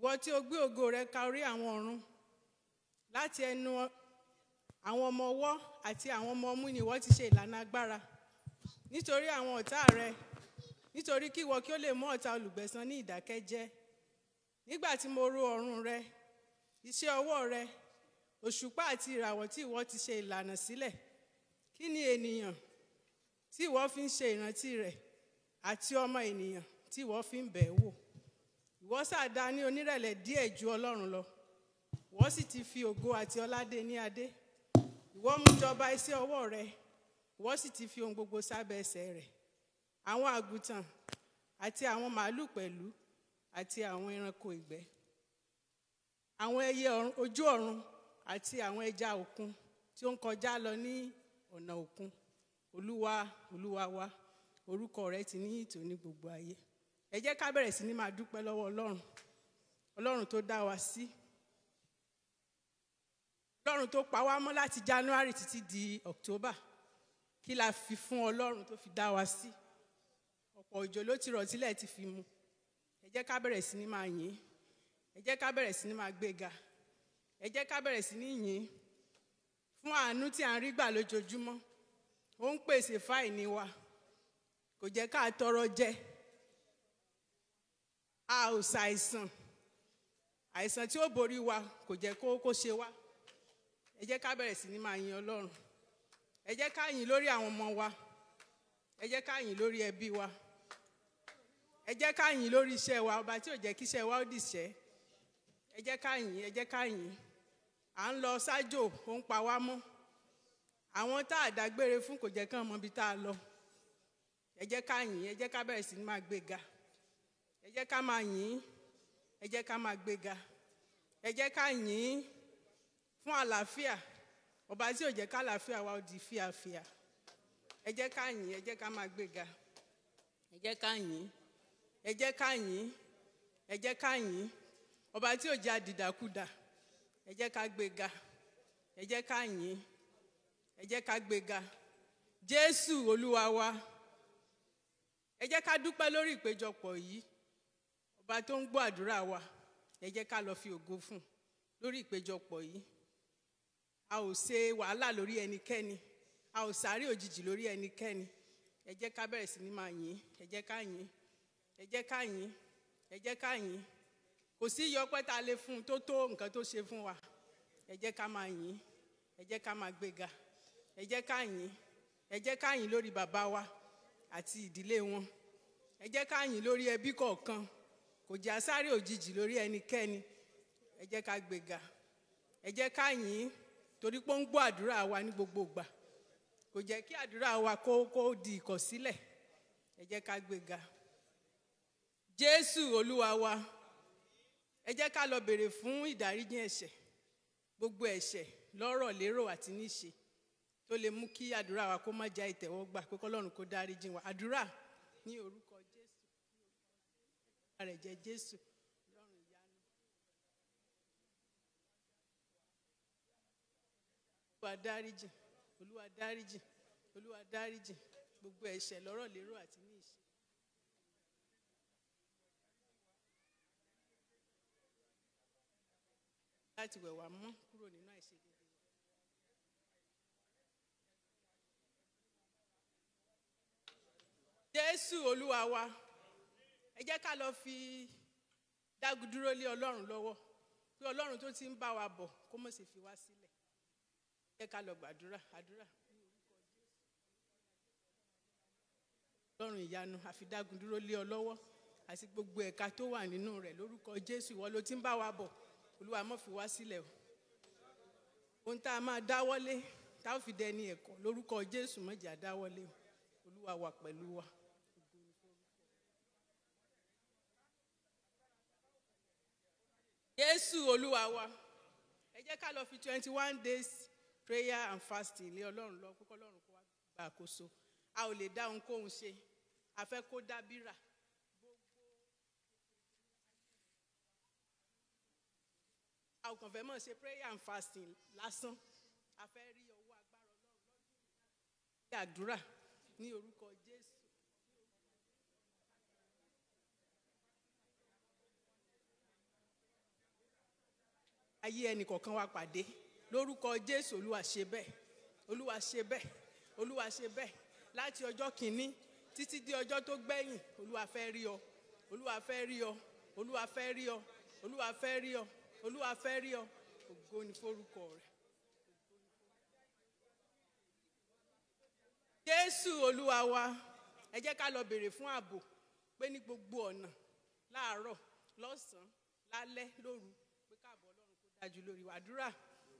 ìwọ tí o gbé ògo rẹ ka orí àwọn ọ̀run láti ẹnu àwọn ọmọ ọwọ́ àti àwọn ọmọ ọmú ni ìwọ ti ṣe ìlànà agbára nítorí àwọn ọ̀tá rẹ nítorí kí ìwọ kí ó lè mú ọ̀tá olùgbẹ̀san ní ìdákẹ́jẹ́ nígbà tí mo ro ọ̀run rẹ iṣẹ́ ọwọ́ rẹ òṣùpá àti ìràwọ̀ tí ìwọ ti ṣe ìlànà sílẹ̀ kí ni ènìyàn tí ìwọ fi ń ṣe ìrántí rẹ̀ àti ọmọ ènìyàn tí ìwọ fi ń bẹ̀ẹ́ wò ìwọ sàdá ní onírẹ̀lẹ̀ díẹ̀ ju ọlọ́run lọ ìwọ sì ti fi ògo àti ọládé ní adé ìwọ mú jọba iṣẹ́ ọwọ́ rẹ ìwọ sì ti fi ohun gbogbo sábẹ́ ẹsẹ̀ rẹ̀ àwọn àgùntàn àti àwọn màálùú pẹ̀lú àti àwọn ẹranko ìgbẹ́ àwọn ẹyẹ ojú ọ̀run àti àwọn ẹja òkun tí ó ń kọjá lọ ní ọ̀nà òkun olúwa olúwa wa orúkọ rẹ ti ní ìtò gbogbo ayé ẹ jẹ́ ká bẹ̀rẹ̀ sí ní máa dúpẹ́ lọ́wọ́ ọlọ́run ọlọ́run tó dá wa sí ọlọ́run tó pa wá mọ́ láti january títí di october kí la fi fún ọlọ́run tó fi dá wa sí ọ̀pọ̀ òjò ló ti rọ̀ tílẹ̀ ti fi mu ẹ jẹ́ ká bẹ̀rẹ̀ sí ní máa yìn ẹ jẹ́ ká bẹ̀rẹ̀ sí ní máa gbéga ẹ jẹ́ ká bẹ̀rẹ̀ sí ní yìn fún àánú tí à ń rí gbà lójoojúmọ́ ó ń pèsè fáìní wa kò jẹ́ ká tọrọ jẹ a ò ṣàìsàn àìsàn tí ó borí wa kò jẹ́ kó kó ṣe wá ẹ jẹ́ ká bẹ̀rẹ̀ sí ní máa yin ọlọ́run ẹ jẹ́ ká yìn lórí àwọn ọmọ wa ẹ jẹ́ ká yìn lórí ẹbí wa ẹ jẹ́ ká yìn lórí iṣẹ́ wa ọba tí ò jẹ́ kí iṣẹ́ wa ó dìṣẹ́ ẹ jẹ́ ká yìn ẹ jẹ́ ká yìn à ń lọ ṣáájò ó ń pa wá mọ́ àwọn tá a dágbére fún kò jẹ́ kán mọ ibi tá a lọ ẹ jẹ́ ká yìn ẹ jẹ́ ká bẹ̀rẹ̀ sí ní máa gbéga jẹ́ ká máa yìn ẹ jẹ́ ká máa gbéga ẹ jẹ́ ká yìn fún àlàáfíà ọba tí ò jẹ́ ká àlàáfíà wa ó di fíàfíà ẹ jẹ́ ká yìn ẹ jẹ́ ká máa gbéga ẹ jẹ́ ká yìn ẹ jẹ́ ká yìn ẹ jẹ́ ká yìn ọba tí ò jẹ́ àdìdàkudà ẹ jẹ́ ká gbéga ẹ jẹ́ ká yìn ẹ jẹ́ ká gbéga Jésù Olúwa wa ẹ jẹ́ ká dúpẹ́ lórí ìpéjọpọ̀ yìí ọba tó ń gbọ́ àdúrà wa ẹ jẹ́ ká lọ fi ògo fún lórí ìpéjọpọ̀ yìí a ò ṣe wàhálà lórí ẹnikẹ́ni a ò sáré òjijì lórí ẹnikẹ́ni ẹ jẹ́ ká bẹ̀rẹ̀ sí ní máa yìn ẹ jẹ́ ká yìn ẹ jẹ́ ká yìn ẹ jẹ́ ká yìn kò sí ìyọpẹ́ tá a lè fún un tó tó nǹkan tó ṣe fún wa ẹ jẹ́ ká máa yìn ẹ jẹ́ ká máa gbéga ẹ jẹ́ ká yìn ẹ jẹ́ ká yìn lórí bàbá wa àti ìdílé wọn ẹ jẹ́ ká yìn lórí ẹbí kọ̀ọ̀kan kò jẹ́ asáré òjijì lórí ẹnikẹ́ni ẹ jẹ́ ká gbéga ẹ jẹ́ ká yìn ín torí pé ó ń gbọ́ àdúrà wa ní gbogbo ìgbà kò jẹ́ kí àdúrà wa kó kó di ìkọ̀sílẹ̀ ẹ jẹ́ ká gbéga Jésù Olúwa wa ẹ jẹ́ ká lọ bèrè fún ìdáríjì ẹ̀ṣẹ̀ gbogbo ẹ̀ṣẹ̀ lọ́rọ̀ lérò àti níṣe tó lè mú kí àdúrà wa kó má já ìtẹ́wọ́gbà pé kọ́lọ́run kó dáríjì wa àdúrà ní orúkọ. rẹ̀ jẹ́ Jésù. Olúwa dáríjì Olúwa dáríjì Olúwa dáríjì gbogbo ẹ̀ṣẹ̀ lọ́rọ̀ lérò àti ní ìṣe. láti wẹ̀ wá mọ́ kúrò nínú àìṣedéédéé. Jésù Olúwa wa ẹ jẹ́ ká lọ fi dágudúró lé ọlọ́run lọ́wọ́ pé ọlọ́run tó ti ń bá wa bọ̀ kó mọ̀ sí fi wá sílẹ̀ ẹ jẹ́ ká lọ gbàdúrà àdúrà. ọlọ́run ìyanu àfi dágudúró lé ọ lọ́wọ́ àti gbogbo ẹ̀ka tó wà nínú rẹ̀ lórúkọ jésù ìwọ ló ti ń bá wa bọ̀ olúwa mọ̀ fi wá sílẹ̀ o ohun tá a máa dáwọ́lé tá fi dẹni ẹ̀kọ́ lórúkọ jésù mọ̀jà dáwọ́lé o olúwa wà pẹ̀lú wa. Jésù Olúwa wa ẹ jẹ́ ká lọ fi twenty one days prayer and fasting lé Ọlọ́run lọ kókó Ọlọ́run kó wá gba àkóso a ò lè dá ohunkóhun ṣe a fẹ́ kó dá bírà. a ò kàn fẹ́ mọ̀ ṣe prayer and fasting lásán a fẹ́ rí ọwọ́ agbára Ọlọ́run lọ́dún ìgbà àdúrà ní orúkọ ayé ẹnìkọ̀ọ̀kan wa pàdé lórúkọ jésù olúwa ṣe bẹ́ẹ̀ olúwa ṣe bẹ́ẹ̀ olúwa ṣe bẹ́ẹ̀ láti ọjọ́ kìíní títí dé ọjọ́ tó gbẹ̀yìn olúwa fẹ́ rí ọ olúwa fẹ́ rí ọ olúwa fẹ́ rí ọ olúwa fẹ́ rí ọ olúwa fẹ́ rí ọ ògo ni forúkọ rẹ. jésù olúwa wa ẹ jẹ́ ká lọ béèrè fún ààbò pé ní gbogbo ọ̀nà láàárọ̀ lọ́sàn-án lálẹ́ lóru dájú lórí wa àdúrà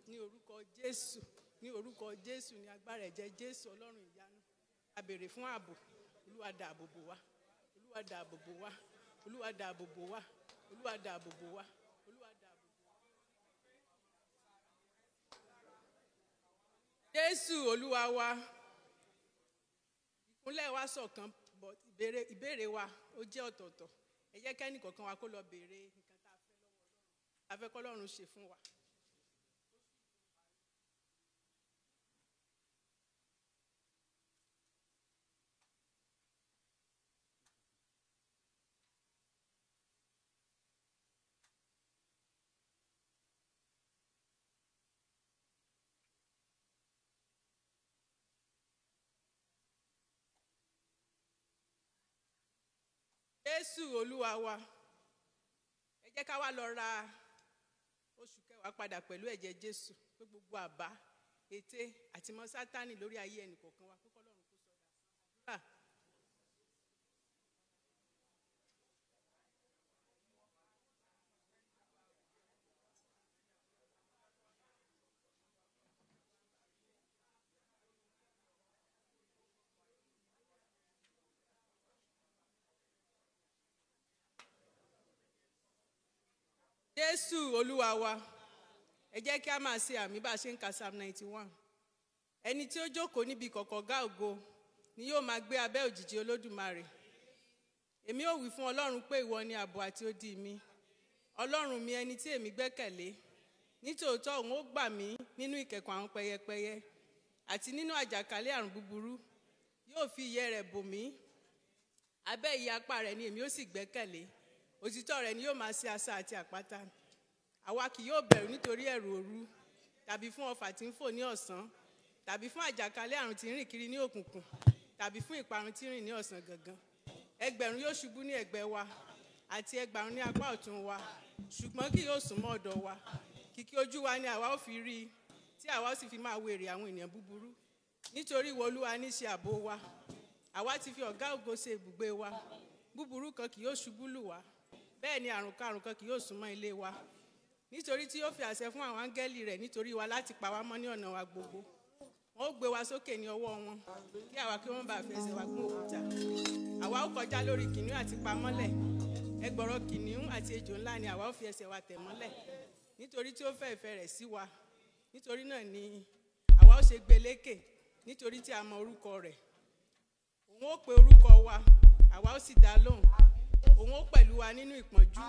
ní orúkọ Jésù ní orúkọ Jésù ní agbára ẹ̀jẹ̀ Jésù Ọlọ́run ìyanu a béèrè fún ààbò Olúwa dáàbò bò wá Olúwa dáàbò bò wá Olúwa dáàbò bò wá Olúwa dáàbò bò wá. jésù olúwa wa ìkúnlẹ̀ wa sọ̀kan ìbéèrè wa ó jẹ́ ọ̀tọ̀ọ̀tọ̀ ẹ jẹ́ kẹ́nìkọ̀ọ̀kan wa kó lọ béèrè afẹ́kọ́lọ́run ṣe fún wa. Jésù Olúwa wa ẹ jẹ́ ká wá lọ ra wá padà pẹ̀lú ẹ̀jẹ̀ Jésù pé gbogbo àbá ète àti mọ́ sátánì lórí ayé ẹnì kọ̀ọ̀kan wa pé kọ́lọ́run kó sọ̀dà àdúrà. Jésù Olúwa wa ẹ jẹ́ kí a máa ṣe àmì bá a ṣe ń ka psalm ninety one ẹni tí ó jókòó níbi kọ̀kọ̀gá ògo ni yóò máa gbé abẹ́ òjìji olódùmarè èmi ò wí fún ọlọ́run pé ìwọ ni ààbò àti odi mi ọlọ́run mi ẹni tí èmi gbẹ́kẹ̀lé nítòótọ́ òun ó gbà mí nínú ìkẹ̀kùn àwọn pẹyẹpẹyẹ àti nínú àjàkálẹ̀ àrùn búburú yóò fi ìyẹ́ rẹ̀ bò mí abẹ́ ìyẹ́ rẹ̀ ni èmi ó sì gbẹ́kẹ̀lé òtítọ́ rẹ̀ ni yóò máa ṣe asà àti àpáta àwa kì yóò bẹ̀rù nítorí ẹ̀rù òru tàbí fún ọfà tí ń fò ní ọ̀sán tàbí fún àjàkálẹ̀ àrùn tí ń rìn kiri ní òkùnkùn tàbí fún ìparun tí ń rìn ní ọ̀sán gangan ẹgbẹ̀rún yóò ṣubú ní ẹ̀gbẹ́ wa àti ẹgbàrún ní apá ọ̀tún wa ṣùgbọ́n kì yóò sún mọ́ ọ̀dọ̀ wa kìkì ojú wa ni àwa ó fi rí i tí àwa ó sì fi máa wo àwọn ènìyàn búburú nítorí ìwọ ní ṣe ààbò wa àwa ti fi ọ̀gá ògo ṣe ibùgbé wa búburú kan kì yóò ṣubú lù wá bẹ́ẹ̀ ni àrùn karùn kan kì yóò sún mọ́ ilé wa nítorí tí ó fi àṣẹ fún àwọn áńgẹ́lì rẹ̀ nítorí wa láti pa wá mọ́ ní ọ̀nà wa gbogbo wọn ó gbé wa sókè ní ọwọ́ wọn kí àwa kí wọ́n bá fẹsẹ̀ wa gún òkúta àwa ó kọjá lórí kìnìún àti pamọ́lẹ̀ ẹgbọ̀rọ̀ kìnìún àti ejò ńlá ni àwa ó fi ẹsẹ̀ wa tẹ̀ mọ́lẹ̀ nítorí tí ó fẹ́ ìfẹ́ rẹ̀ sí wa nítorí náà ni àwa ó ṣe gbélékè nítorí tí a mọ orúkọ rẹ̀ òun ó pe orúkọ wa àwa ó sì dá lóhùn òun ó pẹ̀lú wa nínú ìpọ́njú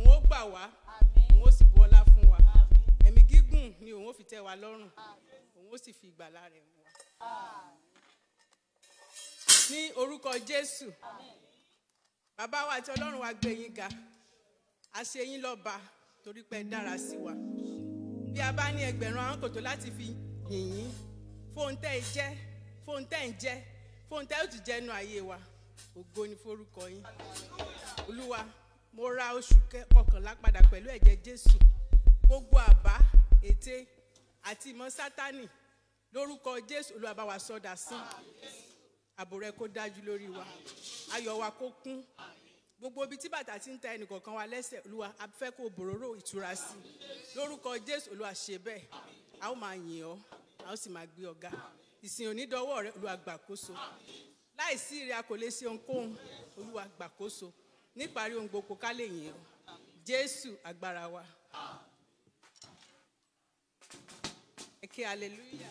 òun ó gbà wá dùn ni òun ó fi tẹ́ wa lọ́rùn òun ó sì fi ìgbàlà rẹ̀ mú wa. ní orúkọ Jésù bàbá wa àti Ọlọ́run wa gbé ga a ṣe yín lọ́ba torí pé dára sí wa bí a bá ní ẹgbẹ̀rún àwọn kòtò láti fi yìn yín fóńtẹ́ ìjẹ́ fóńtẹ́ ìjẹ́ fóńtẹ́ ó ti jẹ́nu ayé wa ògo ni forúkọ yín olúwa mo ra oṣù kọkànlá padà pẹ̀lú ẹ̀jẹ̀ Jésù gbogbo àbá ète àti ìmọ̀ sátánì lórúkọ jésù olúwa bá wa sọdà sí ààbò rẹ kó dájú lórí wa ayọ̀ wa kó kún gbogbo ibi tí bàtà ti ń ta ẹnìkọ̀ọ̀kan wa lẹ́sẹ̀ olúwa a fẹ́ kó bòróró ìtura sí lórúkọ jésù olúwa ṣe bẹ́ẹ̀ a ó máa yìn ọ́ a ó sì máa gbé ọ̀gá ìsìn onídọ́wọ́ rẹ olúwa gbàkóso láìsí rẹ a kò lè ṣe ohunkóhun olúwa gbàkóso níparí ohun gbogbo ká lè yìn ọ́ jésù agbára wa Okay, hallelujah.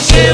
ṣe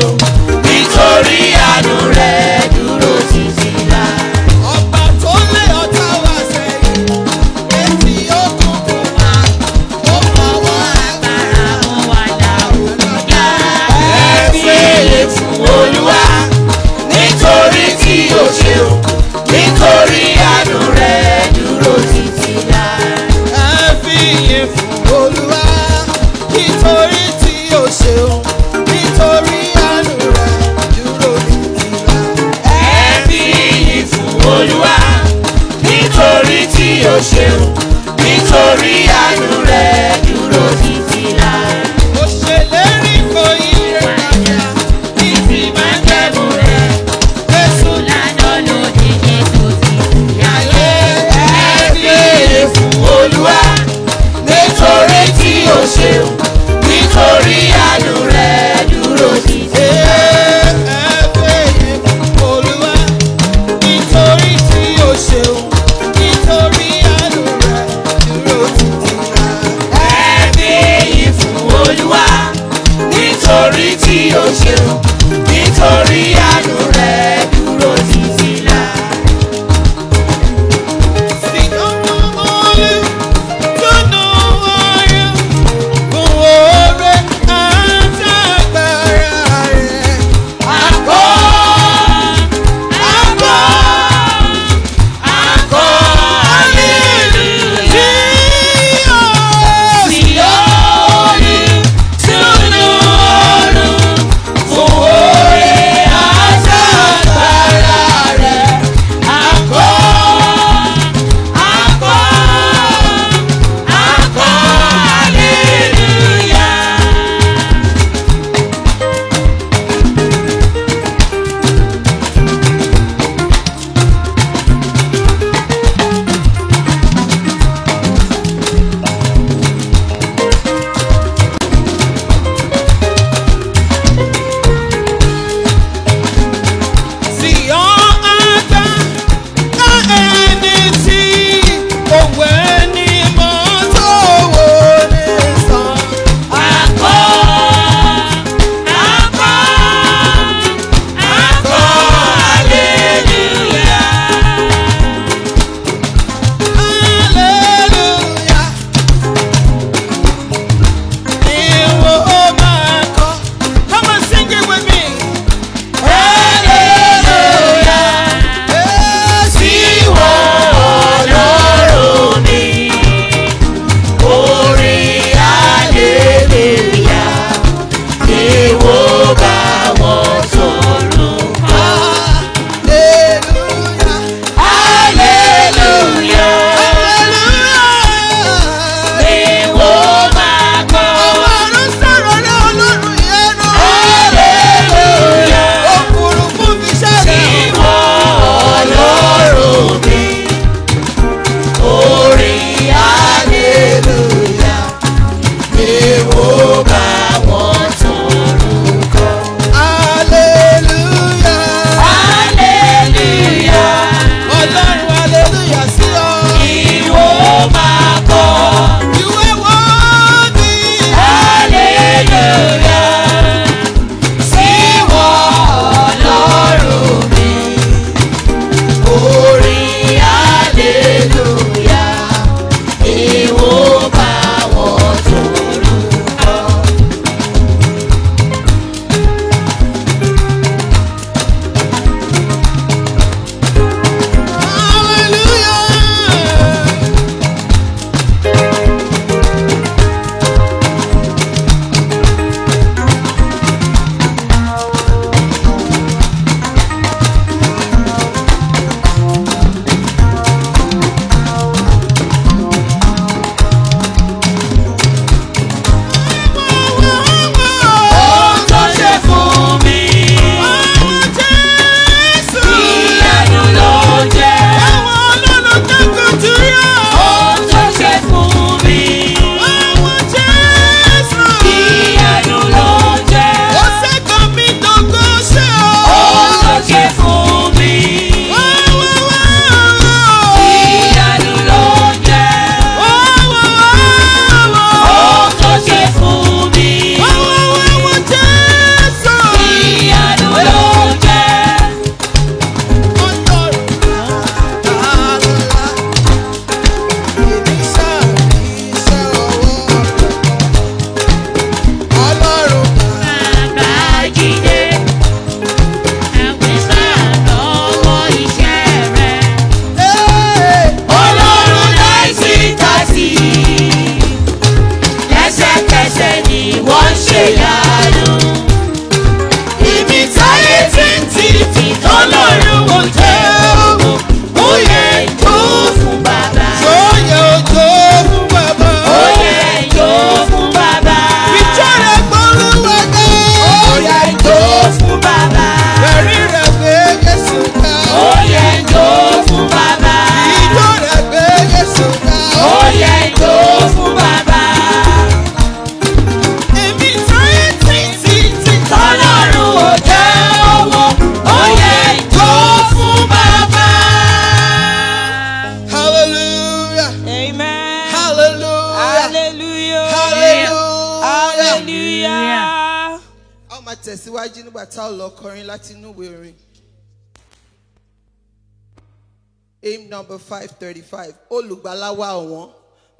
number five thirty-five olùgbàlà wa ọ̀wọ́n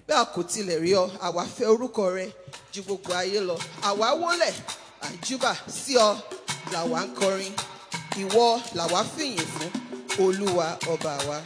bí a kò tilẹ̀ rí ọ àwa fẹ́ orúkọ rẹ ju gbogbo ayé lọ àwa wólẹ̀ àjúbà sí ọ làwa ń kọrin ìwọ làwa fìyìn fún olúwa ọba wa.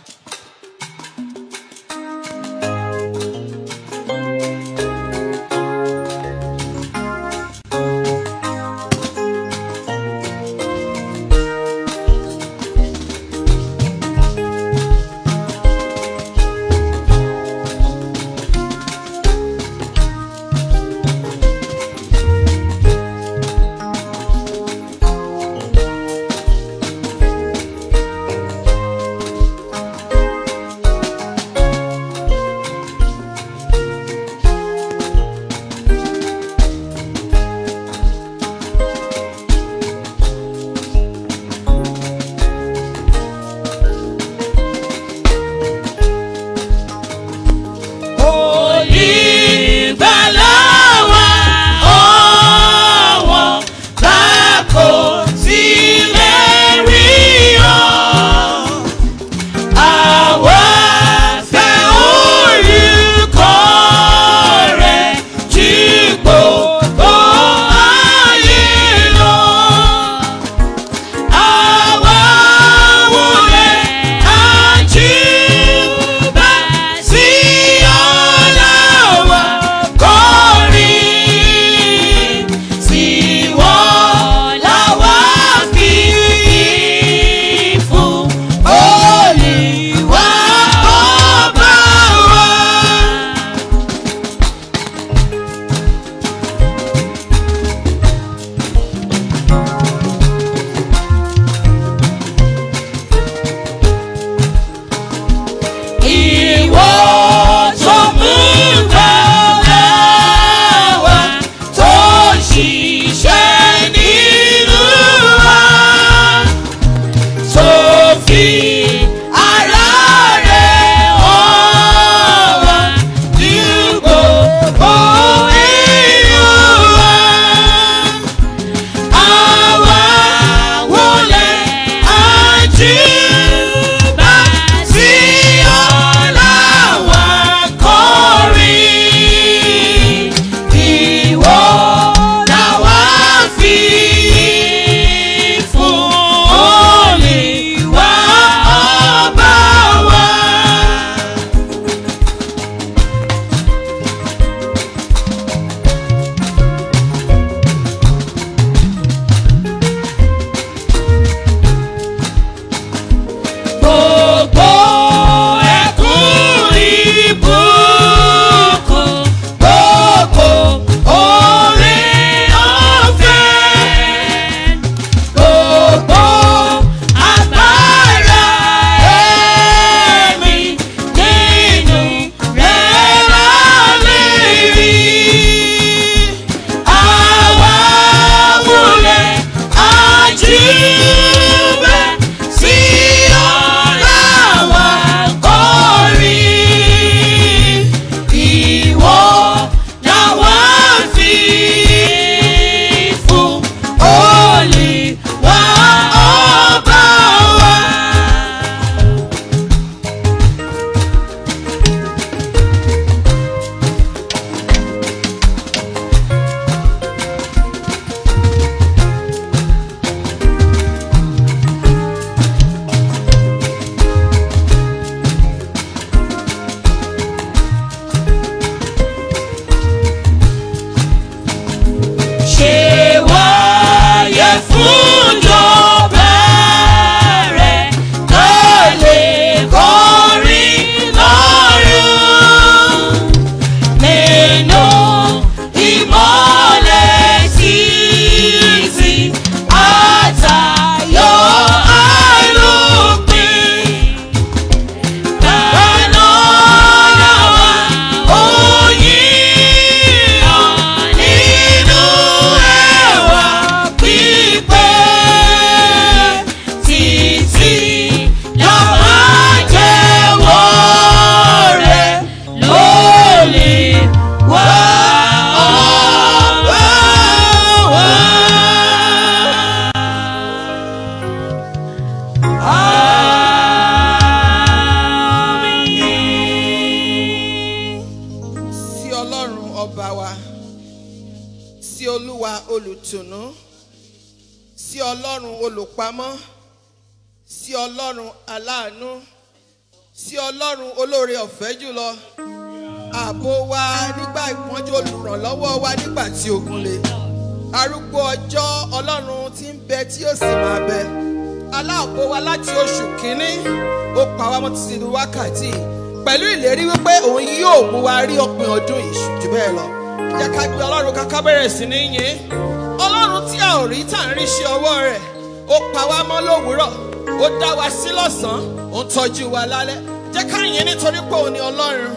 tọ́jú wa lálẹ́ jẹ́ káyìn nítorí pé òun ni ọlọ́run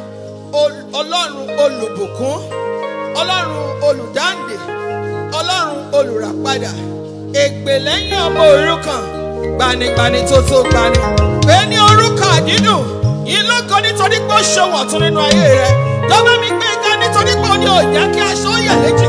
ọlọ́run olùbùkún ọlọ́run olùdáǹdè ọlọ́run olùràpadà ègbè lẹ́yìn ọmọ òrukàn gbanigbani tó tó gbani pé ní òrukàn dídùn yìí lóko nítorí pé ó ṣòwò ọ̀tún nínú ayé rẹ lọ́wọ́ mi gbé ga nítorí pé ó ní òjá kí aṣọ yà léjì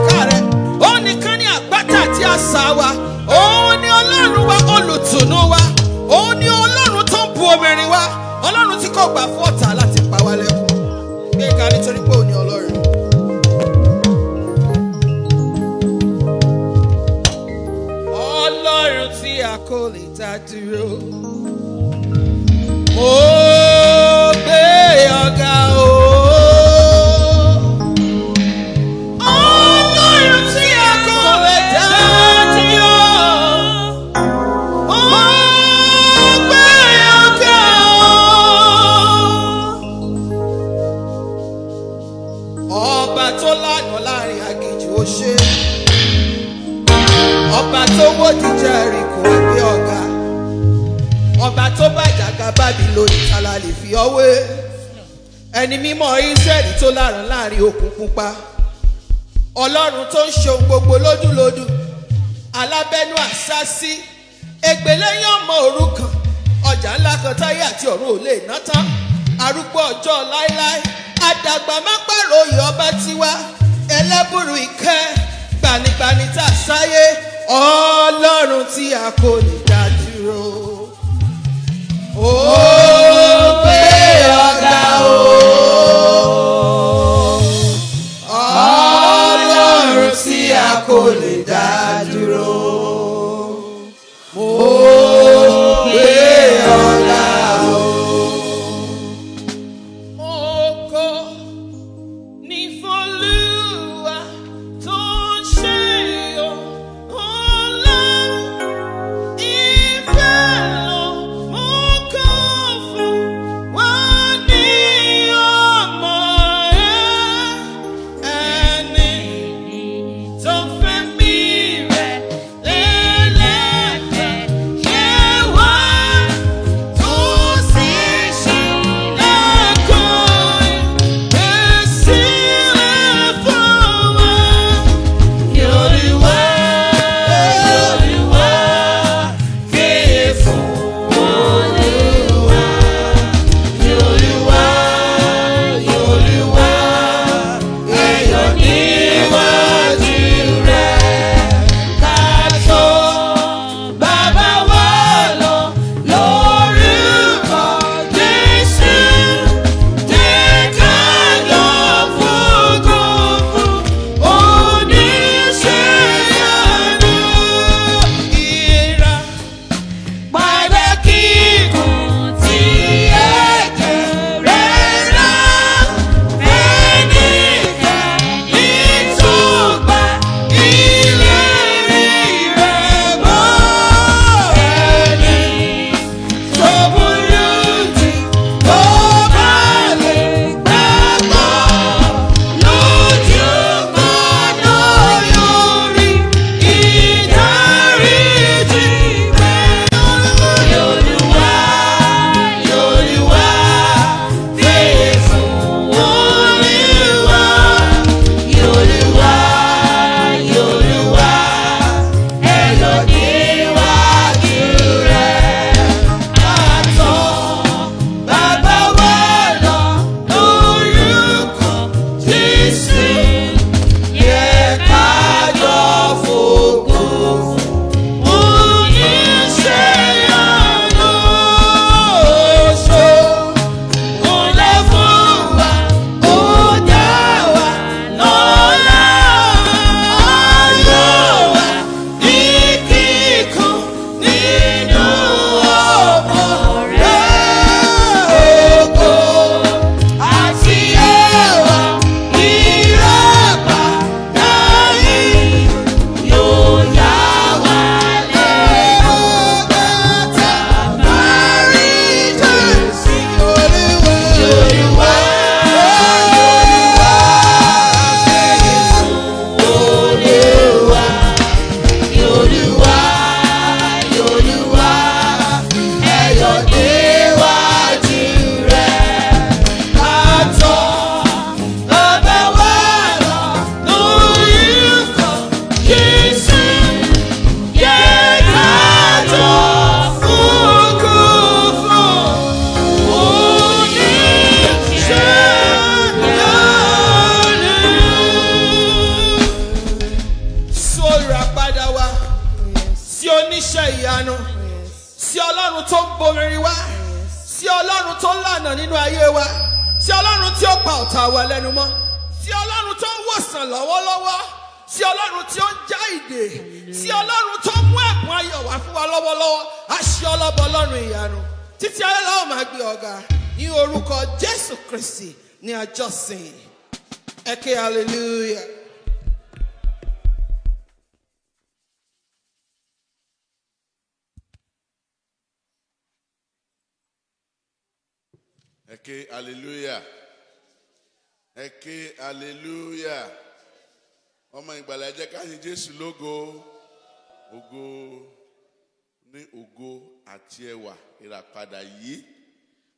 padà yí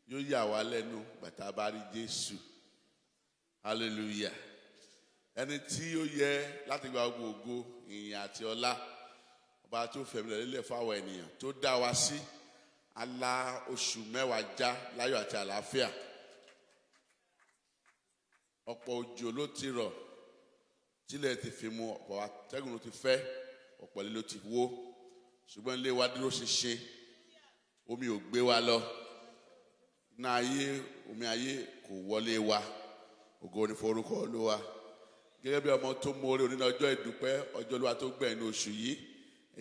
yóò yà wá lẹ́nu bàtà bá rí Jésù hallelujah ẹni tí ó yẹ láti gba gbogbo ìyìn àti ọlá ọba tó fẹ̀mí lẹ́lẹ́ fáwọn ènìyàn tó dá wa sí ala oṣù mẹ́wàá já láyọ̀ àti àlàáfíà ọ̀pọ̀ òjò ló ti rọ̀ tílẹ̀ ti fi mu ọ̀pọ̀ atẹ́gùn ló ti fẹ́ ọ̀pọ̀ ilé ti wó ṣùgbọ́n ilé wa dúró ṣinṣin omi ò gbé wa lọ iná ayé omi ayé kò wọlé wa ògo ni forúkọ olúwa gẹ́gẹ́ bí ọmọ tó mórí onílẹ̀ ọjọ́ ìdúpẹ́ ọjọ́ olúwa tó gbẹ̀yìn oṣù yìí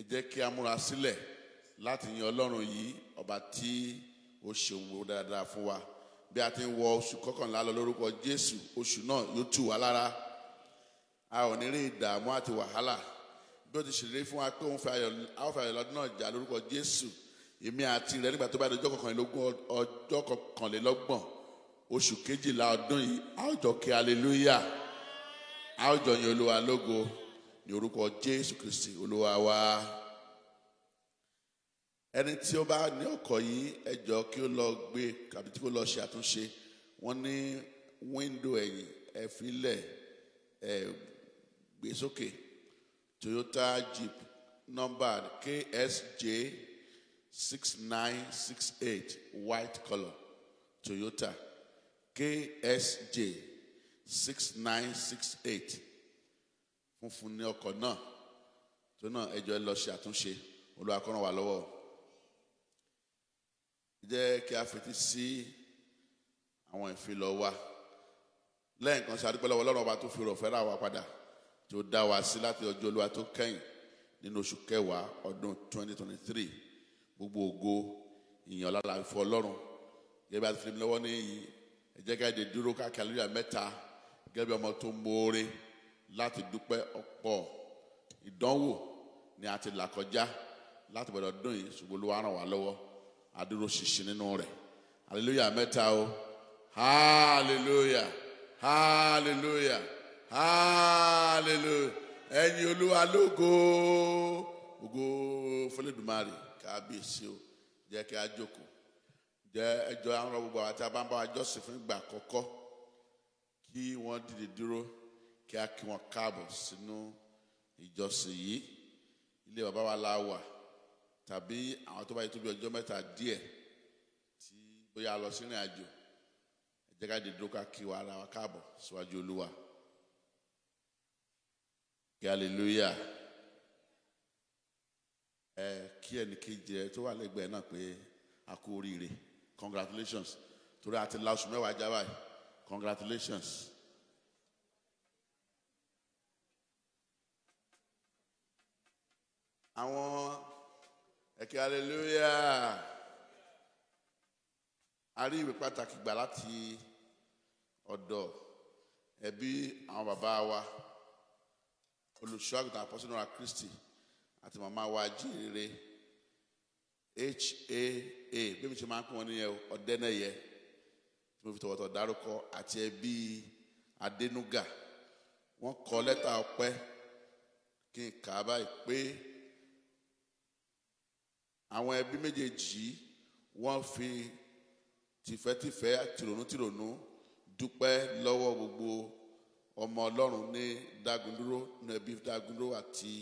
ẹ jẹ́ kí a múra sílẹ̀ láti yan ọlọ́run yìí ọba tí ó ṣòwò dáadáa fún wa bí a ti ń wọ oṣù kọkànlá lọ lórúkọ jésù oṣù náà yóò tù wá lára a ò ní rí ìdààmú àti wàhálà bí ó ti ṣèlérí fún wa pé òun fẹ́ ayọ̀ lọ́dún náà jà lórúkọ jésù èmi àti rẹ nígbà tó bá di ọjọ́ kọkànlélógún ọjọ́ kọkànlélọ́gbọ̀n oṣù kejìlá ọdún yìí àwùjọ kí aleluya àwùjọ yìn olúwa lógo ní orúkọ jésù kristi olúwa wa ẹni tí ó bá ní ọkọ̀ yìí ẹ jọ̀ọ́ kí ó lọ gbé tàbí tí kò lọ ṣe àtúnṣe wọ́n ní wíńdò ẹ̀yìn ẹ fi ẹ gbé Toyota Jeep nọ́mbà KSJ. 6968 white color Toyota KSJ 6968 funfun ní ọkọ̀ náà tó náà ẹjọ́ ẹ lọ ṣe àtúnṣe Olúwa kó ràn wá lọ́wọ́ jẹ́ kí a fetí sí àwọn ìfilọ̀ wa lẹ́ẹ̀kan ṣe àdúgbò lọ́wọ́ Ọlọ́run ọba tó fi rọ̀ fẹ́ rà wá padà tó dá wa sí láti ọjọ́ Olúwa tó kẹ́yìn nínú oṣù kẹwàá ọdún 2023 gbogbo ògo ìyàn lára ìfọ ọlọ́run gẹ́gẹ́ bí a ti fi lọ́wọ́ ní ẹ jẹ́ ká èdè dúró ká kàlúyà mẹ́ta gẹ́gẹ́ bí ọmọ tó ń moore láti dúpẹ́ ọ̀pọ̀ ìdánwò ni a ti là kọjá láti bọ̀dọ̀ dún yìí ṣùgbọ́n olúwa ràn wá lọ́wọ́ adúró ṣinṣin nínú rẹ̀ hallelujah mẹ́ta o hallelujah hallelujah hallelujah ẹ̀yin olúwa lógo ògo fún kábíyèsí o jẹ́ kí a jókòó jẹ́ ẹjọ́ àwọn gbogbo àwọn tí a bá ń bá wa jọ́sìn fún ìgbà àkọ́kọ́ kí wọ́n dìde dúró kí a kí wọn káàbọ̀ sínú ìjọsìn yìí ilé bàbá wa la wà tàbí àwọn tó bá yẹ tó bí ọjọ́ mẹ́ta díẹ̀ tí bóyá a lọ sínú àjò ẹ jẹ́ ká dìde dúró ká kí wa ara wa káàbọ̀ síwájú olúwa hallelujah ẹ kí ẹnìkejì ẹ tó wà lẹ́gbẹ̀ẹ́ náà pé a kú oríire congratulations torí àti laosu mẹ́wàá jábà congratulations. àwọn ẹ̀kẹ́ hallelujah a rí ìwé pàtàkì gbà láti ọ̀dọ̀ ẹbí àwọn bàbá wa olùṣọ́ àpọ́sínú ra Kristi àti màmá wa jíire haa bí mi ṣe máa ń pè wọ́n nìyẹn ọ̀dẹ́nẹ̀yẹ tí mo fi tọ̀wọ̀tọ̀ dárúkọ àti ẹbí Adénúgà wọ́n kọ lẹ́tà ọpẹ́ kí n kà á báyìí pé àwọn ẹbí méjèèjì wọ́n fi tìfẹ́tìfẹ́ tìrònútìrònú dúpẹ́ lọ́wọ́ gbogbo ọmọ Ọlọ́run ní Dagunduro nẹbí Dagunduro àti.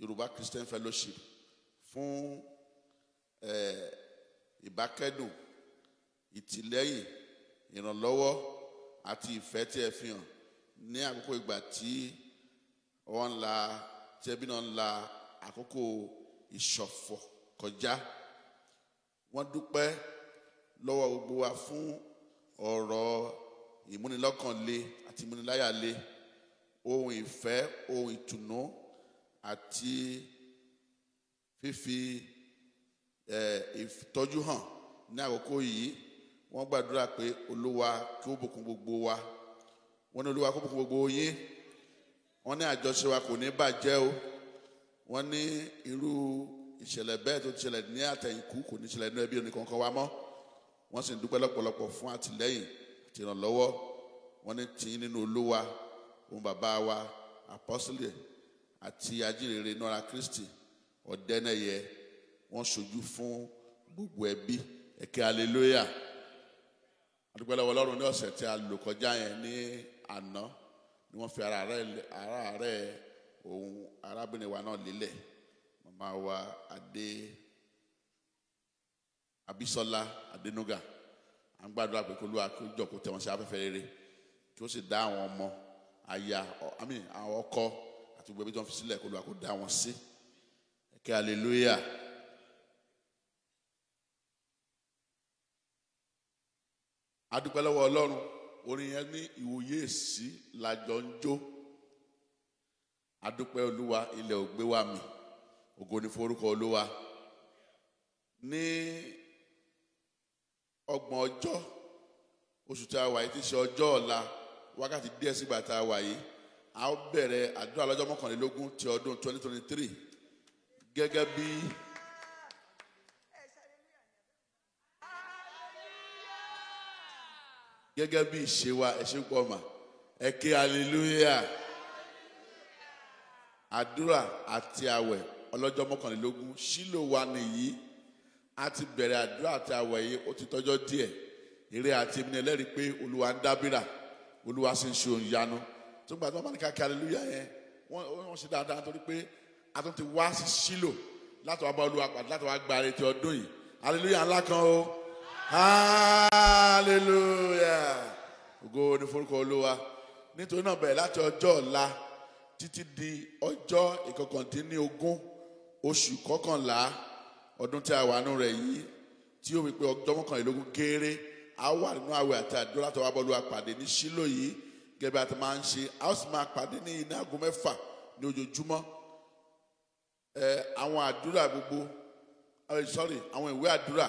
Yorùbá Christian Fellowship fún ìbákẹ́dùn ìtìlẹ́yìn ìrànlọ́wọ́ àti ìfẹ́ tí ẹ fi hàn ní àkókò ìgbà tí wọ́n ń la tí ẹbí náà ń la àkókò ìṣọ̀fọ̀ kọjá wọ́n dúpẹ́ lọ́wọ́ gbogbo wa fún ọ̀rọ̀ ìmúnilọ́kànle àti ìmúniláyàle ohun ìfẹ́ ohun ìtùnú àti fífi ìtọ́jú hàn ní àkókò yìí wọ́n gbàdúrà pé olúwa kí ó bùkún gbogbo wa wọ́n ní olúwa kó bùkún gbogbo yín wọ́n ní àjọṣe wa kò ní bàjẹ́ o wọ́n ní irú ìṣẹ̀lẹ̀ bẹ́ẹ̀ tó ti ṣẹlẹ̀ ní àtẹ̀yìnkù kò ní ṣẹlẹ̀ nínú ẹbí oníkankan wa mọ́ wọ́n sì ń dúpẹ́ lọ́pọ̀lọpọ̀ fún àtìlẹ́yìn àti ìrànlọ́wọ́ wọ́n ní tìyín nínú olúwa òun bàbá wa àpọ́sílẹ̀ àti ajínrere nora kristi ọ̀dẹ́nẹ̀yẹ wọ́n ṣojú fún gbogbo ẹbí ẹ̀kẹ́ hallelujah adúpẹ́ lọ́wọ́ ọlọ́run ní ọ̀sẹ̀ tí a lò kọjá yẹn ní àná ni wọ́n fi ara rẹ̀ ohun arábìnrin wa náà lélẹ̀ màmá wa adé abisola adenuga à ń gbàdúrà pé kó lóa kó jọ kó tẹ wọn sí afẹ́fẹ́ rere kí ó sì dá àwọn ọmọ aya àmì àwọn ọkọ àti gbogbo ibi tí wọ́n fi sílẹ̀ kó lu àkó dá wọn sí ẹ̀kẹ́ hallelujah. adúpẹ́ lọ́wọ́ ọlọ́run orin yẹn ní ìwòye èsì làjọ ń jó adúpẹ́ olúwa ilẹ̀ ògbé mi ògo ni forúkọ olúwa ní ọgbọ̀n ọjọ́ oṣù tí a wà yìí ti ṣe ọjọ́ ọ̀la wákàtí díẹ̀ sígbà tá a wà yìí a ó bẹ̀rẹ̀ àdúrà lọ́jọ́ mọ́kànlélógún ti ọdún 2023. twenty three gẹ́gẹ́ bí. gẹ́gẹ́ bí ìṣe wa ẹ̀ṣẹ̀ gbọ́mà ẹ ké hallelujah àdúrà àti àwẹ̀ ọlọ́jọ́ mọ́kànlélógún sílò wa nìyí a ti bẹ̀rẹ̀ àdúrà àti àwẹ̀ yìí ó ti tọ́jọ́ díẹ̀ èrè àti èmi ẹlẹ́rìí pé olúwa ń dábìrà olúwa sì ń ṣe òun yanu so gbàtí wọn bá ní ká kí hallelujah yẹn wọn wọn ṣe dáadáa torí pé a tún ti wá sí sílò láti wá bá olúwa pàdé láti wá gba àrètí ọdún yìí hallelujah ńlá kan o hallelujah ògo ni forúkọ olúwa nítorí náà bẹ̀rẹ̀ láti ọjọ́ ọ̀la títí di ọjọ́ ìkọkàndínlógún oṣù kọkànlá ọdún tí a wà nù rẹ̀ yìí tí yóò wípé ọjọ́ mọ́kànlélógún gééré a wà nínú àwẹ̀ àti àdúrà tó wá bá olúwa pàdé ní sílò yìí gẹ́gẹ́ bí a ti máa ń ṣe a ó sì máa pàdé ní iná aago mẹ́fà ní ojoojúmọ́ ẹ àwọn àdúrà gbogbo sorry àwọn ìwé àdúrà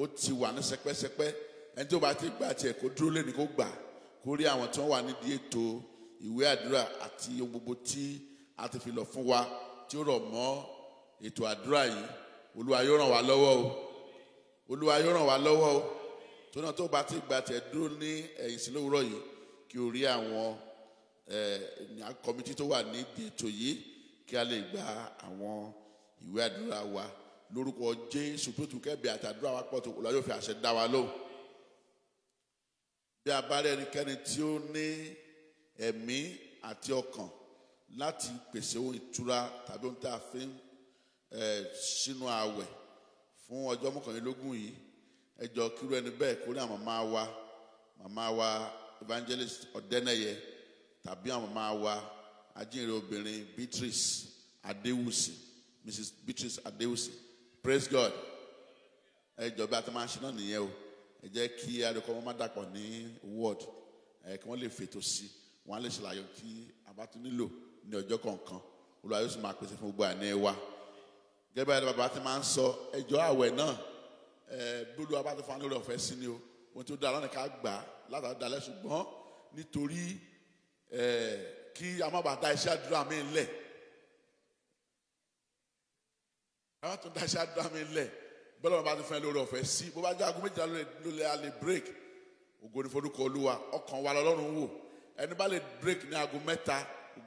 ó ti wà ní sẹpẹ́sẹpẹ́ ẹni tí ó bá ti gbà tiẹ̀ kó dúró lẹ́ni kó gbà kó rí àwọn tí wọ́n wà nídìí ètò ìwé àdúrà àti ohun gbogbo tí a ti fi lọ fún wa tí ó rọ̀ mọ́ ètò àdúrà yìí olúwa yóò ràn wá lọ́wọ́ o olúwa yóò ràn wá lọ́wọ́ o tó náà tó bá ti gbà tiẹ̀ dúró ní ẹ̀yìn sí lówùúrọ̀ yìí kí o rí àwọn kọmitì tó wà nídìí ètò yìí kí a lè gba àwọn ìwé àdúrà wa lórúkọ Jésù tó tún kẹ́bi àtàdúrà wa pọ̀ tó kù lọ́jọ́ fi àṣẹ dá wa lóhùn bí a bá rí ẹnikẹ́ni tí ó ní ẹ̀mí àti ọkàn láti pèsè ohun ìtura tàbí ohun tá a fi ń sínú ààwẹ̀ fún ọjọ́ mọ́kànlélógún yìí ẹ jọ̀ọ́ kírú ẹni bẹ́ẹ̀ kó àwọn màmá wa màmá wa evangelist ọ̀dẹ́nẹ̀yẹ tàbí àwọn máa wa ajínrere obìnrin Beatrice Adéwùsì Mrs Beatrice Adéwùsì praise God ẹ jọba àti máa ṣe náà nìyẹn o ẹ jẹ́ kí adekọ wọn má dàpọ̀ ní ward ẹ kí wọ́n lè fètò sí wọn á lè ṣàlàyé tí a tún nílò ní ọjọ́ kọ̀ọ̀kan Olúwa yóò sì máa pèsè fún gbogbo àná ẹ wa gẹ́gẹ́ bí bàbá ti máa ń sọ ẹjọ́ àwẹ̀ náà ẹ bí Olúwa bá ti fún wa ní oore sí ni o ohun tó dára náà ká gbà látàrí dalẹ́ ṣùgbọ́n nítorí kí a má bàa da iṣẹ́ àdúrà mi lẹ̀ a má tún da iṣẹ́ àdúrà mi lẹ̀ bọ́lá bàbá ti fẹ́ lórí ọ̀fẹ́ sí bó bá jẹ́ aago méjìlá lólè a break ògo ni forúkọ olúwa ọkàn wa lọ́lọ́run wò ẹni bá lè break ní aago mẹ́ta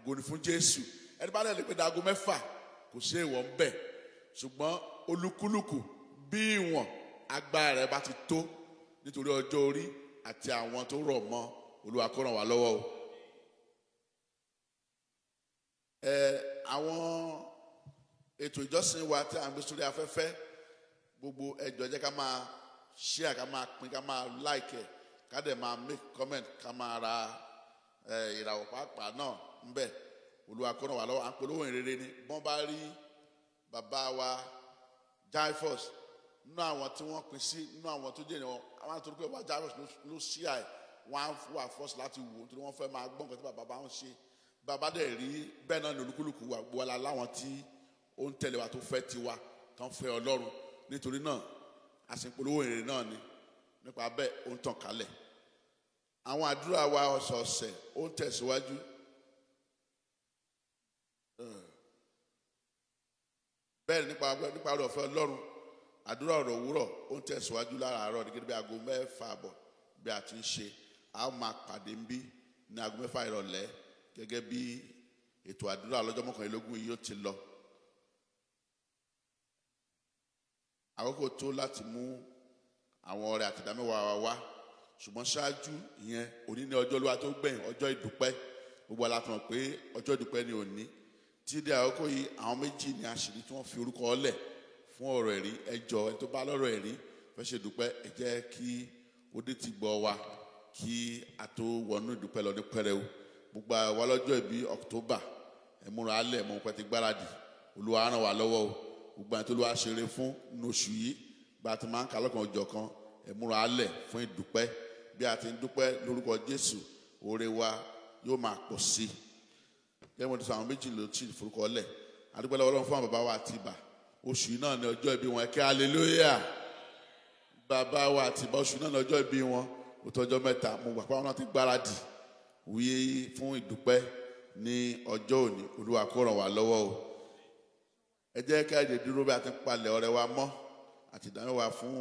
ògo ni fún jésù ẹni bá lè lè pé daago mẹ́fà kò sí èèwọ̀ ń bẹ̀ ṣùgbọ́n olúkúlùkù bí ìwọ̀n agbára rẹ̀ bá ti tó nítorí ọjọ́ orí àti àwọn tó rọ̀ mọ́ olúwa kó ràn wá lọ́wọ́ o. ẹ àwọn ètò ìjọsìn wa tí à ń gbé sórí afẹ́fẹ́ gbogbo ẹjọ́ jẹ́ ká máa share ká máa pín ká máa like ẹ̀ ká dẹ̀ máa make comment ká máa ra ìràwọ̀ pàápàá náà ń bẹ olúwa kó ràn wá lọ́wọ́ à ń polówó ìrere ni bọ́n bá rí bàbá wa jaifos nínú àwọn tí wọ́n pín sí nínú àwọn tó jẹ́ ìnáwó àwọn àtúntò pé wàá Jairus ló ṣí àì wọ́n á wà fọ́ọ̀sì láti wò nítorí wọ́n fẹ́ máa gbọ́n tí bàbá bá ń ṣe bàbá dẹ̀ rí bẹ́ẹ̀ náà ní olúkúlùkù wà gbọ́ la láwọn tí ó ń tẹ̀lé wa tó fẹ́ tiwa tán fẹ́ Ọlọ́run nítorí náà àsìpolówó ìrìn náà ni nípa bẹ́ẹ̀ ó ń tàn kálẹ̀ àwọn àdúrà wa ọ̀sọ̀ọ̀sẹ̀ ó ń tẹ̀síwájú bẹ́ẹ̀ nípa nípa ọ̀rọ̀ ọ̀fẹ́ àdúrà ọ̀rọ̀ òwúrọ̀ ó ń tẹ̀síwájú lára àárọ̀ ní gẹ́gẹ́ bí aago mẹ́fà àbọ̀ bí a ti ń ṣe a máa pàdé ń bí ní aago mẹ́fà ìrọ̀lẹ́ gẹ́gẹ́ bí ètò àdúrà ọlọ́jọ́ mọ́kànlélógún yìí yóò ti lọ. àkókò tó láti mú àwọn ọrẹ àtìdámẹ́wàá wa wá ṣùgbọ́n ṣáájú ìyẹn òní ní ọjọ́ olúwa tó gbẹ̀yìn ọjọ́ ìdúpẹ́ gbogbo alátàn pé ọjọ́ ìdúpẹ́ ni òní tí dé àkókò yìí àwọn méjì ni àṣírí tí wọ́n fi orúkọ ọlẹ̀ fún ọ̀rọ̀ ẹ̀rí ẹ jọ ẹ tó bá lọ́rọ̀ ẹ̀rí fẹ́ ṣe dúpẹ́ ẹ jẹ́ kí ó dé ti gbọ́ wa kí a tó wọnú ìdúpẹ́ lọ ní pẹrẹu gbogbo wa lọ́jọ́ ìbí October ẹ múra alẹ̀ mọ̀ pẹ́ ti gbáradì Olúwa ràn wá lọ́wọ́ o gbogbo àti Olúwa ṣeré fún ní oṣù yìí gba ti máa ń kà lọ́kàn ọjọ́ kan ẹ múra alẹ̀ fún ìdúpẹ́ bí a ti ń dúpẹ́ lórúkọ Jésù oore wa yóò máa pọ̀ sí i jẹ́ mo ti sọ àwọn méjì ló ti forúkọ lẹ̀ a dúpẹ́ fún àwọn bàbá wa àti ibà oṣù náà ní ọjọ́ ìbí wọn ẹ kí hallelujah bàbá wa àti ìbá oṣù náà ní ọjọ́ ìbí wọn ó tọ́jọ́ mẹ́ta mo gbà pé àwọn náà ti gbáradì wíyé fún ìdúpẹ́ ní ọjọ́ òní olúwa kó ràn wá lọ́wọ́ o ẹ jẹ́ ká èdè dúró bí a ti ń palẹ̀ ọrẹ wa mọ́ àti ìdáhùn wa fún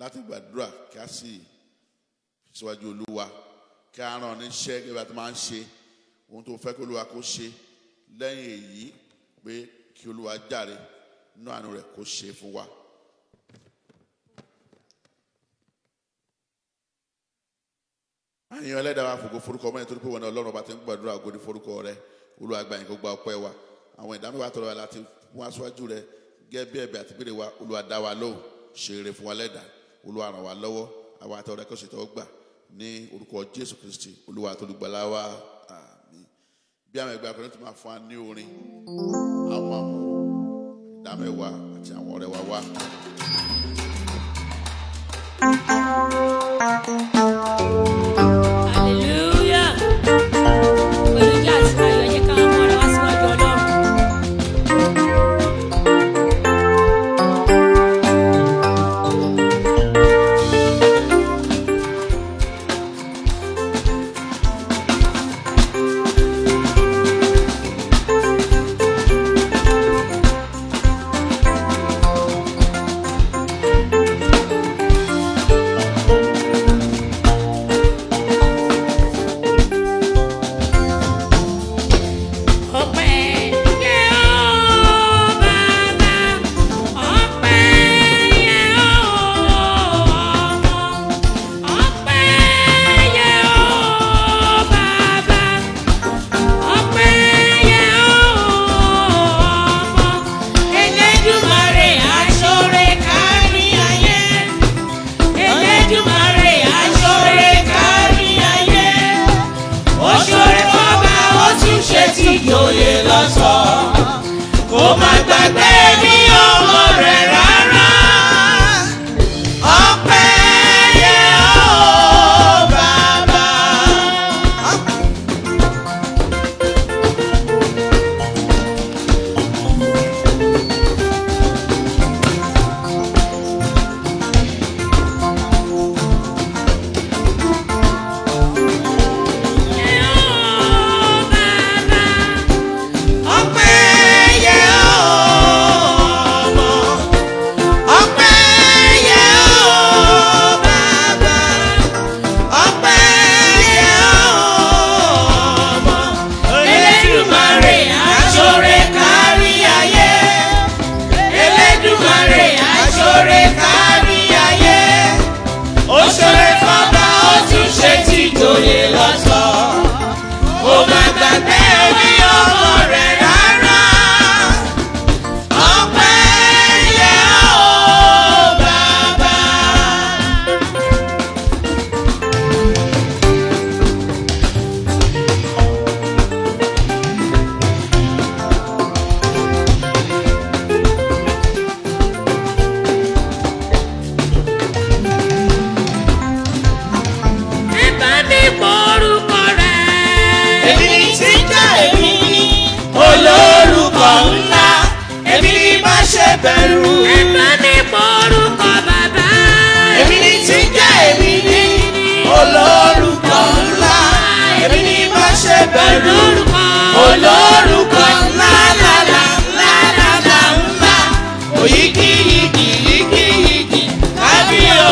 láti gbàdúrà kí a sì síwájú olúwa kí a ràn níṣẹ́ gẹ́gẹ́ bí máa ń ṣe ohun tó fẹ́ kí olúwa kó ṣe lẹ́yìn èyí pé kí olúwa jàre nínú àánú rẹ̀ kó ṣe fún wa. àyàn ẹlẹ́dàá wa fògo forúkọ mọ́ ẹni torí pé wọn náà ọlọ́run ọba ti ń gbàdúrà ògo forúkọ rẹ olúwa gba yín gba ọpẹ́ wa àwọn ìdámẹ́wàá tọrọ wa láti fún aṣáájú rẹ gẹ́gẹ́ bí ẹ̀bẹ̀ àti béèrè wa olúwa dá wa lóhùn ṣe rere fún wa lẹ́dàá olúwa ràn wá lọ́wọ́ àwa àti ọ̀rẹ́ kọ́sì tó gbà ní orúkọ jésù kristi olúwa tó lùgbàlà wa àmín bí àwọn ẹgbẹ́ akọrin ìdámẹ́wàá àti àwọn ọ̀rẹ́ wa wá. thank you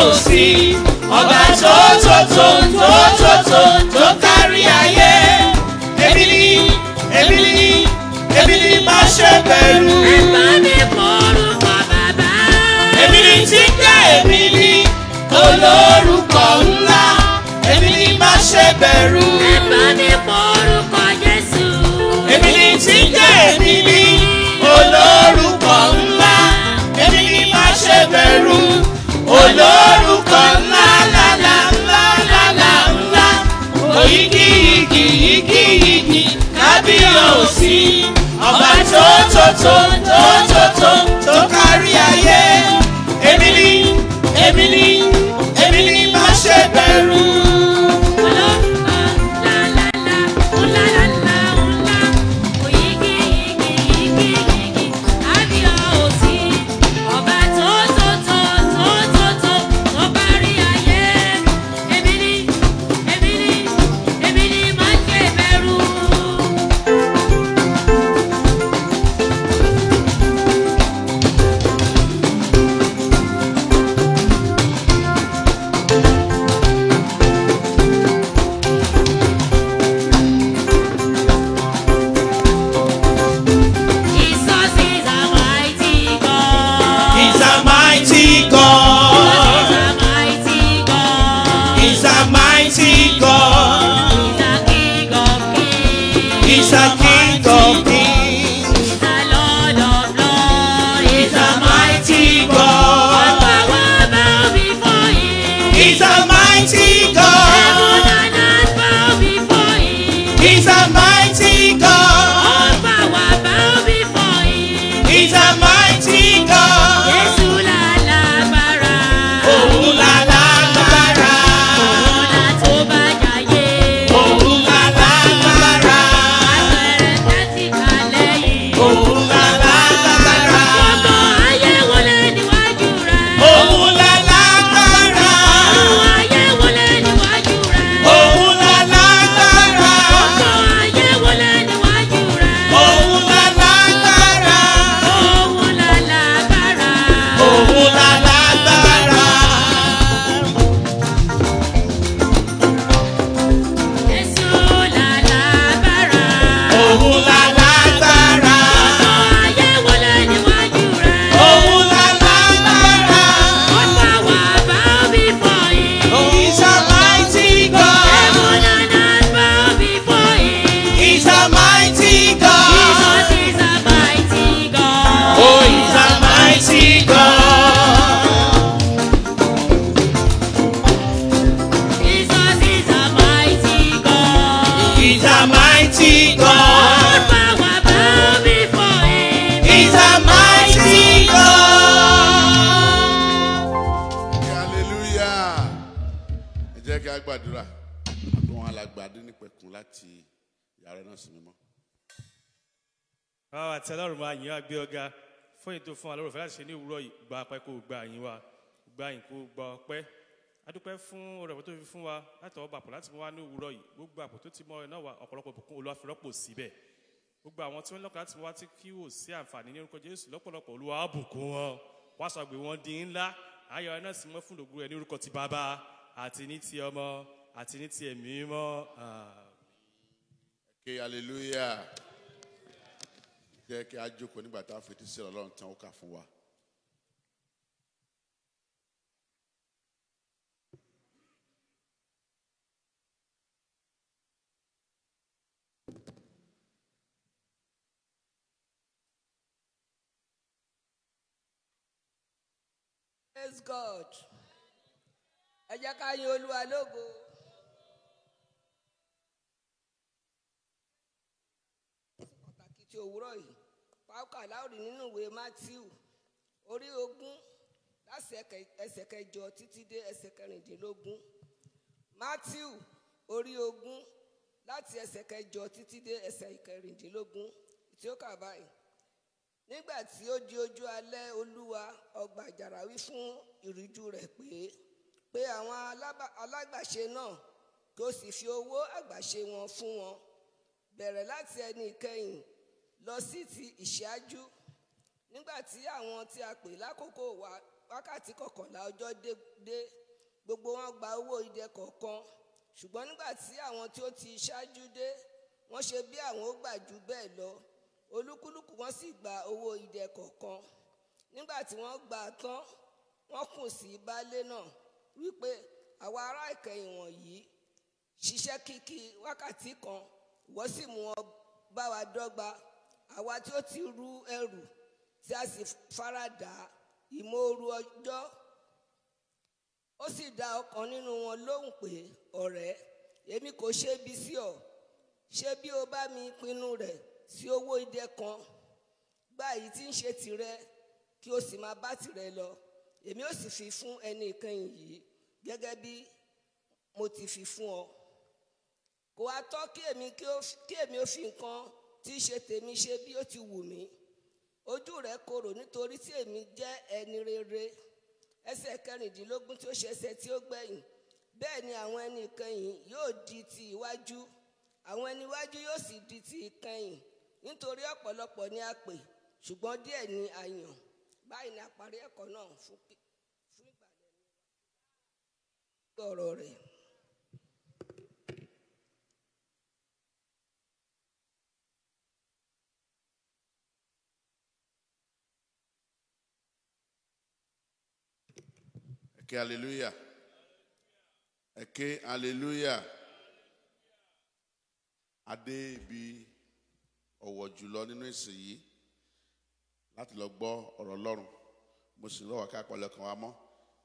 ò sí ọba tó tó tó tó tó tó tó kárí ayé èmi ni èmi ni èmi ni má ṣe bẹ̀rù. ẹ̀gbọ́n mi kọ̀ọ̀rọ̀ wà bàbá. èmi ni tí jẹ́ èmi ni olórúkọ ńlá èmi ni má ṣe bẹ̀rù. ẹ̀gbọ́n mi kọ̀ọ̀rọ̀ kọ̀ Jésù. èmi ni tí jẹ́ èmi ni. sí ọba tó tó tó tó tó tó tó kárí ayé. kó gba àyìn wa gba àyìn kó gba ọpẹ́ adúpẹ́ fún ọ̀rẹ́ tó fi fún wa láti ọba àpò láti mú wa ní òwúrọ̀ yìí gbogbo àpò tó ti mọ ọ̀rẹ́ náà wà ọ̀pọ̀lọpọ̀ ìbùkún Olúwa fi gbogbo àwọn tí wọ́n lọ́kàn láti wá tí kí wò sí àǹfààní ní orúkọ Jésù lọ́pọ̀lọpọ̀ Olúwa á wọn wàá sọ àgbè wọn di ńlá ayọ̀ ẹ náà sì mọ́ fún ògùn rẹ̀ ní orúkọ ti bàbá àti ní ti ọmọ àti ní ti ẹ̀mí mọ́. ké hallelujah jẹ́ kí a jókòó nígbà tá a fetí sí Ọlọ́run tán ó kà fún wa. God ẹ jẹ́ ká yin olúwa lógo. pàtàkì ti òwúrọ̀ yìí pàákà láòrì nínú ìwé Matthew orí ogún láti ẹsẹ̀ kẹjọ títí dé ẹsẹ̀ kẹrìndínlógún Matthew orí ogún láti ẹsẹ̀ kẹjọ títí dé ẹsẹ̀ kẹrìndínlógún tí ó kà báyìí nígbà tí ó di ojú alẹ́ olúwa ọgbà àjàrà wí fún ìrújú rẹ̀ pé pé àwọn alágbàṣe náà kí ó sì fi owó àgbàṣe wọn fún wọn bẹ̀rẹ̀ láti ẹni ìkẹyìn lọ sí ti ìṣáájú nígbà tí àwọn tí a pè lákòókò wákàtí kọkànlá ọjọ́ dé gbogbo wọn gba owó idẹ kọ̀ọ̀kan ṣùgbọ́n nígbà tí àwọn tí ó ti ṣáájú dé wọ́n ṣe bí àwọn ó gbà jù bẹ́ẹ̀ lọ olúkúlùkù wọn sì gba owó idẹ kọ̀ọ̀kan nígbà tí wọ́n gbà tán wọ́n kùn sí baálé náà wípé àwa ará ìkẹyìn wọ̀nyí ṣiṣẹ́ kíkí wákàtí kan wọ́n sì mú wọn bá wa dọ́gba àwa tí ó ti rú ẹrù tí a sì faradà ìmóoru ọjọ́ ó sì dá ọ̀kan nínú wọn lóhùn pé ọ̀rẹ́ èmi kò ṣe ibi sí ọ ṣé bí o bá mi pinnu rẹ̀ sí owó idẹ kan gba èyí tí ń ṣe tìrẹ kí o sì máa bá tìrẹ lọ èmi ó sì fi fún ẹni ìkẹyìn yìí gẹ́gẹ́ bí mo ti fi fún ọ kò wá tọ́ kí èmi kí èmi ó fi nǹkan tí í ṣe tèmi ṣe bí ó ti wù mí ojú rẹ korò nítorí tí èmi jẹ́ ẹni rere ẹsẹ̀ kẹrìndínlógún tí ó ṣe tí ó gbẹ̀yìn bẹ́ẹ̀ ni àwọn ẹni ìkẹyìn yóò di ti iwájú àwọn ẹni iwájú yóò sì di ti ìkẹyìn nítorí ọ̀pọ̀lọpọ̀ ni a pè ṣùgbọ́n díẹ̀ ni a yàn báyìí ni a parí ẹ̀kọ́ náà fún rẹ̀. Eke hallelujah. Eke hallelujah. Adé bíi. ọ̀wọ̀ jùlọ nínú ìsìn yìí láti lọ gbọ́ ọ̀rọ̀ Ọlọ́run mo sì ń rọ̀ wá ká pọlọ kan wa mọ́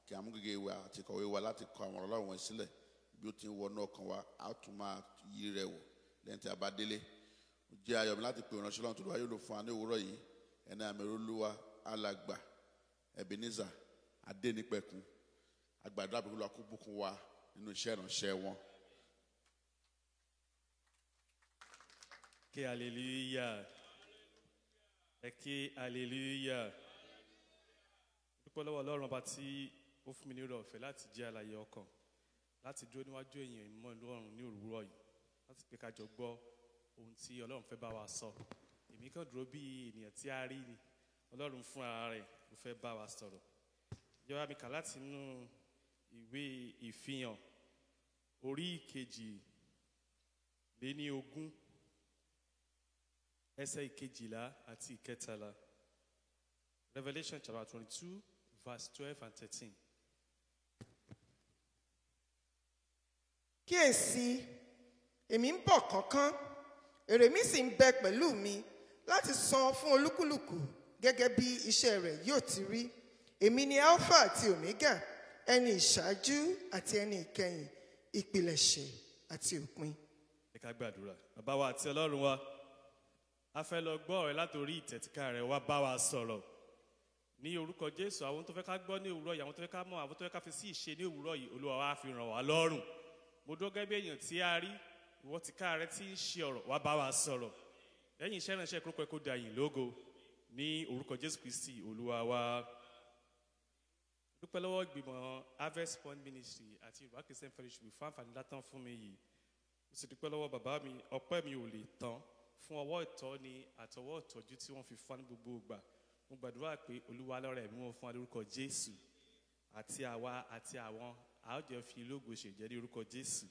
kí àmú gègé wa àti kọ̀wé wa láti kọ àwọn ọ̀rọ̀ Ọlọ́run wọn sílẹ̀ bí ó ti ń wọnú ọkàn wa á tún máa yí rẹ̀ wò lẹ́yìn tí a bá délé ó jẹ́ ayọ̀ mi láti pè ìránṣẹ́ Ọlọ́run tó lọ́wọ́ yóò lò fún wa ní òwúrọ̀ yìí ẹni àmì olúwa alàgbà Ebenezer Adénípẹ̀kun àgbàdo àbíkúlọ̀ akúbùkún wa nínú iṣẹ́ ìránṣẹ́ wọn Que aleluia. É que aleluia. Dúpẹ́ lọ́wọ́ Ọlọ́run ọba tí ó fún mi ní oore ọ̀fẹ́ láti jẹ́ àlàyé ọkàn láti dúró níwájú èèyàn ìmọ̀ Ọlọ́run ní òwúrọ̀ yìí láti pé ká jọ gbọ́ ohun tí Ọlọ́run fẹ́ bá wa sọ. Èmi kàn dúró bí ènìyàn tí a rí ni Ọlọ́run fún ara rẹ̀ ló fẹ́ bá wa sọ̀rọ̀. Ìjọba mi kà láti inú ìwé ìfihàn orí ìkejì lé ní ogún ẹsẹ̀ ìkejìlá àti ìkẹtàlá Revelation chapter twenty two verse twelve and thirteen. kíyèsí èmi ń bọ̀ kánkán èrè mi sì ń bẹ pẹ̀lú mi láti san fún olúkúlùkù gẹ́gẹ́ bí iṣẹ́ rẹ̀ yóò ti rí èmi ni alpha àti omega ẹni ìṣáájú àti ẹni ìkẹyìn ìpilẹ̀ṣẹ̀ àti òpin. ẹ ká gbàdúrà bàbá wa àti ọlọ́run wa a fẹ́ lọ gbọ́ rẹ látòrí ìtẹ̀tíká rẹ wá bá wa sọ̀rọ̀ ní orúkọ jésù àwọn tó fẹ́ ká gbọ́ ní òwúrọ̀ yìí àwọn tó fẹ́ ká mọ̀ àwọn tó fẹ́ ká fi sí ìṣe ní òwúrọ̀ yìí olúwa wa fi ràn wá lọ́rùn mo dúró gẹ́gẹ́ bí èèyàn tí a rí ìwọ tìká rẹ tí ń ṣe ọ̀rọ̀ wá bá wa sọ̀rọ̀ lẹ́yìn iṣẹ́ ìránṣẹ́ kúrúkọ ẹ̀kọ́ da yìí lógo ní orúkọ jésù kristi olúwa wa dúpẹ́ lọ́wọ́ ìgbìmọ̀ harvest point ministry àti yorùbá christian fellowship fún àǹfààní látàn fún mi yìí mo sì dúpẹ́ lọ́wọ́ bàbá mi ọpẹ́ mi ò lè tán fún ọwọ́ ìtọ́ni àtọwọ́ ìtọ́jú tí wọ́n fi fún wa ní gbogbo ìgbà mo gbàdúrà pé olúwa lọ́rẹ̀ mi wọ́n fún wa lórúkọ jésù àti àwa àti àwọn a ó jẹ́ fi lógo ṣèjẹ́ ní orúkọ jésù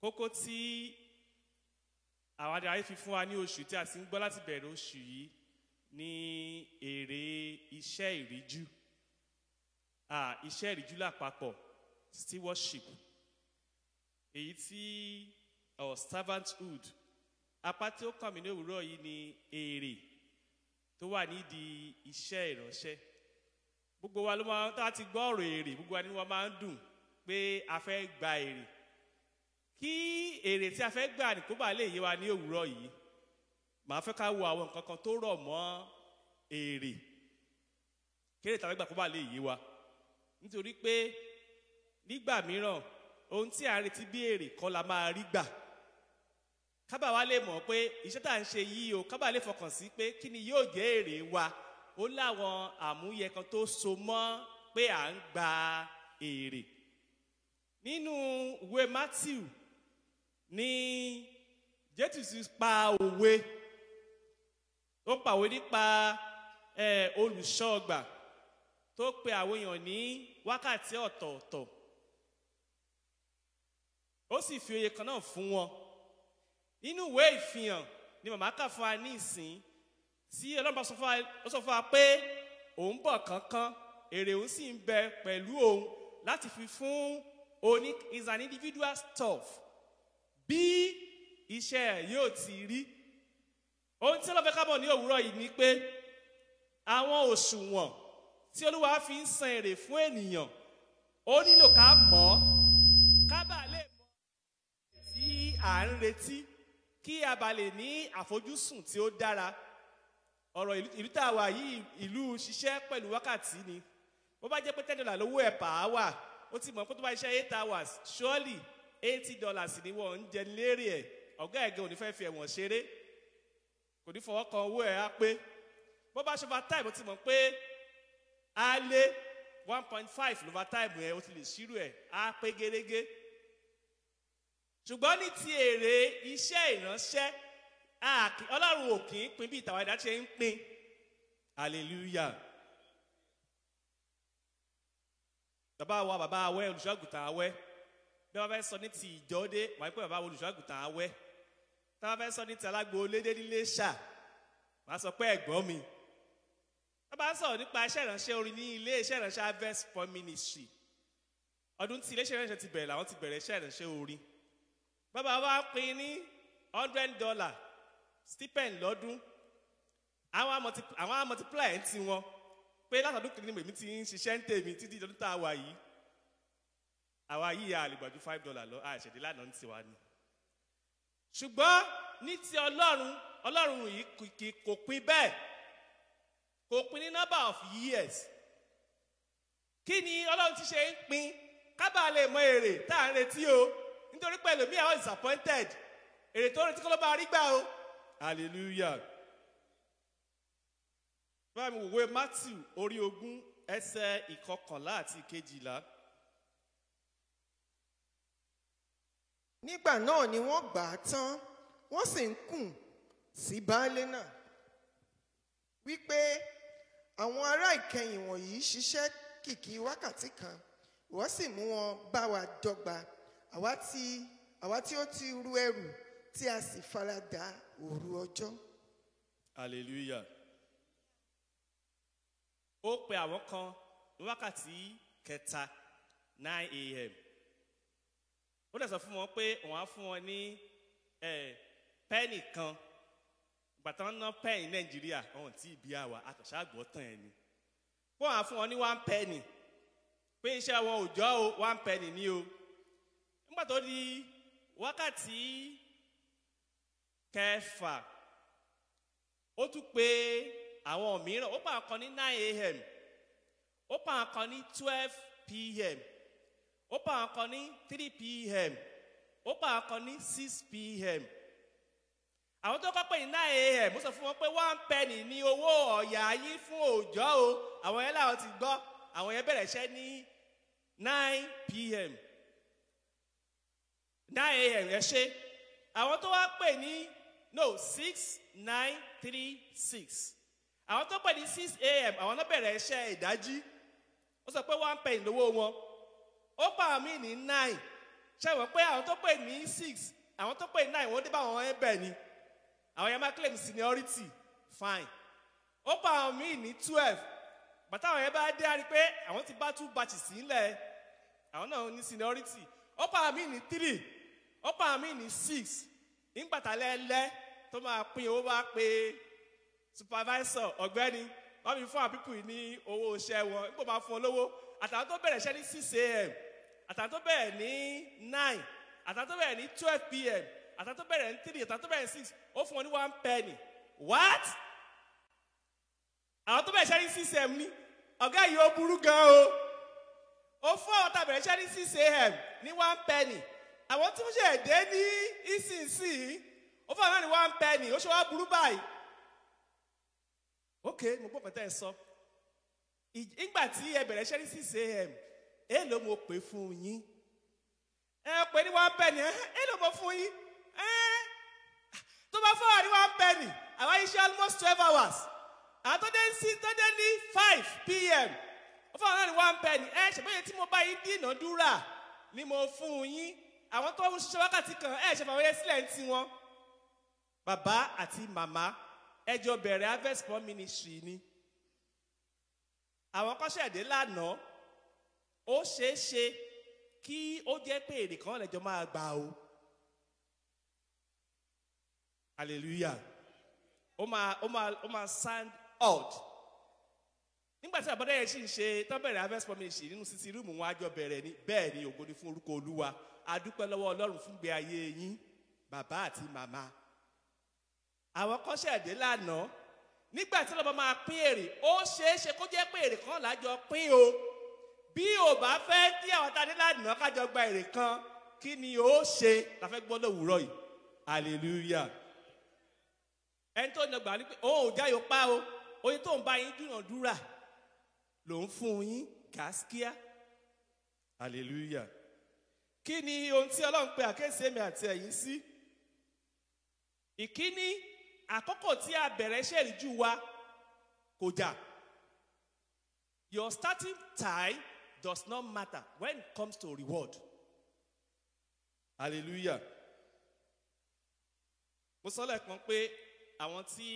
kókó tí àwọn adarí fi fún wa ní oṣù tí a ti ń gbọ́ láti bẹ̀rẹ̀ oṣù yìí ní èrè iṣẹ́ ìríjú iṣẹ́ ìríjú lápapọ̀ stewardship èyí tí servanthood apá tí ó kàn mí ní òwúrọ̀ yìí ni èrè tó wà nídìí iṣẹ́ ìránṣẹ́ gbogbo wa ló máa tá a ti gbọ́ ọ̀rọ̀ èrè gbogbo wa ni wọ́n máa ń dùn pé a fẹ́ gba èrè kí èrè tí a fẹ́ gbà ní kó bá lè yé wa ní òwúrọ̀ yìí màá fẹ́ ká wo àwọn nǹkan kan tó rọ̀ mọ́ èrè kéré tàbí gbà kó bá lè yé wa nítorí pé nígbà mìíràn ohun tí a retí bí èrè kọ́ la máa rí gbà kábà wá lè mọ̀ pé iṣẹ́ tá à ń ṣe yìí o kábà lè fọkàn sí pé kí ni yóò jẹ́ èrè wa ó láwọn àmúyẹ kan tó so mọ́ pé à ń gba èrè nínú ìwé Matthew ní jésù pa òwe ó pàwé nípa olùṣọ́ ọgbà tó pe àwọn èèyàn ní wákàtí ọ̀tọ̀ọ̀tọ̀ ó sì fi oyè kan náà fún wọn nínú ìwé ìfihàn ni màmá kà fún wa ní ìsìn tí ọlọ́run bá sọ fún wa pé òun bọ̀ kánkán èrè òun sì ń bẹ pẹ̀lú òun láti fi fún oní is an individual stuff bí iṣẹ́ yóò ti rí ohun tí ọlọ́fẹ́ kábọ̀ ní òwúrọ̀ yìí ni pé àwọn òṣùwọ̀n tí olúwa fi ń san èrè fún ènìyàn ó nílò ká mọ̀ ọ́ ká bàa lè mọ̀ tí à ń retí kí a bá lè ní àfojúsùn tí ó dára ọ̀rọ̀ ìlú tá a wà yìí ìlú ṣiṣẹ́ pẹ̀lú wákàtí ni bó bá jẹ́ pé ten dollar lówó ẹ̀ pàá wà ó ti mọ̀ pé tó bá ṣiṣẹ́ eight hours surely eighty dollars ni wọ́n ń jẹ lérè ẹ̀ ọ̀gá ẹ̀gẹ́ ò ní fẹ́ẹ́ fi ẹ̀wọ̀n ṣeré kò ní fọwọ́ kan owó ẹ̀ á pé bó bá ṣe overtime ó ti mọ̀ pé á lé one point five overtime ẹ̀ ó ti lè ṣírò ẹ̀ á pé gérégé ṣùgbọ́n ní ti èrè iṣẹ́ ìránṣẹ́ ọlọ́run ò kì í pín bí ìtàwọn ẹ̀dá ṣe ń pín hallelujah. bàbá wa bàbá awẹ́ olùṣọ́àgùtàn awẹ́ bí wọ́n fẹ́ sọ ní ti ìjọ́dé wà á pè bàbá olùṣọ́àgùtàn awẹ́ tí wọ́n fẹ́ sọ ní ti alágbo lédè nílé ṣà wà á sọ pé ẹ̀gbọ́n mi. wọ́n bá sọ̀rọ̀ nípa iṣẹ́ ìránṣẹ́ orin ní ilé iṣẹ́ ìránṣẹ́ harvest for ministry ọdún tí ilé iṣẹ́ ìránṣẹ́ ti bẹ̀rẹ̀ làwọn ti bẹ̀rẹ̀ iṣẹ́ ìránṣẹ́ orin bàbá wa pín ní hundred dollar stipend lọ́dún àwọn á multiply ẹ̀ ń ti wọn pé látọ̀dún kìíní mèmí ti ń ṣiṣẹ́ ń tèmi títí ìdọ́dún tá a wà yìí àwa yìí a lè five dollar lọ àṣẹdé lánàá ní tiwa ni ṣùgbọ́n ní ti ọlọ́run ọlọ́run yìí kò pín bẹ́ẹ̀ kò pín ní number of years kí ni ọlọ́run ti ṣe ń pín ká lè mọ èrè tá à ń retí o nítorí pé ẹlòmíì àwọn disappointed èrè tó retí kọ́ ló máa rí gbà o hallelujah báyìí mo wòwe matthew orí ogún ẹsẹ̀ ìkọkànlá àti ìkejìlá. nígbà náà ni wọ́n gbà á tán wọ́n sì ń kùn sí baálé náà wípé àwọn ará ìkẹyìn wọ̀nyí ṣiṣẹ́ kìkì wákàtí kan ìwọ sì mú wọn bá wa dọ́gba àwa tí àwa tí ó ti ru ẹrù tí a sì farada òru ọjọ́. hallelujah ó pe àwọn kan ní wákàtí kẹta nine a.m. ó dẹ̀ sọ fún wọn pé òun á fún wọn ní pẹ́ẹ̀nì kan bàtà ń ná pẹ́ẹ̀nì nàìjíríà ọ̀hún tí ìbí àwà àtọ̀ṣàgbọ̀ tán ẹ̀ ni wọ́n á fún wọn ní one penny pé iṣẹ́ wọn ò jọ́ one penny ni o nígbà tó di wákàtí kẹfà ó tún pè àwọn mìíràn ó pa àwọn ní nine a.m. ó pa àwọn ní twelve p.m. ó pa àwọn ní three p.m. ó pa àwọn ní six p.m. àwọn tó kọ́ pé ní nine a.m. ó sọ fún wọn pé one penny ní owó ọ̀yà yín fún òòjọ́ o àwọn yẹn làwọn ti gbọ́ àwọn yẹn bẹ̀rẹ̀ iṣẹ́ ní nine p.m nine a.m. ẹ ṣe àwọn tó wá pè ní no six nine three six àwọn tó pè ní six a.m. àwọn náà bẹ̀rẹ̀ iṣẹ́ ìdájí ó sọ pé one pen lówó wọn ó pa àmì ní nine ṣe wọ́n pé àwọn tó pè ní six àwọn tó pè ní nine wọ́n dé bá àwọn ẹbẹ̀ ni àwọn yẹn máa claim seniority fine ó pa àwọn míì ní twelve bàtà àwọn yẹn bá dé á rí i pé àwọn ti bá two batches sílẹ̀ àwọn náà ní seniority ó pa àwọn míì ní three upper mi ní six nígbàtà lẹ́lẹ́ tó máa pín owó bá pe supervisor ọ̀gbẹ́ni wọ́n fi fún àpípù ní owó iṣẹ́ wọn nígbà bá fún olówó àtàwọn tó bẹ̀rẹ̀ iṣẹ́ ní six a.m. àtàwọn tó bẹ̀rẹ̀ ní nine àtàwọn tó bẹ̀rẹ̀ ní twelve p.m. àtàwọn tó bẹ̀rẹ̀ ní three àtàwọn tó bẹ̀rẹ̀ ní six ó fún wọn ní one penny what àwọn tó bẹ̀rẹ̀ iṣẹ́ ní six a.m. ní ọ̀gá yìí ó burú gan o ó fún àwọn tó bẹ̀rẹ̀ iṣẹ́ ní six a.m. ní one penny àwọn tí wọ́n ṣe ẹ̀dẹ́ ní ìsinsìnyí ó fà náà ní wọ́n á ń pẹ́ ni ó ṣe wá burú báyìí ok mo gbọ́ pẹ̀tẹ́ ẹ sọ ìgbà tí ẹ bẹ̀rẹ̀ iṣẹ́ ní six a.m. èèlò mo pè fún yín ẹ pè ní wọ́n á ń pẹ́ ni èèlò mo fún yín tó bá fọ́ àrí one penny àwa yìí ṣe almost twelve hours àtọ́dé ń sí tọ́dé ní five pm ó fọ́ àrí one penny ẹ ṣèbéyẹ tí mo bá yín dínàdúrà ni mo fún yín àwọn tó ń ṣiṣẹ́ wákàtí kan ẹ̀ ṣe fàwọn yẹn sílẹ̀ ń ti wọn. bàbá àti màmá ẹjọ bẹ̀rẹ̀ harvest for ministry ni. àwọn kọ́ṣẹ́dé lánàá ó ṣeé ṣe kí ó jẹ́ pé èrè kan lẹ́jọ́ máa gbà o. hallelujah ó máa ó máa ó máa sound out. nígbà tí àbọ̀dá yẹn sì ń ṣe tán bẹ̀rẹ̀ harvest for ministry nínú sisi rúùmù wọn àjọ bẹ̀rẹ̀ ni bẹ́ẹ̀ ni ògo ni fún orúkọ olúwa adúpẹ́ lọ́wọ́ ọlọ́run fún gbé ayé yín bàbá àti màmá àwọn kọ́ṣẹ́ dé lánàá nígbà tí lọ́ba máa pín èrè ó ṣeé ṣe kó jẹ́ pé èrè kan lájọ pín o bí ò bá fẹ́ kí àwọn tá a dé lánàá kájọ gba èrè kan kí ni ó ṣe la fẹ́ gbọ́ lówùúrọ̀ yìí hallelujah ẹni tó nàgbà ni pé òun ò jáyò pa o oye tó ń bá yín dúnàdúrà lòún fún yín kàásíkíá hallelujah kí ni ohun tí ọlọ́run pe àkéésí èmi àti ẹ̀yin sí ìkíní àkókò tí a bẹ̀rẹ̀ iṣẹ́ ìrìjú wa kò jà your starting time does not matter when it comes to reward hallelujah mo sọ lẹ́ẹ̀kan pé àwọn tí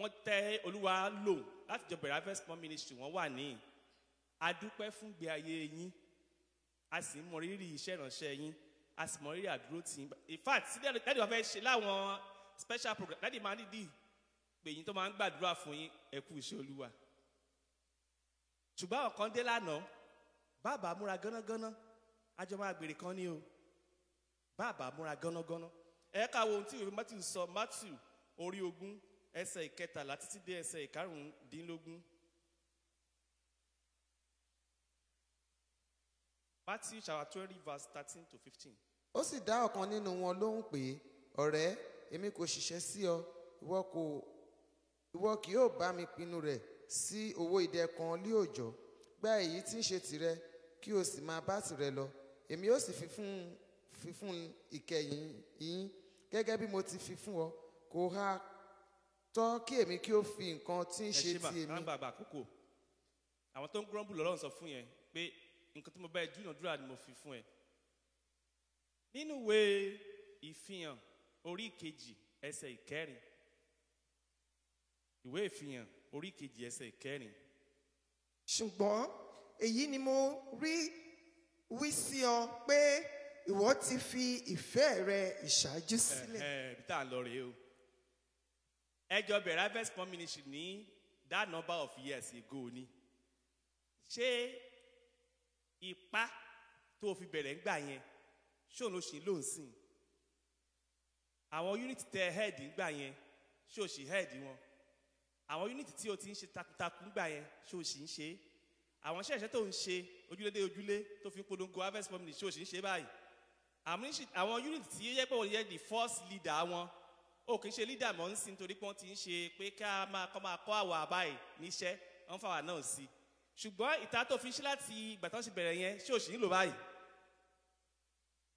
wọ́n tẹ́ olúwa lò láti jọ bẹ̀rẹ̀ harvest corn ministry wọ́n wà ní adúpẹ́ fún gbé ayé yín a sì ń mọrírì iṣẹ́ ìránṣẹ́ yín a sì mọrírì àdúró tì í in fact tí dáàdì wọn fẹ́ ṣe láwọn special program dáàdì máa ń dìdì pé yín tó máa ń gbàdúrà fún yín ẹ kú iṣẹ́ olúwa ṣùgbọ́n àwọn kan dé lánàá bàbá múra gánágáná àjọmọ́ àgbèrè kan ní o bàbá múra gánágáná ẹ ká wo ohun tí ìwé Matthew sọ Matthew orí ogún ẹsẹ̀ ìkẹtàlá títí dé ẹsẹ̀ ìkarùndínlógún Matthew chapter twenty verse thirteen to fifteen. Ó sì dá ọ̀kan nínú wọn lóhùn pé ọ̀rẹ́ èmi kò ṣiṣẹ́ sí ọ ìwọ kò ìwọ kì yóò bá mi pinnu rẹ̀ sí owó idẹ lé òòjọ́ gba èyí tí ń ṣe tìrẹ kí o sì máa bá tìrẹ lọ èmi ó sì fi fún ìkẹyìn yín gẹ́gẹ́ bí mo ti fi fún ọ kò ha tọ́ kí èmi kí ó fi nǹkan tí ń ṣe ti èmi. ẹ ṣe bàbá àkókò àwọn tó ń grumble lọ́rùn sọ fún yẹn pé nǹkan tí mo bá ẹ dúnàdúrà ni mo fi fún ẹ nínú ìwé ìfihàn orí kejì ẹsẹ̀ ìkẹrin ìwé ìfihàn orí kejì ẹsẹ̀ ìkẹrin. ṣùgbọ́n èyí ni mo rí wí sí ọ pé ìwọ ti fi ìfẹ́ rẹ ìṣáájú sílẹ̀. ẹ ẹ bí tá a lọ rèé o ẹjọ bẹ̀rẹ̀ harvest ministry ní that number of years ago ni ṣé Ipa tó o fi bẹ̀rẹ̀ ńgbà yẹn ṣóun ló ṣe lóun sìn àwọn unit tẹ hẹ́ẹ̀dì ńgbà yẹn ṣó o ṣì hẹ́ẹ̀dì wọn àwọn unit tí o ti ń ṣe takuntakun ńgbà yẹn ṣó o ṣì ń ṣe àwọn iṣẹ́ ìṣẹ́ tó ń ṣe ojúlé dé ojúlé tó fi ń polongo harvest family ṣó o ṣì ń ṣe báyìí àwọn unit tí yẹ pé wọ́n yẹ the first leader wọn o kì í ṣe leader mọ́ ń sìn torí pé wọ́n ti ń ṣe pé ká máa kọ́ máa kọ́ àwọ̀ àbáyé níṣẹ́ wọ́n fà wà náà sí i ṣùgbọ́n ìta tó fi ṣí láti ìgbà tó ṣe bẹ̀rẹ̀ yẹn ṣé òṣì ń lò báyìí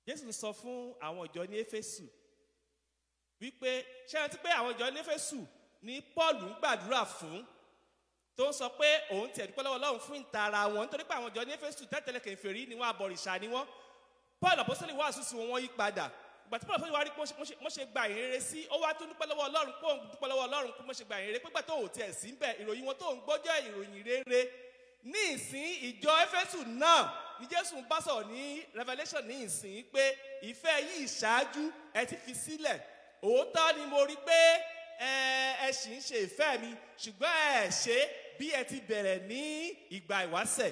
jésù sọ fún àwọn ìjọ ní éfésù wípé ṣé ẹ ti pé àwọn ìjọ ní éfésù ní paul ń gbàdúrà fún tó ń sọ pé òun tiẹ̀ dúpẹ́ lọ́wọ́ ọlọ́run fún ìtara wọn nítorí pé àwọn ìjọ ní éfésù tẹ́tẹ̀lẹ̀ kẹfìrí ni wọ́n abọ̀rìṣà ni wọ́n paul àpọ́sítélì wàásù sí wọn yí padà ìgbà tí paul àpọ́sítélì wá rí mo ṣe gba ìrere sí ó wá tún dúpẹ́ lọ́wọ́ ọlọ́run pé òun dúpẹ́ lọ́wọ́ ọlọ́run pé mo ṣe gba ìrere pé gbà tó òun tiẹ̀ sí ń bẹ̀ ìròyìn wọn tó ń gbọ́jọ́ ìròyìn rere ní ìsìn ìjọ éfésù náà ni jésù ń bá sọ̀rọ̀ ní revelation ní ìsìn pé ìfẹ́ yìí ṣáájú ẹ ti fi sílẹ̀ òótọ́ ni mo rí pé ẹ ṣì ń ṣe ìfẹ́ mi ṣùgbọ́n ẹ ṣe bí ẹ ti bẹ̀rẹ̀ ní ìgbà ìwásẹ̀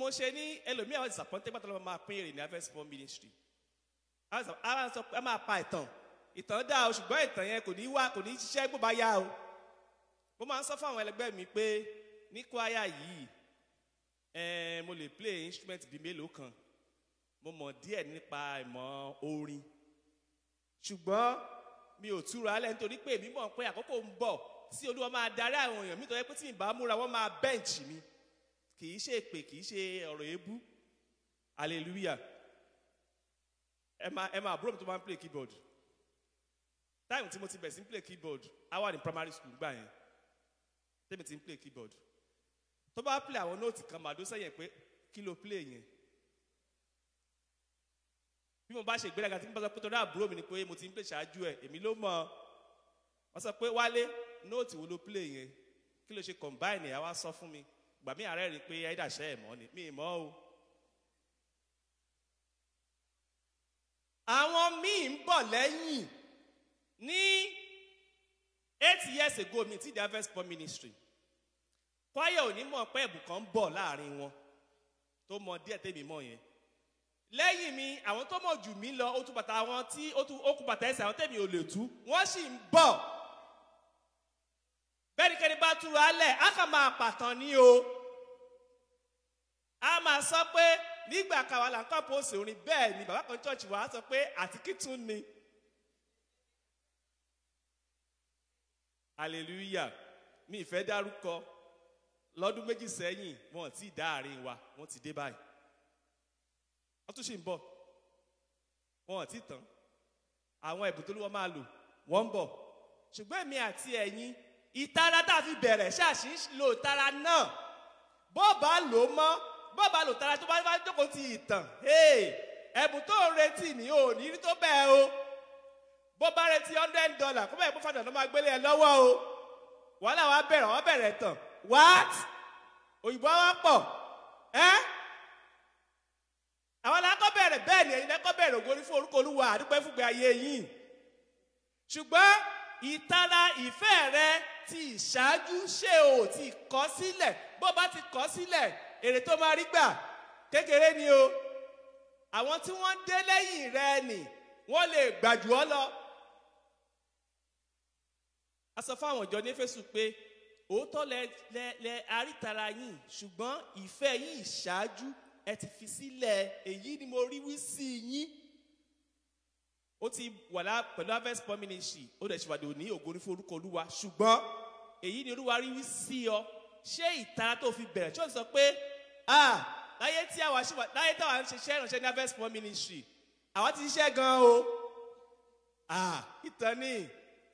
mo ṣe ní ẹlòmíà wà disappointed pátá lọ́wọ́ máa pín èrè ní harvest for ministry a máa pa ìtàn ìtàn dáa ṣùgbọ́n ìtàn yẹn kò ní wá kò ní ṣiṣẹ́ gbọ́dọ̀ bá yá o mo máa ń sọ fáwọn ẹlẹgbẹ́ mi pé ní kwaya yìí eh, mo lè play instrument bíi mélòó kan mo mọ̀ díẹ̀ nípa ìmọ̀ orin ṣùgbọ́n mi ò túra alẹ́ nítorí pé èmi mọ̀ pé àkókò ń bọ̀ tí olúwa máa darí àwọn èèyàn mi tó yẹ pé tí ìbá múra wọ́n máa bẹ́ǹchì mi kì í ṣe èpè kì í ṣe ọ̀rọ̀ èébú hallelujah ẹ máa ẹ máa àbúrò mi tó máa ń play keyboard táìmù tí mo ti bẹ̀ sí ń play keyboard á wà ní primary school gbà yẹn tèmi ti ń play keyboard tó bá play àwọn nóòtì kan màdó sẹ́yìn pé kí ló play yẹn bí mo bá ṣe ìgbéraga tí mo bá sọ pé torí àbúrò mi ni pé mo ti ń play ṣáájú ẹ̀ èmi ló mọ̀ wọ́n sọ pé wálé nóòtì wo ló play yẹn kí ló ṣe combine ẹ̀ wá sọ fún mi gbà mí àárẹ̀ rí i pé ẹ̀dàṣẹ́ ẹ̀ mọ́ ni mi ì mọ́ o. àwọn míì ń bọ̀ lẹ́yìn ní eight years ago mi ti di harvest for ministry kwaya onímọ̀ pé ẹ̀bùn kan ń bọ̀ láàrin wọn tó mọ díẹ̀ tèmi mọ̀ yẹn lẹ́yìn mi àwọn tó mọ̀ jù mí lọ ó tún bàtà àwọn tí ó tún ó kú bàtà ẹsẹ̀ àwọn tèmi ò lè tú wọ́n sì ń bọ̀ bẹ́nikẹ́ni bá túra alẹ̀ á kà máa pàtàn ní o a máa sọ pé nígbà kan wà là ń kọ́ orin bẹ́ẹ̀ ni bàbá kan chọ́ọ̀chì wa sọ pé àtikítún ni. hallelujah mi ìfẹ́ dárúkọ lọ́dún méjì sẹ́yìn wọn ti dá àárín wa wọ́n ti dé báyìí wọ́n tún ṣì ń bọ̀ wọn ti tán àwọn ẹ̀bùn tó lówó máa lò wọ́n ń bọ̀ ṣùgbọ́n èmi àti ẹ̀yin ìtara tá a fi bẹ̀rẹ̀ ṣáàṣì ń lo ìtara náà bọ́ọ̀bà lò ó mọ́ bọ́ọ̀bà lò tara tó bá jókòó ti ìtàn ẹ̀bùn tó ń retí ni ò ní rí tó bẹ́ẹ̀ o bó bá retí hundred dollar kó bẹ́ẹ̀ kó fàdà ló máa gbélé ẹ lọ́wọ́ o wàhálà wa bẹ̀rẹ̀ wọ́n bẹ̀rẹ̀ tán what òyìnbó wa pọ̀ ẹ́ àwọn alákọ̀ bẹ̀rẹ̀ bẹ́ẹ̀ ni ẹ̀yin lẹ́kọ̀ bẹ̀rẹ̀ ògo ní fún orúkọ olúwa àdúpẹ́ fúnpẹ ayé yìí ṣùgbọ́n ìtara ìfẹ́ rẹ ti ìṣáájú ṣe ò ti kọ̀ sílẹ̀ bó bá ti kọ̀ sílẹ̀ èrè tó máa rí gbà kékeré ni o àwọn tí wọ́n dé lẹ́yìn rẹ nì wọ́n lè gbàjú ọ lọ a sọ fáwọn ìjọ ní Éfésù pé òótọ́ lẹ lẹ lẹ arítara yín ṣùgbọ́n ìfẹ́ yín ìṣáájú ẹ ti fi sílẹ̀ èyí ni mo rí wí sí yín ó ti wà lá pẹ̀lú harvest point ministry ó dẹ̀ ṣèwádìí òní ògo ní forúkọ olúwa ṣùgbọ́n èyí ni olúwa rí wí sí ọ ṣé ìtara tó fi bẹ̀rẹ̀ ṣé o sọ pé a láyé tí àwa ṣe wà láyé táwa ń ṣiṣẹ́ ìrànṣẹ́ ní harvest point àwa ti ṣiṣẹ́ gan o a ìtàn ni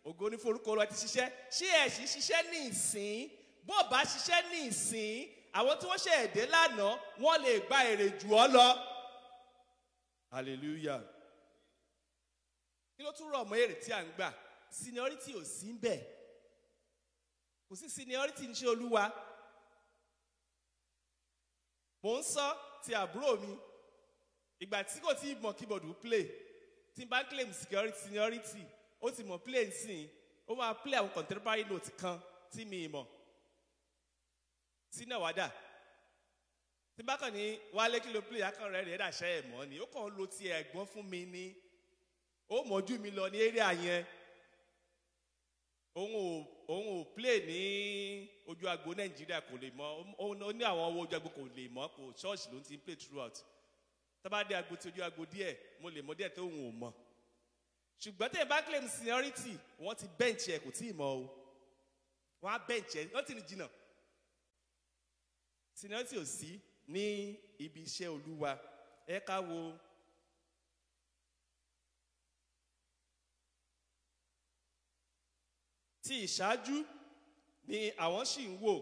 ògo ní forúkọ lọ ti ṣiṣẹ́ ṣé ẹ̀ sì ṣiṣẹ́ ní ìsìn bó o bá ṣiṣẹ́ ní ìsìn àwọn tí wọ́n ṣe èdè lánàá wọ́n lè gba èrè jù ọ́ lọ hallelujah kí ló tún rọ̀ mọ́ èrè tí à ń gbà seniority ò sí ń bẹ̀ kò sí seniority ń ṣe olúwa mò ń sọ ti àbúrò mi ìgbà tí kò tí ì mọ̀ keyboard play tí n bá ń claim seniority ó ti mọ̀ play nsìn ó máa play àwọn contemporary note kan tí mi mọ̀ tí náà wá dà tí bá kàn ní wálé kí ló play akàn rẹ̀ rẹ̀ dàṣẹ́ ẹ̀ mọ́ ni ó kàn ń lo ti ẹ̀gbọ́n fún mi ní ó mọ̀jú mi lọ ní eré àyẹn òun ò play ní ojú agbo nàìjíríà kò lè mọ ó ní àwọn owó ojú agbo kò lè mọ kò church ló ń ti play throughout tábàdé agbo ti ojú agbo díẹ̀ mo lè mọ díẹ̀ tó òun ò mọ̀ ṣùgbọ́n tẹ̀ bá claim seniority wọ́n ti bench ẹ̀ kò tí ì mọ o wọ́n á bench ẹ̀ wọ́n ti ní jìnnà seniority ò sí ní ibi iṣẹ́ olúwa ẹ ká wo ti ìṣáájú ni àwọn sì ń wò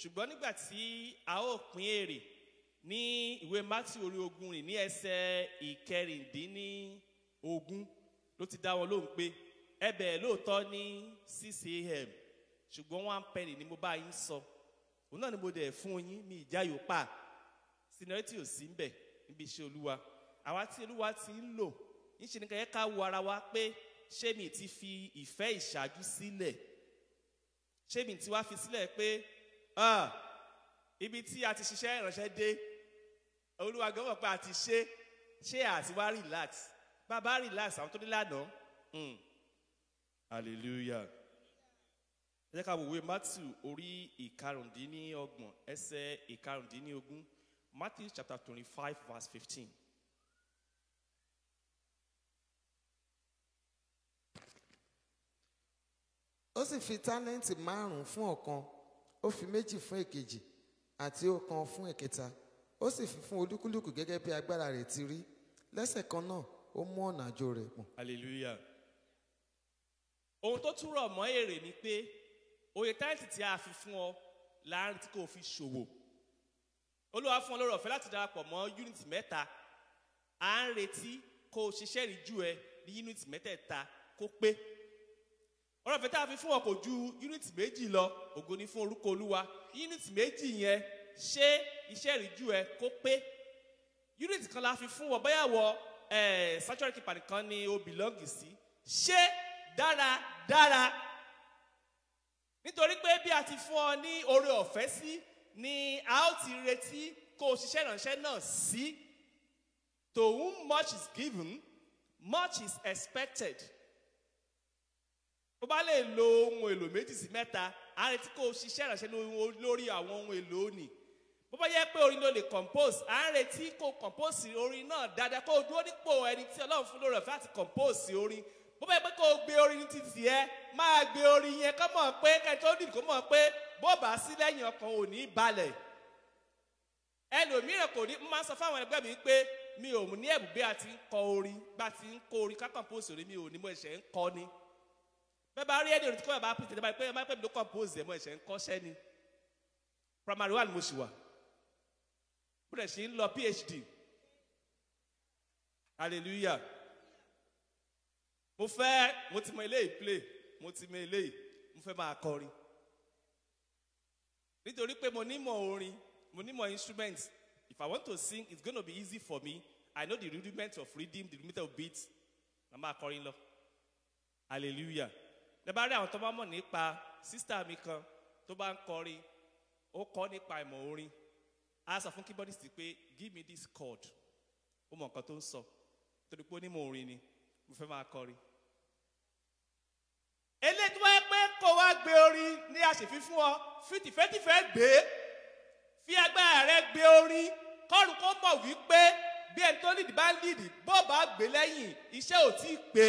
ṣùgbọ́n nígbà tí a ó pín èrè ní ìwé Mátì orí ogún rìn ní ẹsẹ̀ ìkẹrìndínlógún ló ti dá wọn lóhùn pé ẹ bẹ̀rẹ̀ lóòótọ́ ní six a.m. ṣùgbọ́n one penny ni mo bá yín sọ òun náà ni mo dẹ̀ fún yín mi ìjà yóò pa sinarẹ́tì ò sí ń bẹ̀ níbi iṣẹ́ olúwa àwa tí olúwa ti ń lò ń ṣe nìkan yẹ ká wo ara wa pé ṣé mi ti fi ìfẹ́ ìṣáájú sílẹ̀ ṣé mi ti wá fi sílẹ̀ pé ibi tí a ti ṣiṣẹ́ ìránṣẹ́ dé olúwa gbọ́dọ̀ pé a ti ṣe ṣé àti relax bàbá relax àwọn tó ní lánàá hmm. hallelujah ẹ jẹ́ ká wòwe matthew orí ìkarùndínlọ́gbọ̀n ẹsẹ̀ ìkarùndínlógún matthew chapter twenty-five verse fifteen. ó sì fi tálẹ́ǹtì márùn-ún fún ọ̀kan ó fi méjì fún èkejì àti ọ̀kan fún ẹ̀kẹta ó sì fi fún olúkúlùkù gẹ́gẹ́ bí agbára rẹ̀ ti rí lẹ́sẹ̀ kan náà ó mú ọ̀nà àjò rẹ̀ pọ̀. hallelujah ohun tó tún mọ́ èrè ni pé oye táìtì tí a fi fún ọ láàrin tí kò fi ṣòwò olúwa fún ọ lórí ọ̀fẹ́ láti darapọ̀ mọ́ unity mẹ́ta à ń retí kó o ṣiṣẹ́ ìríjú ẹ ní unity mẹ́tẹ̀ẹ̀ta kó pé ọ̀rọ̀ ọ̀fẹ́ tá a fi fún ọ kò ju unity méjì lọ ògo ni fún orúkọ olúwa unity méjì yẹn ṣe iṣẹ́ ìríjú ẹ kó pé unity kan la fi fún ọ báyàwó Eh, sanctuary keeper nìkan ni o belong sí ṣe dáradára nítorí pé bí a ti fún ọ ní oore ọ̀fẹ́ sí ni a ó ti retí kó o ṣiṣẹ́ ìránṣẹ́ náà sí to whom much is given much is expected O bá lè lo ohun èlò méjì sí mẹ́ta a retí kó o ṣiṣẹ́ ìránṣẹ́ lórí àwọn ohun èlò òní bó bá yẹ pé orin ló lè compose à ń retí kó compose orin náà dáadáa kó dúró nípò ẹni tí ọlọ́run fún lórí ọ̀fẹ́ àti compose orin bó bá yẹ pé kó gbé orin títì ẹ máa gbé orin yẹn kó mọ̀ pé kẹ́ni tó dìbò kó mọ̀ pé bó bá sí lẹ́yìn ọkàn ò ní balẹ̀ ẹlòmíràn kò ní máa ń sọ fáwọn ẹgbẹ́ mi pé mi ò ní ẹ̀bùn bí a ti ń kọ orin bá ti ń kọ orin ká compose orin mi ò ní mo ẹ̀ṣẹ̀ ń kọ ni bẹ́ẹ̀ bá rí ẹni orin tí kò bá pèsè ẹ̀ bá pẹ́ mi ló compose ẹ̀ mo ẹ̀ṣẹ̀ ń kọ́ṣẹ́ ni primary one mo ṣì wà ó dẹ̀ sì ń lọ phd hallelujah mo fẹ́ mo ti mọ eléyìí play mo ti mọ eléyìí mo fẹ́ máa kọrin nítorí pé mo nímọ̀ orin mo nímọ̀ instrument if I want to sing it's gonna be easy for me I know the rudiment of rhythm the rudiment of beat na máa kọrin lọ hallelujah lẹ bá rí àwọn tó bá mọ̀ nípa sísítà mi kan tó bá ń kọrin ó kọ́ nípa ìmọ̀ orin a sọ fún keyboardist pé give me this chord ó mọ nǹkan tó ń sọ torí pé ó ní mò ń rin ni mo fẹ́ máa kọrin. eléyìí wáyé pé kó wá gbé orin ní àṣefí fún ọ fi gbé fi agbára rẹ gbé orin kọ́ọ̀rù kó mọ̀ wípé bí ẹni tó lead bá ń lead bó lẹ́yìn iṣẹ́ ò tí ì pé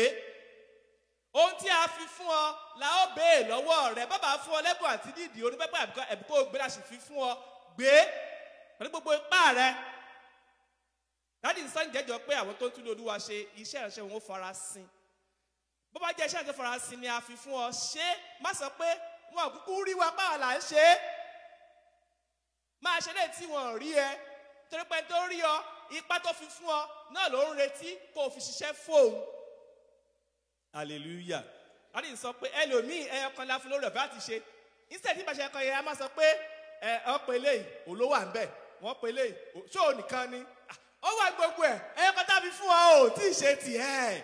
ohun tí a fi fún ọ la ó béè lọ́wọ́ rẹ bàbá fún ọ lẹ́bùn àti lead onípẹ́pẹ́ àbíkọ́ ẹ̀bùkọ́ gbé la fún ọ gbé pẹ̀lú gbogbo ipá rẹ dáàdì ń sáyìn jẹ́jọ́ pé àwọn tó ń túlẹ̀ olúwa ṣe iṣẹ́ ìránṣẹ́ wọn ó fara sin bó bá jẹ́ iṣẹ́ ìránṣẹ́ fara sin ni a fi fún ọ ṣe má sọ pé wọn ò kúkú rí wa báwa là ń ṣe é máa ṣe lè tí wọn ò rí ẹ torí pé tó rí ọ ipá tó fi fún ọ náà ló ń retí kó o fi ṣiṣẹ́ fóun hallelujah láti sọ pé ẹlòmíì ẹyọ kan la lórí ọ̀fẹ́ àti instead nígbà ṣe ẹ̀kọ́ yẹn a máa sọ pé ẹ ọ̀pọ̀ eléyìí òun ló wà ń bẹ́ẹ̀ wọ́n pe lé ṣó nìkan ni ah, ó wà gbogbo ẹ̀ ẹ̀yọ́ tá a fi fún ọ ò tí ì ṣe tiẹ̀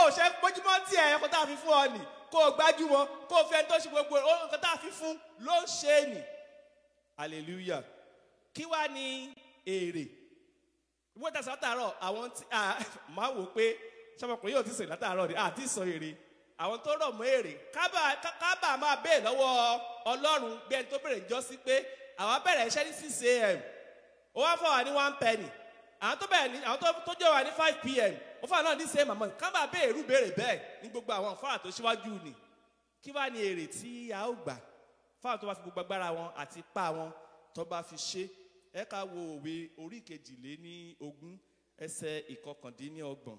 ó ṣe gbójúmọ́ tiẹ̀ ẹ̀yọ́ tá a fi fún ọ nì kó o gbájúmọ́ kó o fẹ́ tó ṣe gbogbo ohun kan tá a fi fún ló ṣe nì hallelujah kí wá ní èrè ìwé ìtàsán látàárọ̀ àwọn tí a máa wò pé ṣọmọkùnrin yóò ti sè látàárọ̀ ni àti sọ èrè àwọn tó rọ̀ mọ́ èrè kábà bẹ́ẹ̀ lọ́wọ́ ọlọ́run bí ẹni tó bẹ̀rẹ̀ jọ́sí pé àwa bẹ̀rẹ̀ iṣẹ́ ní six a.m ó wá fà wá ní one penny àwọn tó bẹ̀rẹ̀ ní àwọn tó jẹ́ wá ní five pm ó fà náà ní same amount ká bá bẹ́ẹ̀ rú béèrè bẹ́ẹ̀ ní gbogbo àwọn fáà tó ṣíwájú ni kí wá ní èrè tí a ó gbà fáà tó bá fi gbogbo agbára wọn àti ipá wọn tó bá fi ṣe ẹ ká wo òwe orí kejìlé ní ogún ẹsẹ̀ ìkọkàndínlọ́gbọ̀n.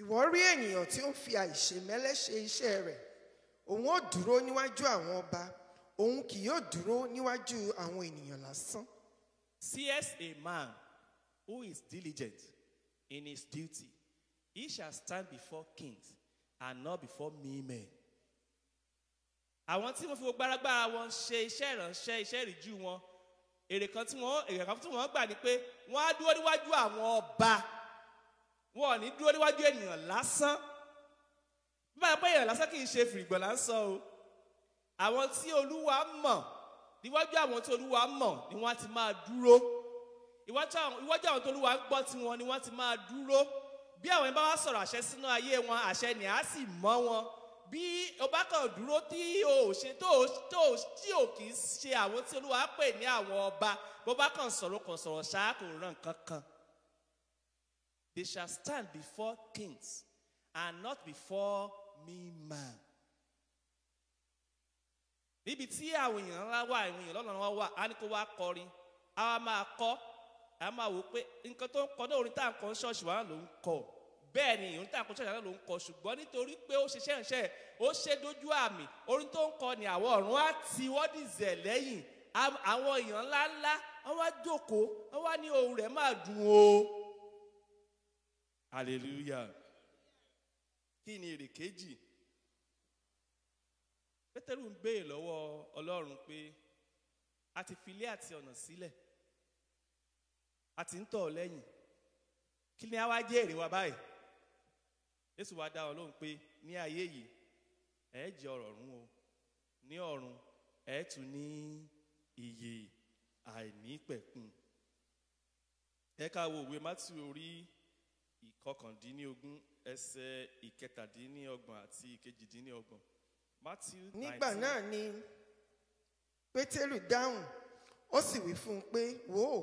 ìwọ rí ènìyàn tí ó ń fi àìṣèmẹ́lẹ́ ṣe iṣẹ́ rẹ̀ òun ó dúró níwájú àwọn ọba òun kì yóò dúró níwájú àwọn ènìyàn lásán seest a man who is diligent in his duty, he shall stand before kings and not before mean men. Àwọn tí wọ́n fi gbogbo arágbára wọn ṣe iṣẹ́ ìránṣẹ́ iṣẹ́ ìrìjú wọn, èrè kan tí wọ́n èrè kan tí wọ́n gbà ni pé wọ́n á dúró níwájú àwọn ọba. Wọn ò ní dúró níwájú ènìyàn lásán. Bí báyọ̀ pé èèyàn lásán kì í ṣe fìrìgbọ̀n là ń sọ o. Àwọn tí Olúwa mọ̀ níwájú àwọn tí olúwa mọ̀ ni wọ́n ti máa dúró ìwájú àwọn tí olúwa gbọ́ tí wọn ni wọ́n ti máa dúró bí àwọn yẹn bá sọ̀rọ̀ àṣẹ sínú ayé wọn àṣẹ ni á sì mọ́ wọn bí o bá kàn dúró tí o ṣe tó o tí o kì í ṣe àwọn tí olúwa pè ní àwọn ọba bó bá kàn sọ̀rọ̀ kàn sọ̀rọ̀ ṣáà kò ràn kankan. They shall stand before kings and not before me man níbi tí àwọn èèyàn ńlá wà àwọn èèyàn lọ́nà wọn wà á ní kó wá kọrin á wá máa kọ́ á máa wò pé nǹkan tó ń kọ náà orin tá à ń kọ ń ṣọ́ọ̀ṣì wa ló ń kọ bẹ́ẹ̀ ni orin tá à ń ṣọ́ọ̀ṣì wa ló ń kọ ṣùgbọ́n nítorí pé ó ṣiṣẹ́ ìṣe ó ṣe dójú àmì orin tó ń kọ ni àwọn ọ̀run á ti wọ́dìzẹ̀ lẹ́yìn àwọn èèyàn ńlá ńlá wọ́n wá jókòó wọ́n wá ní ohùn rẹ̀ máa dùn o hallelujah kí ni èrè kejì pétérù ń béè lọ́wọ́ ọlọ́run pé a ti filé àti ọ̀nà sílẹ̀ a ti ń tọ̀ ọ́ lẹ́yìn kí ni a wá jẹ́ èrè wa báyìí jésù wá dá wọn lóhùn pé ní ayé yìí ẹ jẹ ọrọ̀ ọ̀run o ní ọ̀run ẹ tún ní ìyè àìnípẹ̀kun ẹ ká wo ìwé Mátíù orí ìkọkàndínlógún ẹsẹ̀ ìkẹtàdínlọ́gbọ̀n àti ìkejìdínlọ́gbọ̀n Matthew nígbà náà ni pétérù dáhùn ó sì wí fún un pé wò ó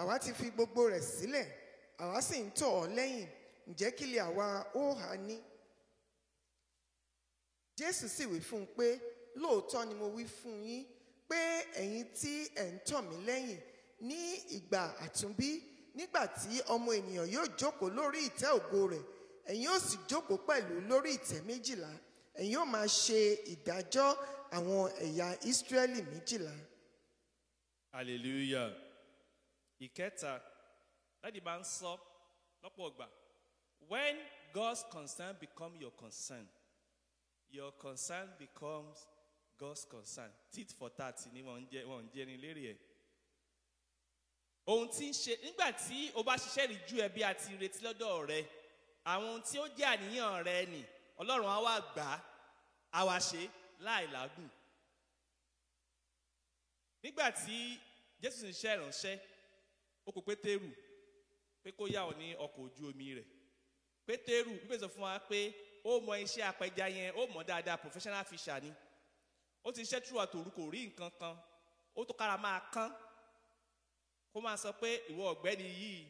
àwa ti fi gbogbo rẹ̀ sílẹ̀ àwa sì ń tọ̀ ọ́ lẹ́yìn ǹjẹ́ kí lè àwa ó hà ní. jésù sì wí fún un pé lóòótọ́ ni mo wí fún yín pé ẹ̀yin tí ẹ̀ ń tọ̀ mí lẹ́yìn ní ìgbà àtúnbí nígbà tí ọmọ ènìyàn yóò jókòó lórí ìtẹ́ ògo rẹ̀ ẹ̀yin ó sì jókòó pẹ̀lú lórí ìtẹ́ méjìlá ẹ̀yin ó máa ṣe ìdájọ́ àwọn ẹ̀yà Ísírẹ́lì méjìlá. hallelujah ìkẹta láti máa ń sọ lọ́pọ̀ ọgbà when God's concern become your concern your concern becomes God's concern tit for tat ni wọ́n ń jẹ́ wọ́n ń jẹ́rin lérí ẹ̀ ohun tí ń ṣe nígbà tí o bá ṣiṣẹ́ rí ju ẹbí àti ìrètí lọ́dọ̀ rẹ àwọn ohun tí ó jẹ́ àníyàn rẹ nì ọlọ́run á wá gbà á á wá ṣe láì làágùn. nígbà tí jésù ń ṣe ìránṣẹ́ ó kò pétérù pé kó yá ọ ní ọkọ̀ ojú omi rẹ̀ pétérù bíbélì sọ fún wa pé ó mọ iṣẹ́ apẹja yẹn ó mọ dáadáa professional fisher ni ó ti ṣiṣẹ́ túwà tòru kò rí nǹkan kan ó tó kára máa kán kó máa sọ pé ìwọ ọ̀gbẹ́ni yìí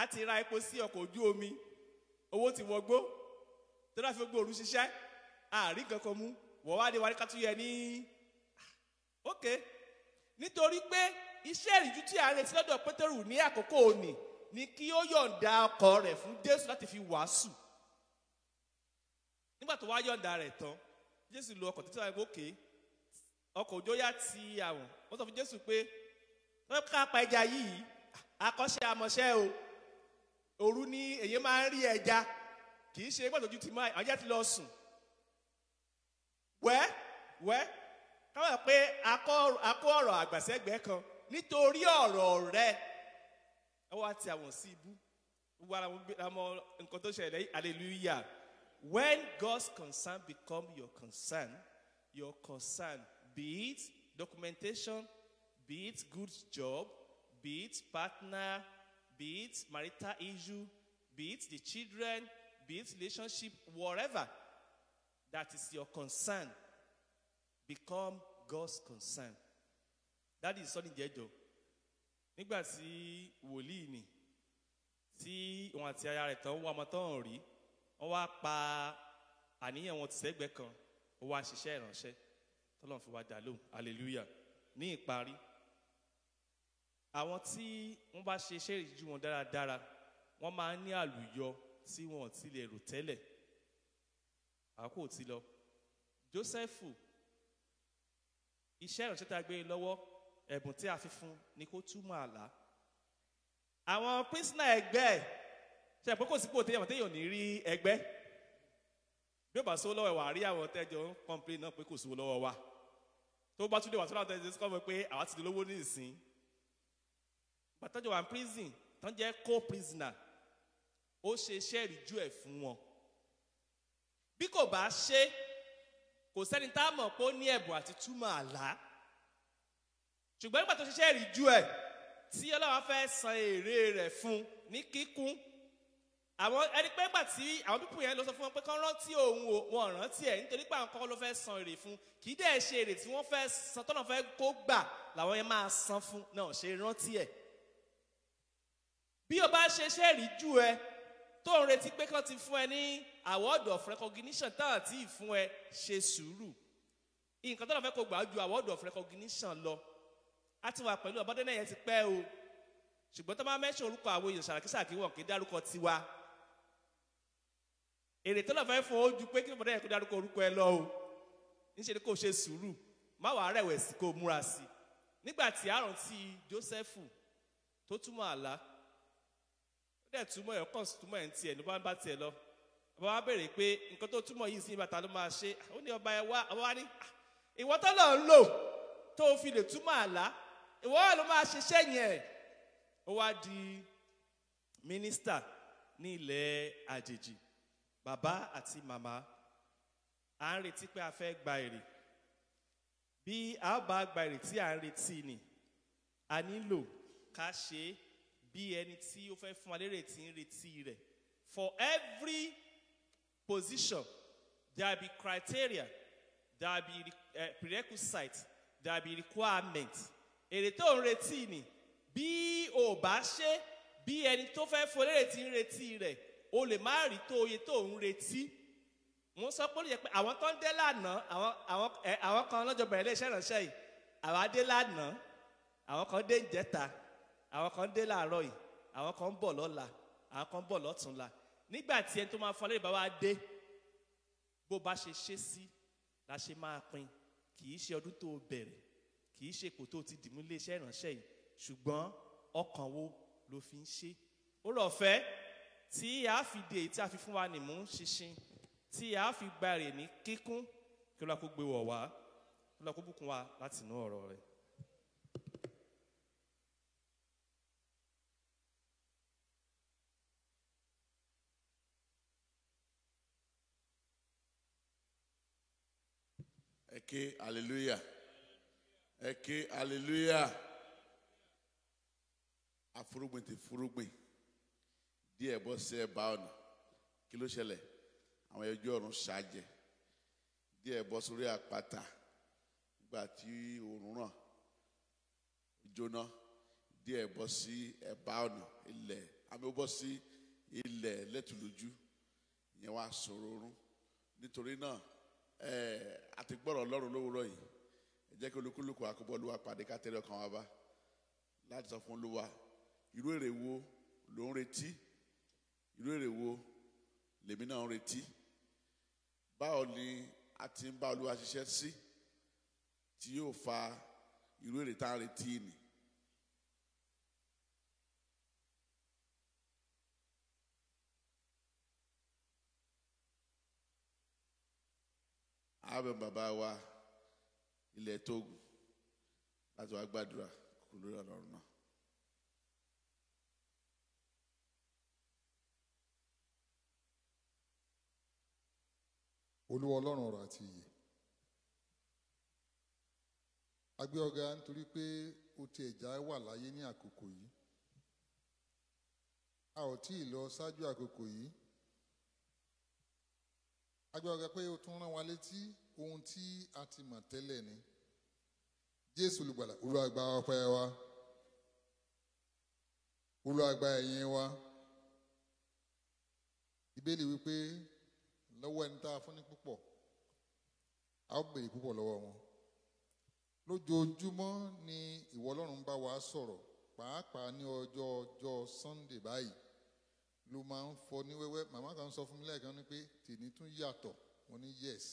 a ti ra epo sí ọkọ̀ ojú omi owó ti wọgbó tó dáa fi gbogbo òru ṣiṣẹ́ àárín kankan mú wọ́n wá dé wa ní ká tún yẹ ní ok nítorí pé iṣẹ́ ìrìjú tí a retí lọ́dọ̀ pétérù ní àkókò òní ni kí ó yọ̀ǹda ọkọ̀ rẹ̀ fún jésù láti fi wàásù nígbà tó wá yọ̀ǹda rẹ̀ tán jésù lo ọkọ̀ títí wáyé gòkè ọkọ̀ òjò yá ti àwọn wọ́n sọ fún jésù pé wọ́n ká pa ẹja yìí ah, akọ́ṣẹ́ amọ̀ṣẹ́ o òru ni èyí máa ń rí ẹja kì í ṣe gbàdójú ti máa àjẹ́ ti lọ sùn wẹ́ wẹ́ káwọn pé akọ ọ̀rọ̀ àgbàsẹ́gbẹ́ kan nítorí ọ̀rọ̀ rẹ ẹ wá ti àwọn sí ibú gbogbo ara wọn àmọ́ nǹkan tó ṣẹlẹ̀ hallelujah when God's concern become your concern your concern be it documentation be it good job be it partner be it marital issue be it the children be it relationship, whatever that is your concern, become God's concern. That is sọ́ni jẹ́jọ́. Nígbà tí wòlíì ni tí òun àti aya rẹ̀ tán wá ọmọ tán rí, wọ́n wá pa àníyàn wọn ti sẹ́gbẹ̀ẹ́ kan, ó wá ṣiṣẹ́ ìránṣẹ́. Tọ́lọ́run fi wá dà lóhùn, hallelujah. Ní ìparí, àwọn tí wọ́n bá ṣe iṣẹ́ ìríjú wọn dáradára, wọ́n máa ń ní àlùyọ tí wọn ò tilẹ̀ rò tẹ́lẹ̀ àkókò ti lọ Jósẹ́fù iṣẹ́ ìránṣẹ́ tá a gbé e lọ́wọ́ ẹ̀bùn tí a fi fún ni kó túmọ̀ àlá àwọn pínsínà ẹgbẹ́ ẹ̀ ṣe àpò kò sípò téèyàn téèyàn ní rí ẹgbẹ́ bí ó bá sówó lọ́wọ́ ẹ̀ wà á rí àwọn tẹ́jọ ń kọ́ńpìlì náà pé kò sówó lọ́wọ́ wa tó bá tún dé wà tó láwọn tẹ́jọ sọ́kọ́ mi pé àwa ti di lówó ní ìsín gbàtọ́jọ wà ní prison tán jẹ́ co-prisoner ó ṣe iṣẹ́ ìríjú ẹ̀ fún wọn bí kò bá ṣe kò sẹ́ni tá a mọ̀ pé ó ní ẹ̀bùn àti túmọ̀ àlá ṣùgbọ́n nígbà tó ṣiṣẹ́ ìríjú ẹ̀ tí ọlọ́wọ́ fẹ́ san èrè rẹ̀ fún ní kíkún àwọn ẹni pé nígbà tí àwọn pípù yẹn lọ sọ fún wọn pé kán rántí òun o wọn rántí ẹ nítorí pé àwọn kọ́kọ́ ló fẹ́ san èrè fún kì í dẹ̀ ṣe èrè tí wọ́n fẹ́ san tọ́nà fẹ́ kó gbà làwọn yẹn máa san fún náà ṣe rántí ẹ bí o bá ṣe iṣẹ́ ẹ tó ń retí pé kán ti fún ẹ ní award of recognition tá à ti fún ẹ ṣe sùúrù nǹkan tó lọ fẹ́ kó gbà á ju award of recognition lọ á ti wà pẹ̀lú ọ̀bọ́dẹ́nà yẹn ti pẹ́ o ṣùgbọ́n tó bá mẹ́sàn orúkọ àwọn èèyàn ṣàràkíṣàkí wọn kì í dárúkọ tiwa èrè tó lọ fẹ́ fún ọ pé kí ọ̀bọ́dẹ́nà yẹn kó dárúkọ orúkọ ẹ lọ o níṣẹ́ ni kò ṣe sùúrù má wàá rẹ̀wẹ̀sì kó múra sí nígbà tí àrùn ti Jósẹ́fù tó túmọ̀ àlá ó dẹ̀ túmọ̀ ẹ̀ kàn túmọ̀ ẹ̀ ń tiẹ̀ ló bá ń bá tiẹ̀ lọ bàbá wa béèrè pé nǹkan tó túmọ̀ yìí sí bàtà ló máa ṣe ó ní ọba ẹ wá ọba wa ní ah, ìwọ tó lọ ń lò tó fi lè túmọ̀ àlá ìwọ ló máa ṣiṣẹ́ yẹn ó wá di mínísítà ní ilẹ̀ àjèjì bàbá àti màmá à ń retí pé a fẹ́ gba èrè bí a bá gba èrè tí à ń retí ni a nílò ká ṣe é bí ẹni tí ó fẹ́ fún wa tí ń retí rẹ̀ for every position there be criteria there be uh, prerequisite there be requirement èrè tó ń retí ni bí ò bá ṣe bí ẹni tó fẹ́ fún lérè tí ń retí rẹ̀ o lè má rí tó oye tó ń retí mo sọ pé ó lè jẹ́ pé àwọn tó ń dé lánàá àwọn àwọn ẹ eh, àwọn kan lọ́jọ́ bẹ̀rẹ̀ iléeṣẹ́ ìrànṣẹ́ yìí àwọn adé lánàá àwọn kan dé ń àwọn kan dé láàárọ̀ yìí àwọn kan ń bọ̀ lọ́la àwọn kan ń bọ̀ lọ́túnla nígbà tí ẹni tó máa fún alẹ́ bàbá dé bó bá ṣe ṣe sí la ṣe máa pín kì í ṣe ọdún tó bẹ̀rẹ̀ kì í ṣe ipò tó ti dìmú iléeṣẹ́ ìránṣẹ́ yìí ṣùgbọ́n ọkàn wo ló fi ń ṣe ó rọ̀ fẹ́ tí a fi dé èyí tí a fi fún wa nìmú ṣinṣin tí a fi gba èrè ní kíkún kí ló kó gbé wọ̀ wá kí ló kó bùkún wa láti ọ̀rọ̀ rẹ̀. ké hallelujah ẹ ké hallelujah afúrúgbìn ti fúrúgbìn díẹ̀ bọ́ sí ẹ bá ọ̀nà kí ló ṣẹlẹ̀ àwọn ẹjọ́ ọ̀run ṣàjẹ́ díẹ̀ bọ́ sórí àpáta nígbà tí òòrùn ràn jóná díẹ̀ bọ́ sí ẹ̀bá ọ̀nà ilẹ̀ àmì ó bọ́ sí ilẹ̀ lẹ́tùlójú ìyẹn wá sòrò oorun nítorí náà àti gbọ́rọ̀ ọlọ́run lówùúrọ̀ yìí ẹ jẹ́ kí olúkúlùkù àkóbọ́lùwà pàdé ká tẹ́lẹ̀ ọkàn wa bá láti sọ fún olúwa irú èrè wo ló ń retí irú èrè wo lèmi náà ń retí báwo ni a ti ń bá olúwa ṣiṣẹ́ sí tí yóò fa irú èrè tá a retí ni àbẹ̀ Baba wa ilẹ̀ tóògùn láti wá gbàdúrà kò lórí ọ̀nà ọ̀run náà. olúwa ọlọ́run ọ̀rọ̀ àti ìyè agbé ọ̀gá nítorí pé o ti ẹ̀já wà láyé ní àkókò yìí a ò tí ì lọ ṣáájú àkókò yìí agbẹ́wọ̀gẹ́ pé o tún rán wa létí ohun tí a ti mọ̀ tẹ́lẹ̀ ni jésù olùgbàlà olùwàgbà ọpẹ́ wa olùwàgbà ẹ̀yìn wa ìbéèlì wípé lọ́wọ́ ẹni tá a fún ní púpọ̀ a ó béèrè púpọ̀ lọ́wọ́ wọn lójoojúmọ́ ni ìwọ ọlọ́run bá wa sọ̀rọ̀ pàápàá ní ọjọ́ ọjọ́ sunday báyìí ló máa ń fọ ní wẹ́wẹ́ màmá kan sọ fún mi lẹ́ẹ̀kan ní pé tèmi tún yàtọ̀ mo ní yes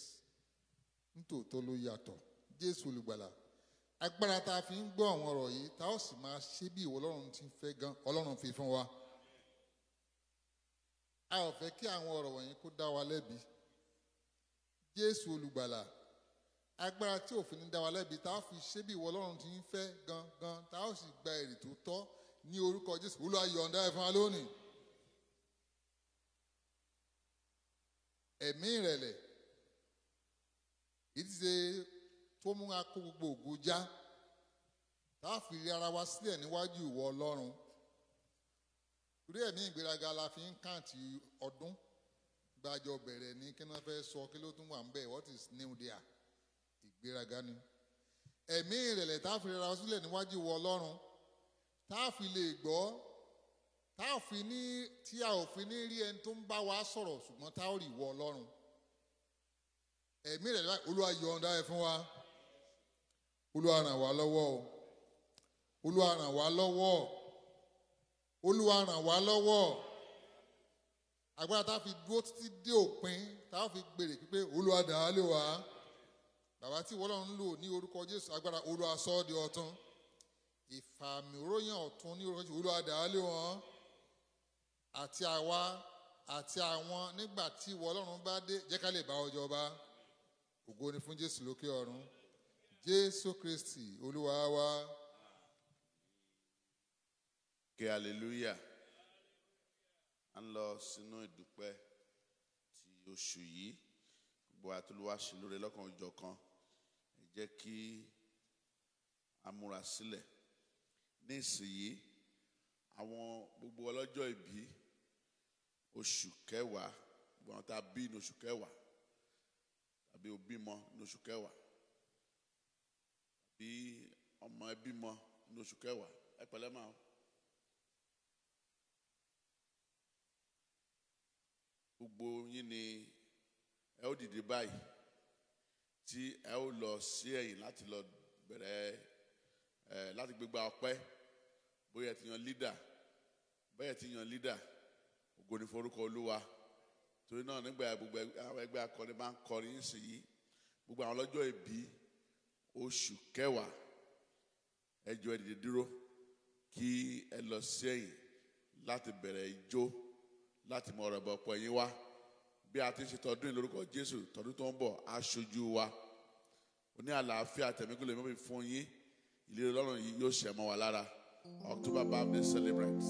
nítòótọ́ ló yàtọ̀ jésù olùgbàlà agbára tá a fi ń gbọ́ àwọn ọ̀rọ̀ yìí tá a sì máa ṣe bí ìwọ ọlọ́run ti ń fẹ́ gan ọlọ́run fi fún wa a ò fẹ́ kí àwọn ọ̀rọ̀ wọ̀nyí kó dá wa lẹ́bi jésù olùgbàlà agbára tí òfin dá wa lẹ́bi tá a fi ṣe bí ìwọ ọlọ́run ti fẹ́ gan gan tá a sì gba èrè tó tọ́ ní orúkọ jésù olúwa yọ̀ǹda ẹ̀ fún wa ẹ̀mí ìrẹ̀lẹ̀ èyí ṣe tó mú wa kó gbogbo ògo já tá a fi ara wa sílẹ̀ níwájú ìwọ ọlọ́run torí ẹ̀mí ìgbéraga la fi ń kàǹtì ọdún gbàjọ bẹ̀rẹ̀ ní kí wọ́n fẹ́ sọ kí ló tún what is new there ìgbéraga ni ẹ̀mí ìrẹ̀lẹ̀ tá a fi ara wa sílẹ̀ níwájú ìwọ ọlọ́run tá fi lè gbọ́ tá a fi ní tí a ò fi ní rí ẹni tó ń bá wa sọ̀rọ̀ ṣùgbọ́n tá a rí ìwọ ọlọ́run ẹ̀mí rẹ̀ láì olúwa yọ̀ǹda ẹ̀ fún wa olúwa ràn wá lọ́wọ́ o olúwa ràn wá lọ́wọ́ olúwa ràn wá lọ́wọ́ agbára tá a fi dúró títí dé òpin tá a fi gbèrè pípé olúwa dà á lè wá bàbá tí ìwọ lò ní orúkọ jésù agbára olúwa sọ ọ́ di ọ̀tun ìfàmì òróyàn ọ̀tun ní orúkọ jésù olúwa dà á lè wọ́n àti àwa àti àwọn nígbà tí ìwọ ọlọ́run bá dé jẹ́ ká lè bá ọ jọba ògo ni fún jésù lókè ọ̀run jésù kristi olúwa wa. kí aleluya a ń lọ sínú ìdúpẹ́ ti oṣù yìí gbogbo àtúlùwà ṣe lóore lọ́kàn ọjọ́ kan ẹ jẹ́ kí a múra sílẹ̀ ní ìsìn yìí àwọn gbogbo ọlọ́jọ́ ìbí oṣù kẹwàá gbọ́n tá a bí ní oṣù kẹwàá tàbí o bímọ ní oṣù kẹwàá tàbí ọmọ ẹ bímọ ní oṣù kẹwàá ẹ pẹ̀lẹ́ máa. gbogbo yín ni ẹ ó dìde báyìí tí ẹ ó lọ sí ẹ̀yìn láti lọ bẹ̀rẹ̀ ẹ láti gbégbá ọpẹ́ bóyá ti yan lídà bóyá ti yan lídà ògo ni forúkọ olúwa torí náà nígbà gbogbo àwọn ẹgbẹ́ akọni máa ń kọrin nísìnyí gbogbo àwọn ọlọ́jọ́ ìbí oṣù kẹwàá ẹ jọ̀ọ́ ẹ dìde dúró kí ẹ lọ sẹ́yìn láti bẹ̀rẹ̀ ijó láti mọ ọ̀rọ̀ ìbọ̀pọ̀ ẹ̀yìn wá bí a ti ṣe tọdún ìlórúkọ jésù tọdún tó ń bọ̀ aṣojú wa oní àlàáfíà tẹ̀mígùn lèmi fún yín ìlérí ọlọ́run yìí yóò ṣẹ̀ mọ́ wa lára October birthday celebrate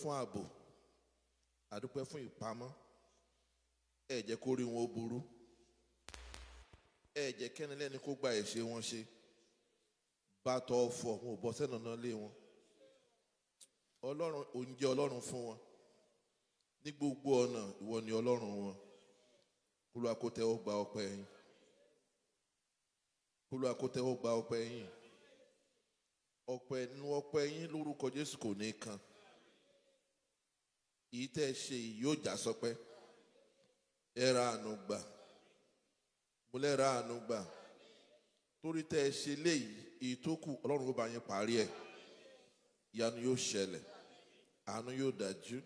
fún ààbò a fún ìpamọ́ ẹ jẹ́ kó rí wọn burú ẹ jẹ́ kẹ́nilẹ́ni kó gba ẹ̀ṣẹ̀ wọn ṣe bàtọ̀ ọ̀fọ̀ wọn ò bọ́ sẹ́nà náà lé wọn ọlọ́run oúnjẹ ọlọ́run fún wọn ní gbogbo ọ̀nà ìwọ ni ọlọ́run wọn gba ọpẹ́ yín gba ọpẹ́ yín ọpẹ́ nínú èyí tẹ́ ẹ ṣe yìí yóò já sọpẹ́ ẹ ra àánú gbà mo lẹ́ ra àánú gbà torí tẹ́ ẹ ṣe léyìí èyí tó kù ọlọ́run ó bá yín parí ẹ̀ ìyanu yóò ṣẹlẹ̀ àánú yóò dájú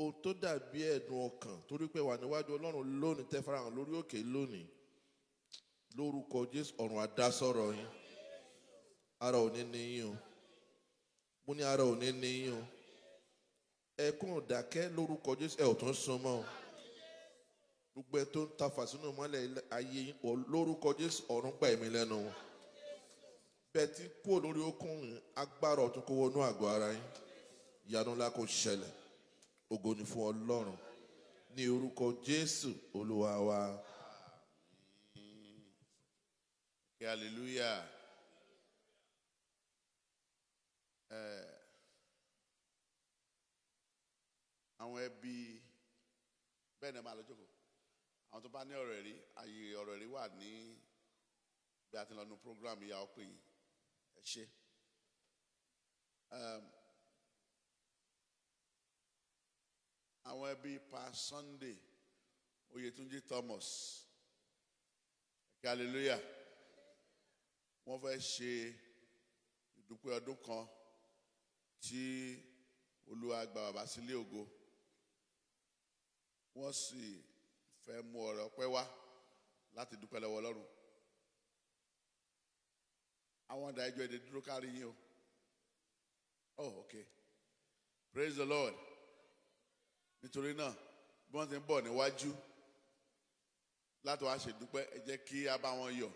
ohun tó dàbí ẹ̀dùn ọkàn torí pé wà níwájú ọlọ́run lónìí tẹ́ farahàn lórí òkè lónìí lórúkọ jésù ọ̀run àdásọ̀rọ̀ yín ara òní ni yín o mo ní ara òní ni yín o ẹkún ìdákẹ́ lórúkọ jésù ẹ ò tún sun mọ́ o gbogbo ẹ tó ń ta fàṣínú mọ́lẹ̀ ayé lórúkọ jésù ọ̀run gbà mí lẹ́nu wọn bẹ́ẹ̀ tí kúrò lórí okùn agbára ọ̀tún kó wọnú àgọ́ ara yín ìyanu ńlá kò ṣẹlẹ̀ ògo ni fún ọlọ́run ní orúkọ jésù olúwa wa. hallelujah. Uh, àwọn ẹbí bẹ́ẹ̀ ni ẹ máa lọ jókòó àwọn tó bá ní ọ̀rọ̀ ẹ̀rí àyè ọ̀rọ̀ ẹ̀rí wà ní bí a ti lọ nu program ìyá ọ̀pẹ yìí ẹ ṣe. Ehm, àwọn ẹbí pa Sunday Oyetunji Thomas ẹ̀kẹ́ hallelujah wọ́n fẹ́ ṣe ìdúpẹ́ ọdún kan tí Olúwa gba bàbá sílé ògo wọ́n sì fẹ́ mú ọ̀rọ̀ pẹ́ wá láti dúpẹ́ lọ́wọ́ ọlọ́run àwọn ọ̀dà ìjọ èdè dúró kárí yín o oh okay praise the lord nítorí náà bí wọ́n ti ń bọ̀ níwájú láti wá ṣèdúpẹ́ ẹ jẹ́ kí a bá wọn yọ̀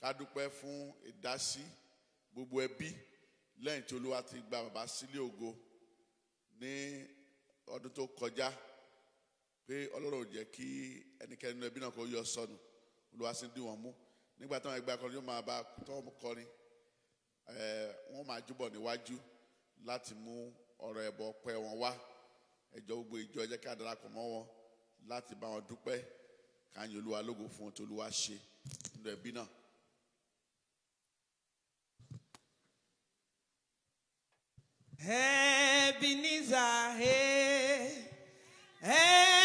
ká dúpẹ́ fún ìdásí gbogbo ẹbí lẹ́yìn tí olúwa ti gba bàbá sílé ògo ní ọdún tó kọjá pé ọlọ́run ò jẹ́ kí ẹnikẹ́ni ẹbí náà kó yọ sọnù olúwa sì ń mú nígbà táwọn ẹgbẹ́ akọrin yóò máa bá tọ́wọ́ mu kọrin wọ́n máa júbọ̀ níwájú láti mú ọ̀rọ̀ ẹ̀bọ ọpẹ́ wọn wá ẹjọ́ gbogbo ìjọ ẹ ká darapọ̀ mọ́ wọn láti bá wọn dúpẹ́ ká olúwa lógo fún ohun olúwa ṣe nínú ẹbí náà. Ebenezer, hey, eh, eh. hey.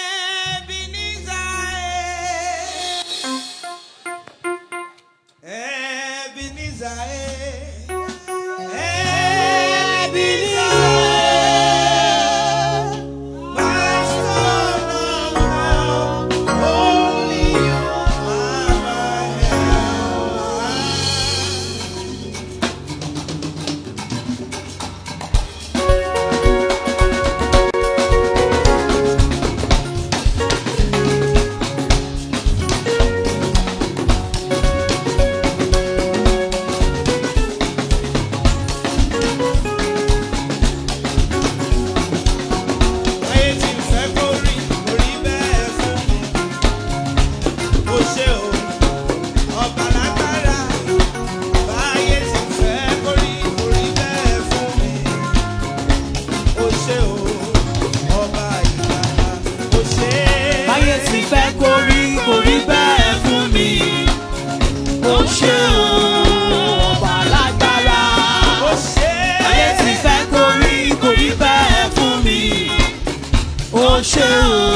to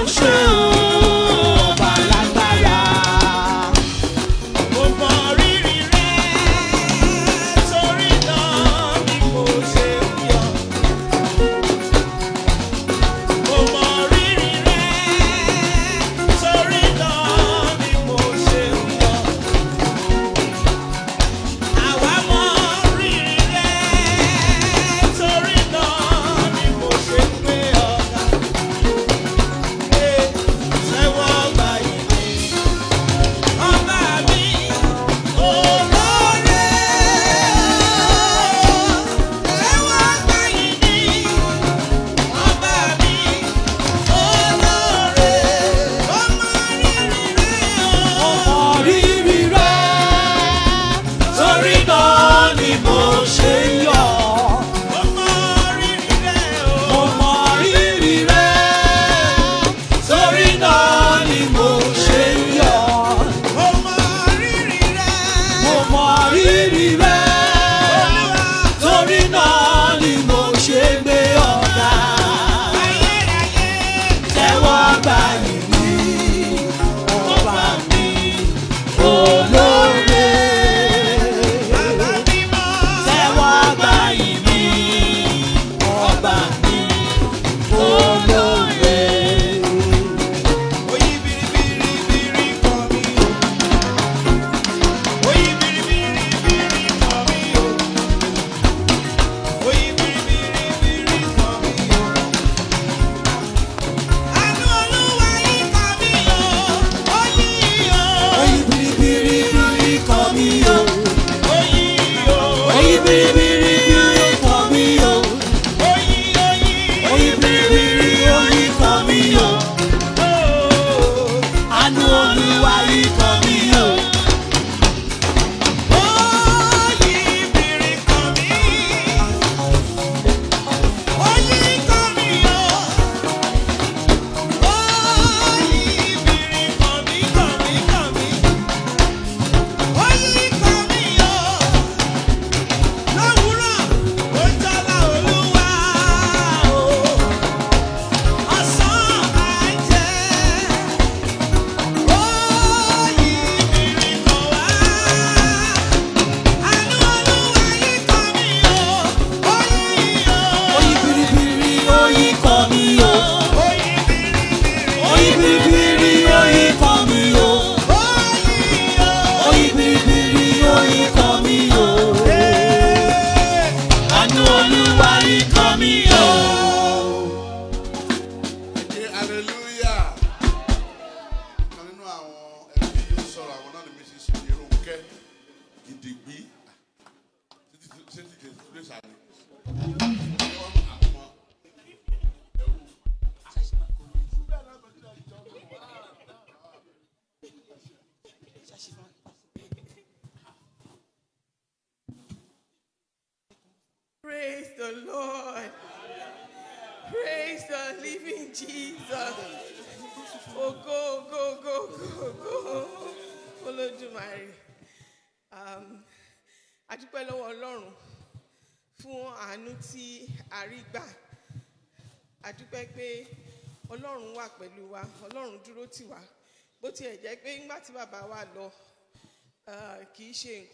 Yorkshire.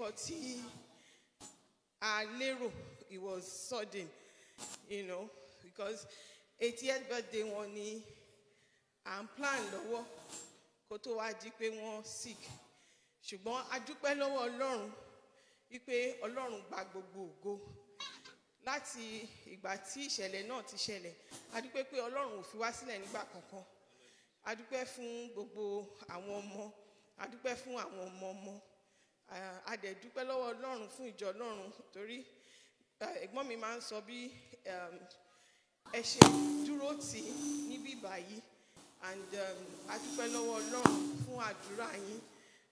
nǹkan tí a lérò it was sudden you know because eightieth birthday wọn ni à ń plan lọ́wọ́ kó tó wá di pé wọ́n sick ṣùgbọ́n a dúpẹ́ lọ́wọ́ ọlọ́run wípé ọlọ́run gba gbogbo ògo láti ìgbà tí ìṣẹ̀lẹ̀ náà ti ṣẹlẹ̀ a dúpẹ́ pé ọlọ́run ò fi wá sílẹ̀ nígbà kankan a dúpẹ́ fún gbogbo àwọn ọmọ a dúpẹ́ fún àwọn ọmọ ọmọ a dẹ̀ dúpẹ́ lọ́wọ́ ọlọ́run fún ìjọ ọlọ́run torí ẹ̀gbọ́n mi máa ń sọ bí um, ẹ ṣe dúró tì í níbí báyìí and um, a dúpẹ́ lọ́wọ́ ọlọ́run fún àdúrà yín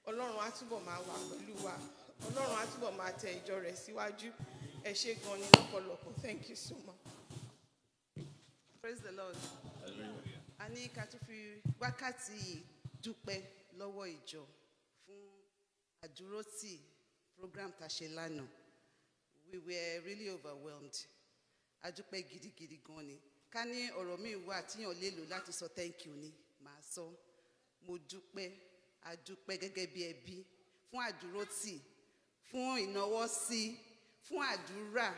ọlọ́run á túbọ̀ máa wà pẹ̀lú wa ọlọ́run á túbọ̀ máa tẹ ìjọ rẹ̀ síwájú ẹ ṣe gan ni lọ́pọ̀lọpọ̀ thank you so much. praise the lord. a ní ká tún fi wákàtí dúpẹ́ lọ́wọ́ ìjọ. Aduroti program tá lánàá we were really overwhelmed adúpẹ́ gidigidi gan ni ká ní ọ̀rọ̀ mi wà tíyàn lè lò láti sọ thank you ni màá sọ mo dúpẹ́ adúpẹ́ gẹ́gẹ́ bí ẹbí fún àdúrótì fún ìnáwó sí fún àdúrà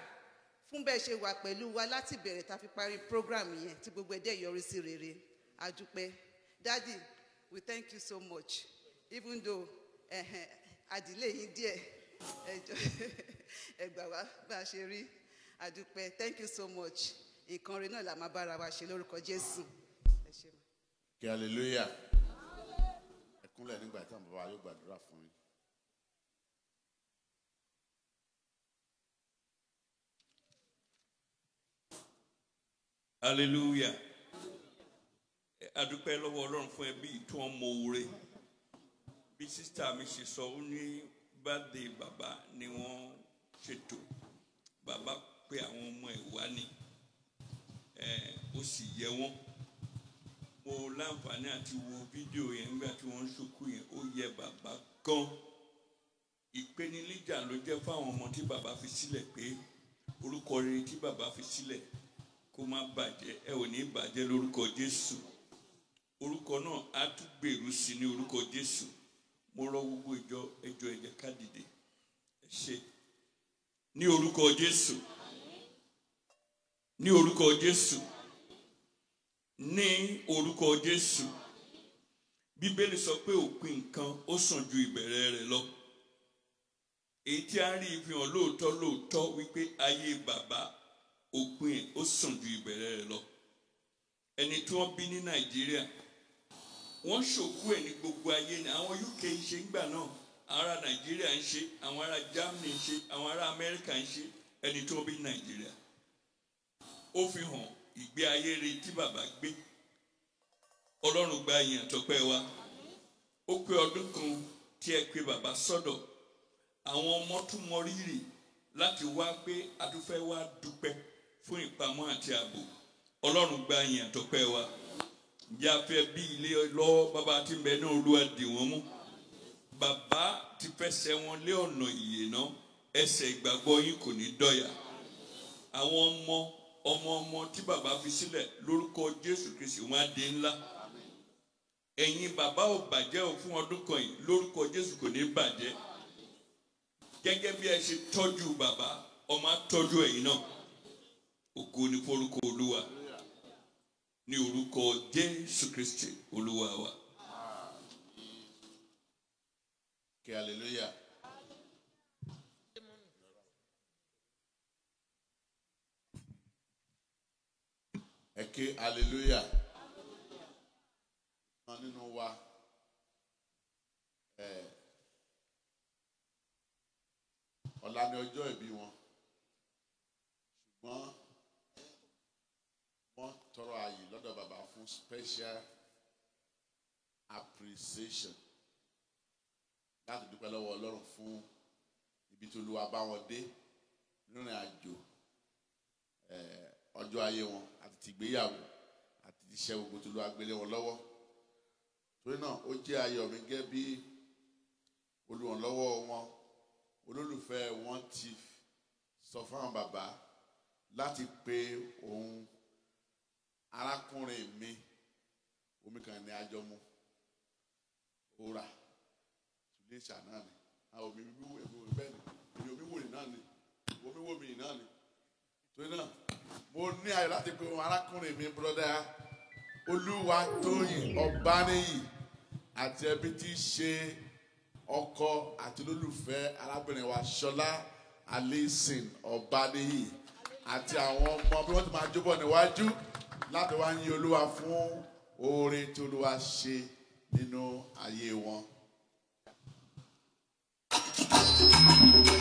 fún bẹ́ẹ̀ ṣe wà pẹ̀lú wa láti bẹ̀rẹ̀ tá fi parí program yẹn tí gbogbo ẹ̀dẹ́ yọrí sí rere adúpẹ́ daddy we thank you so much even though. Uh, uh, àdílé yín díẹ̀ ẹjọ́ ẹgbà wá bá a ṣe rí àdúpẹ́ thank you so much nǹkan rẹ náà la máa bára wa ṣe lórúkọ Jésù. kí hallelujah ẹ nígbà tí àwọn bàbá yóò gbàdúrà fún yín. hallelujah adúpẹ́ lọ́wọ́ Ọlọ́run fún ẹbí tó ń mọ oore bí sísítà mi ṣe sọ ó ní bàdé bàbá ni wọ́n ṣètò bàbá pé àwọn ọmọ ẹ̀ wá ni ó sì yẹ wọ́n mo láǹfààní àti wo fídíò yẹn nígbà tí wọ́n ń ṣòkú yẹn ó yẹ bàbá gan ìpèníjà ló jẹ́ fáwọn ọmọ tí bàbá fi sílẹ̀ pé orúkọ rere tí bàbá fi sílẹ̀ kó má bàjẹ́ ẹ ò ní bàjẹ́ lórúkọ Jésù orúkọ náà á tún gbèrú sí ní orúkọ Jésù mo rọ gbogbo ìjọ ẹjọ ẹ jẹ́ ká dìde ẹ ṣe ní orúkọ Jésù ní orúkọ Jésù ní orúkọ Jésù Bíbélì sọ pé òpin nǹkan ó sàn ju ìbẹ̀rẹ̀ rẹ̀ lọ èyí tí a rí ìfihàn lóòótọ́ lóòótọ́ wípé ayé bàbá òpin ẹ̀ ó sàn ju ìbẹ̀rẹ̀ rẹ̀ lọ ẹni tí wọ́n bí ní Nàìjíríà wọ́n ṣòkú ẹ̀ ní gbogbo ayé ni àwọn UK ń ṣe ńgbà náà ará Nàìjíríà ń ṣe àwọn ará Germany ń ṣe àwọn ará Amẹ́ríkà ń ṣe ẹni tó bí Nàìjíríà ó fi hàn ìgbé ayé rẹ̀ tí bàbá gbé Ọlọ́run gba ìyìn àtọ́pẹ́ wa ó pé ọdún kan tí ẹ pé bàbá sọ́dọ̀ àwọn ọmọ tún mọ rírì láti wá pé adúfẹ́ wa dúpẹ́ fún ìpamọ́ àti ààbò Ọlọ́run gba ìyìn àtọ́pẹ́ wa jáfẹ́ bí ilé lọ́wọ́ bàbá ti ń bẹ ní olúwa dì wọ́n mú bàbá ti fẹsẹ̀ wọn lé ọ̀nà ìyènà ẹsẹ̀ ìgbàgbọ́ yín kò ní dọ̀yà àwọn ọmọ ọmọ ọmọ tí bàbá fi sílẹ̀ lórúkọ Jésù Kristi wọn á di ńlá ẹ̀yin bàbá ò bàjẹ́ ò fún ọdún kan yìí lórúkọ Jésù kò ní bàjẹ́ gẹ́gẹ́ bí ẹ ṣe tọ́jú bàbá ọmọ á tọ́jú ẹ̀yin náà ògo ni fórúkọ Olúwa ní orúkọ Jésù Kristi Olúwa wa. Kí hallelujah. Ẹ kí hallelujah. Wọ́n nínú wa. Ọ̀la ni ọjọ́ ìbí wọn. Ṣùgbọ́n tọrọ ààyè lọ́dọ̀ bàbá fún special appreciation láti dúpẹ́ lọ́wọ́ ọlọ́run fún ibi tó lu abáwọn dé rìnrìn àjò ọjọ́ ayé wọn àti tìgbéyàwó àti iṣẹ́ gbogbo tó lu agbélé wọn lọ́wọ́ torí náà ó jẹ́ ayọ̀ mi gẹ́ bí olùrànlọ́wọ́ wọn olólùfẹ́ wọn ti sọ fáwọn bàbá láti pe òun arákùnrin mi omi kan ní ajọ mu òrà tùlé ìṣà náà ni àwọn omi wíwò èmi bẹ́ẹ̀ ni omi wòlì náà ni omi wòmí náà ni torí náà mo ní ayọ̀ láti pe wọn arákùnrin mi bọ́dá olúwa tóyìn ọ̀bánìyì àti ẹbí tí í ṣe ọkọ àti olólùfẹ́ arábìnrin wa ṣọlá alison ọ̀bánìyì àti àwọn ọmọ bí wọ́n ti máa jóbọ̀ níwájú láti wá yìn olúwa fún oore tí olúwa ṣe nínú ayé wọn. Thank you.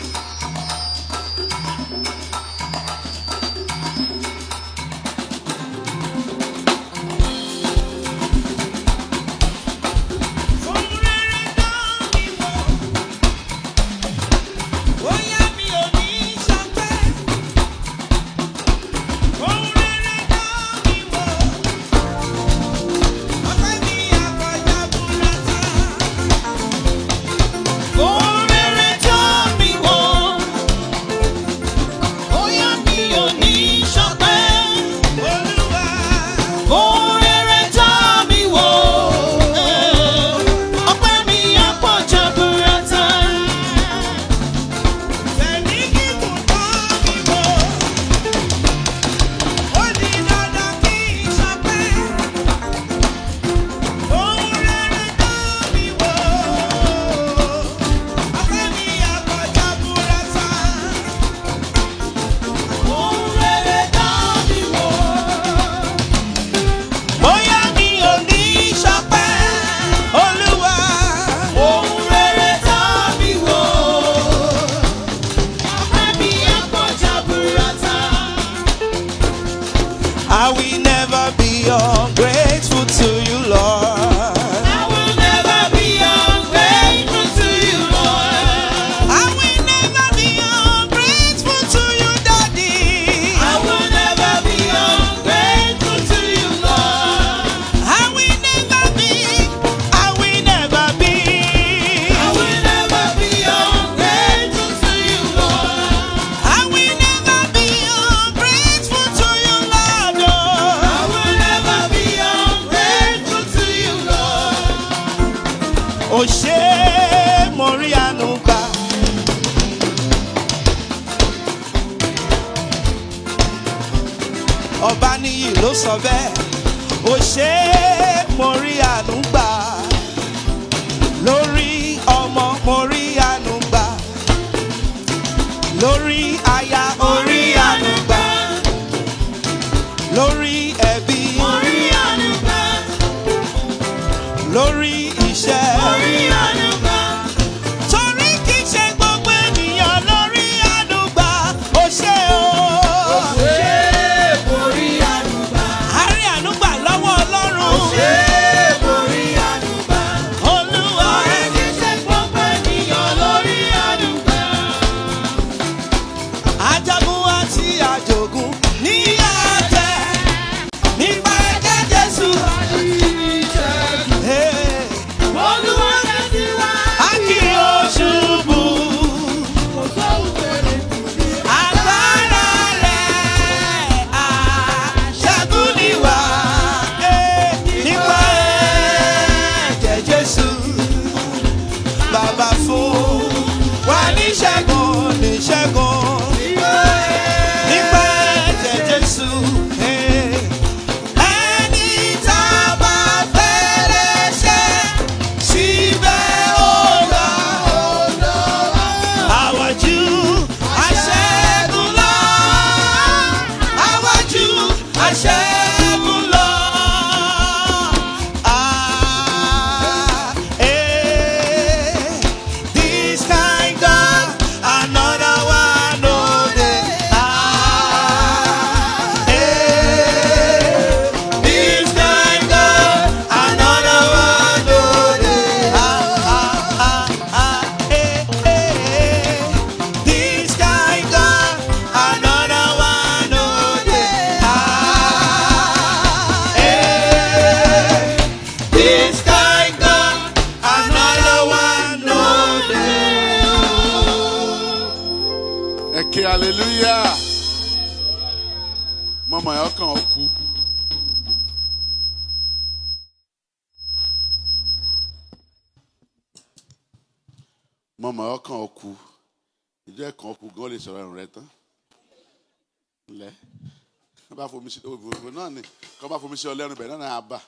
fi ṣe ọlẹ́run bẹ̀rẹ̀ náà bá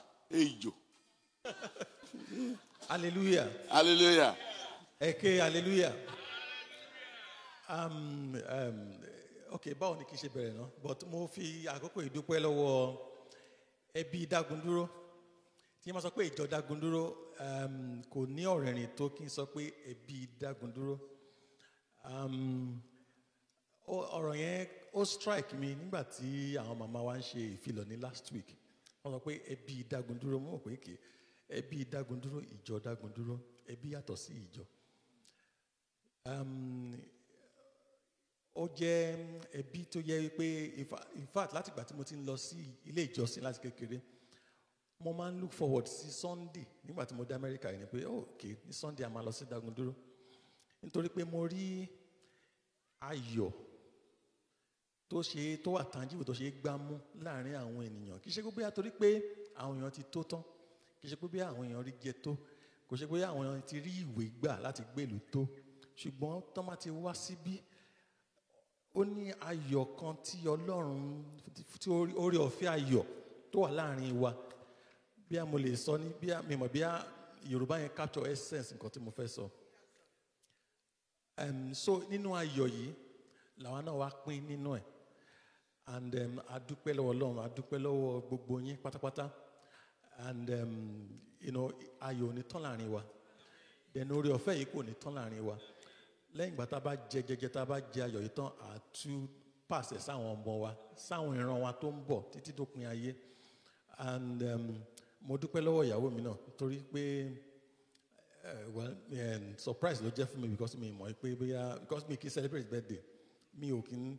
ejò. hallelujah. hallelujah. ẹ̀kẹ́ hallelujah. Um, um, ok báwo ni kì í ṣe bẹ̀rẹ̀ náà but mo fi àkókò ìdúpẹ́ lọ́wọ́ ẹbí Dágúndúró tí wọ́n sọ pé ìjọ Dágúndúró um, kò ní ọ̀rẹ́rìn tó kí n sọ pé ẹbí Dágúndúró um, ọ̀rọ̀ yẹn ó strike mi nígbà tí àwọn màmá wa ń ṣe ìfilọ̀ ní last week wọ́n sọ pé ẹbí Dagunduro mọ̀ pé kì ẹbí Dagunduro ìjọ Dagunduro ẹbí yàtọ̀ sí ìjọ. ó jẹ́ ẹbí tó yẹ pé in fact láti ìgbà tí mo ti ń lọ sí ilé ìjọsìn láti kékeré mo máa ń look forward sí Sunday nígbà tí mo dé Amẹ́ríkà yìí ni pé oh, ok ní Sunday a máa lọ sí Dagunduro nítorí pé mo rí ayọ̀ tó ṣe tó wà tangible tó ṣe gbámú láàrin àwọn ènìyàn kì í ṣe pé bóyá torí pé àwọn èèyàn ti tó tán kì í ṣe pé bóyá àwọn èèyàn rí jẹ tó kò ṣe bóyá àwọn èèyàn ti rí ìwé gbà láti gbèlú tó ṣùgbọ́n tán bá ti wá síbí ó ní ayọ̀ kan tí Ọlọ́run tí oore ọ̀fẹ́ ayọ̀ tó wà láàrin wa bí a mo lè sọ ní bí a mi bí a Yorùbá yẹn capture essence nǹkan tí mo fẹ́ sọ so nínú ayọ̀ yìí làwa náà wá pín nínú ẹ̀ and um, adúpẹ́ lọ́wọ́ Ọlọ́run adúpẹ́ lọ́wọ́ gbogbo yín pátápátá and um, you know ayọ̀ ò ní tán láàrin wa then oore ọ̀fẹ́ yìí kò ní tán láàrin wa lẹ́yìn ìgbà tá a bá jẹ jẹjẹ tá a bá jẹ ayọ̀ yìí tán àtú pàṣẹ sáwọn ọmọ wa sáwọn ìran wa tó ń bọ̀ títí dópin ayé and um, mo dúpẹ́ lọ́wọ́ ìyàwó mi náà torí pé uh, well, um, surprise ló jẹ́ fún mi because mi mọ̀ pé bóyá because mi kì í celebrate birthday mi ò kì í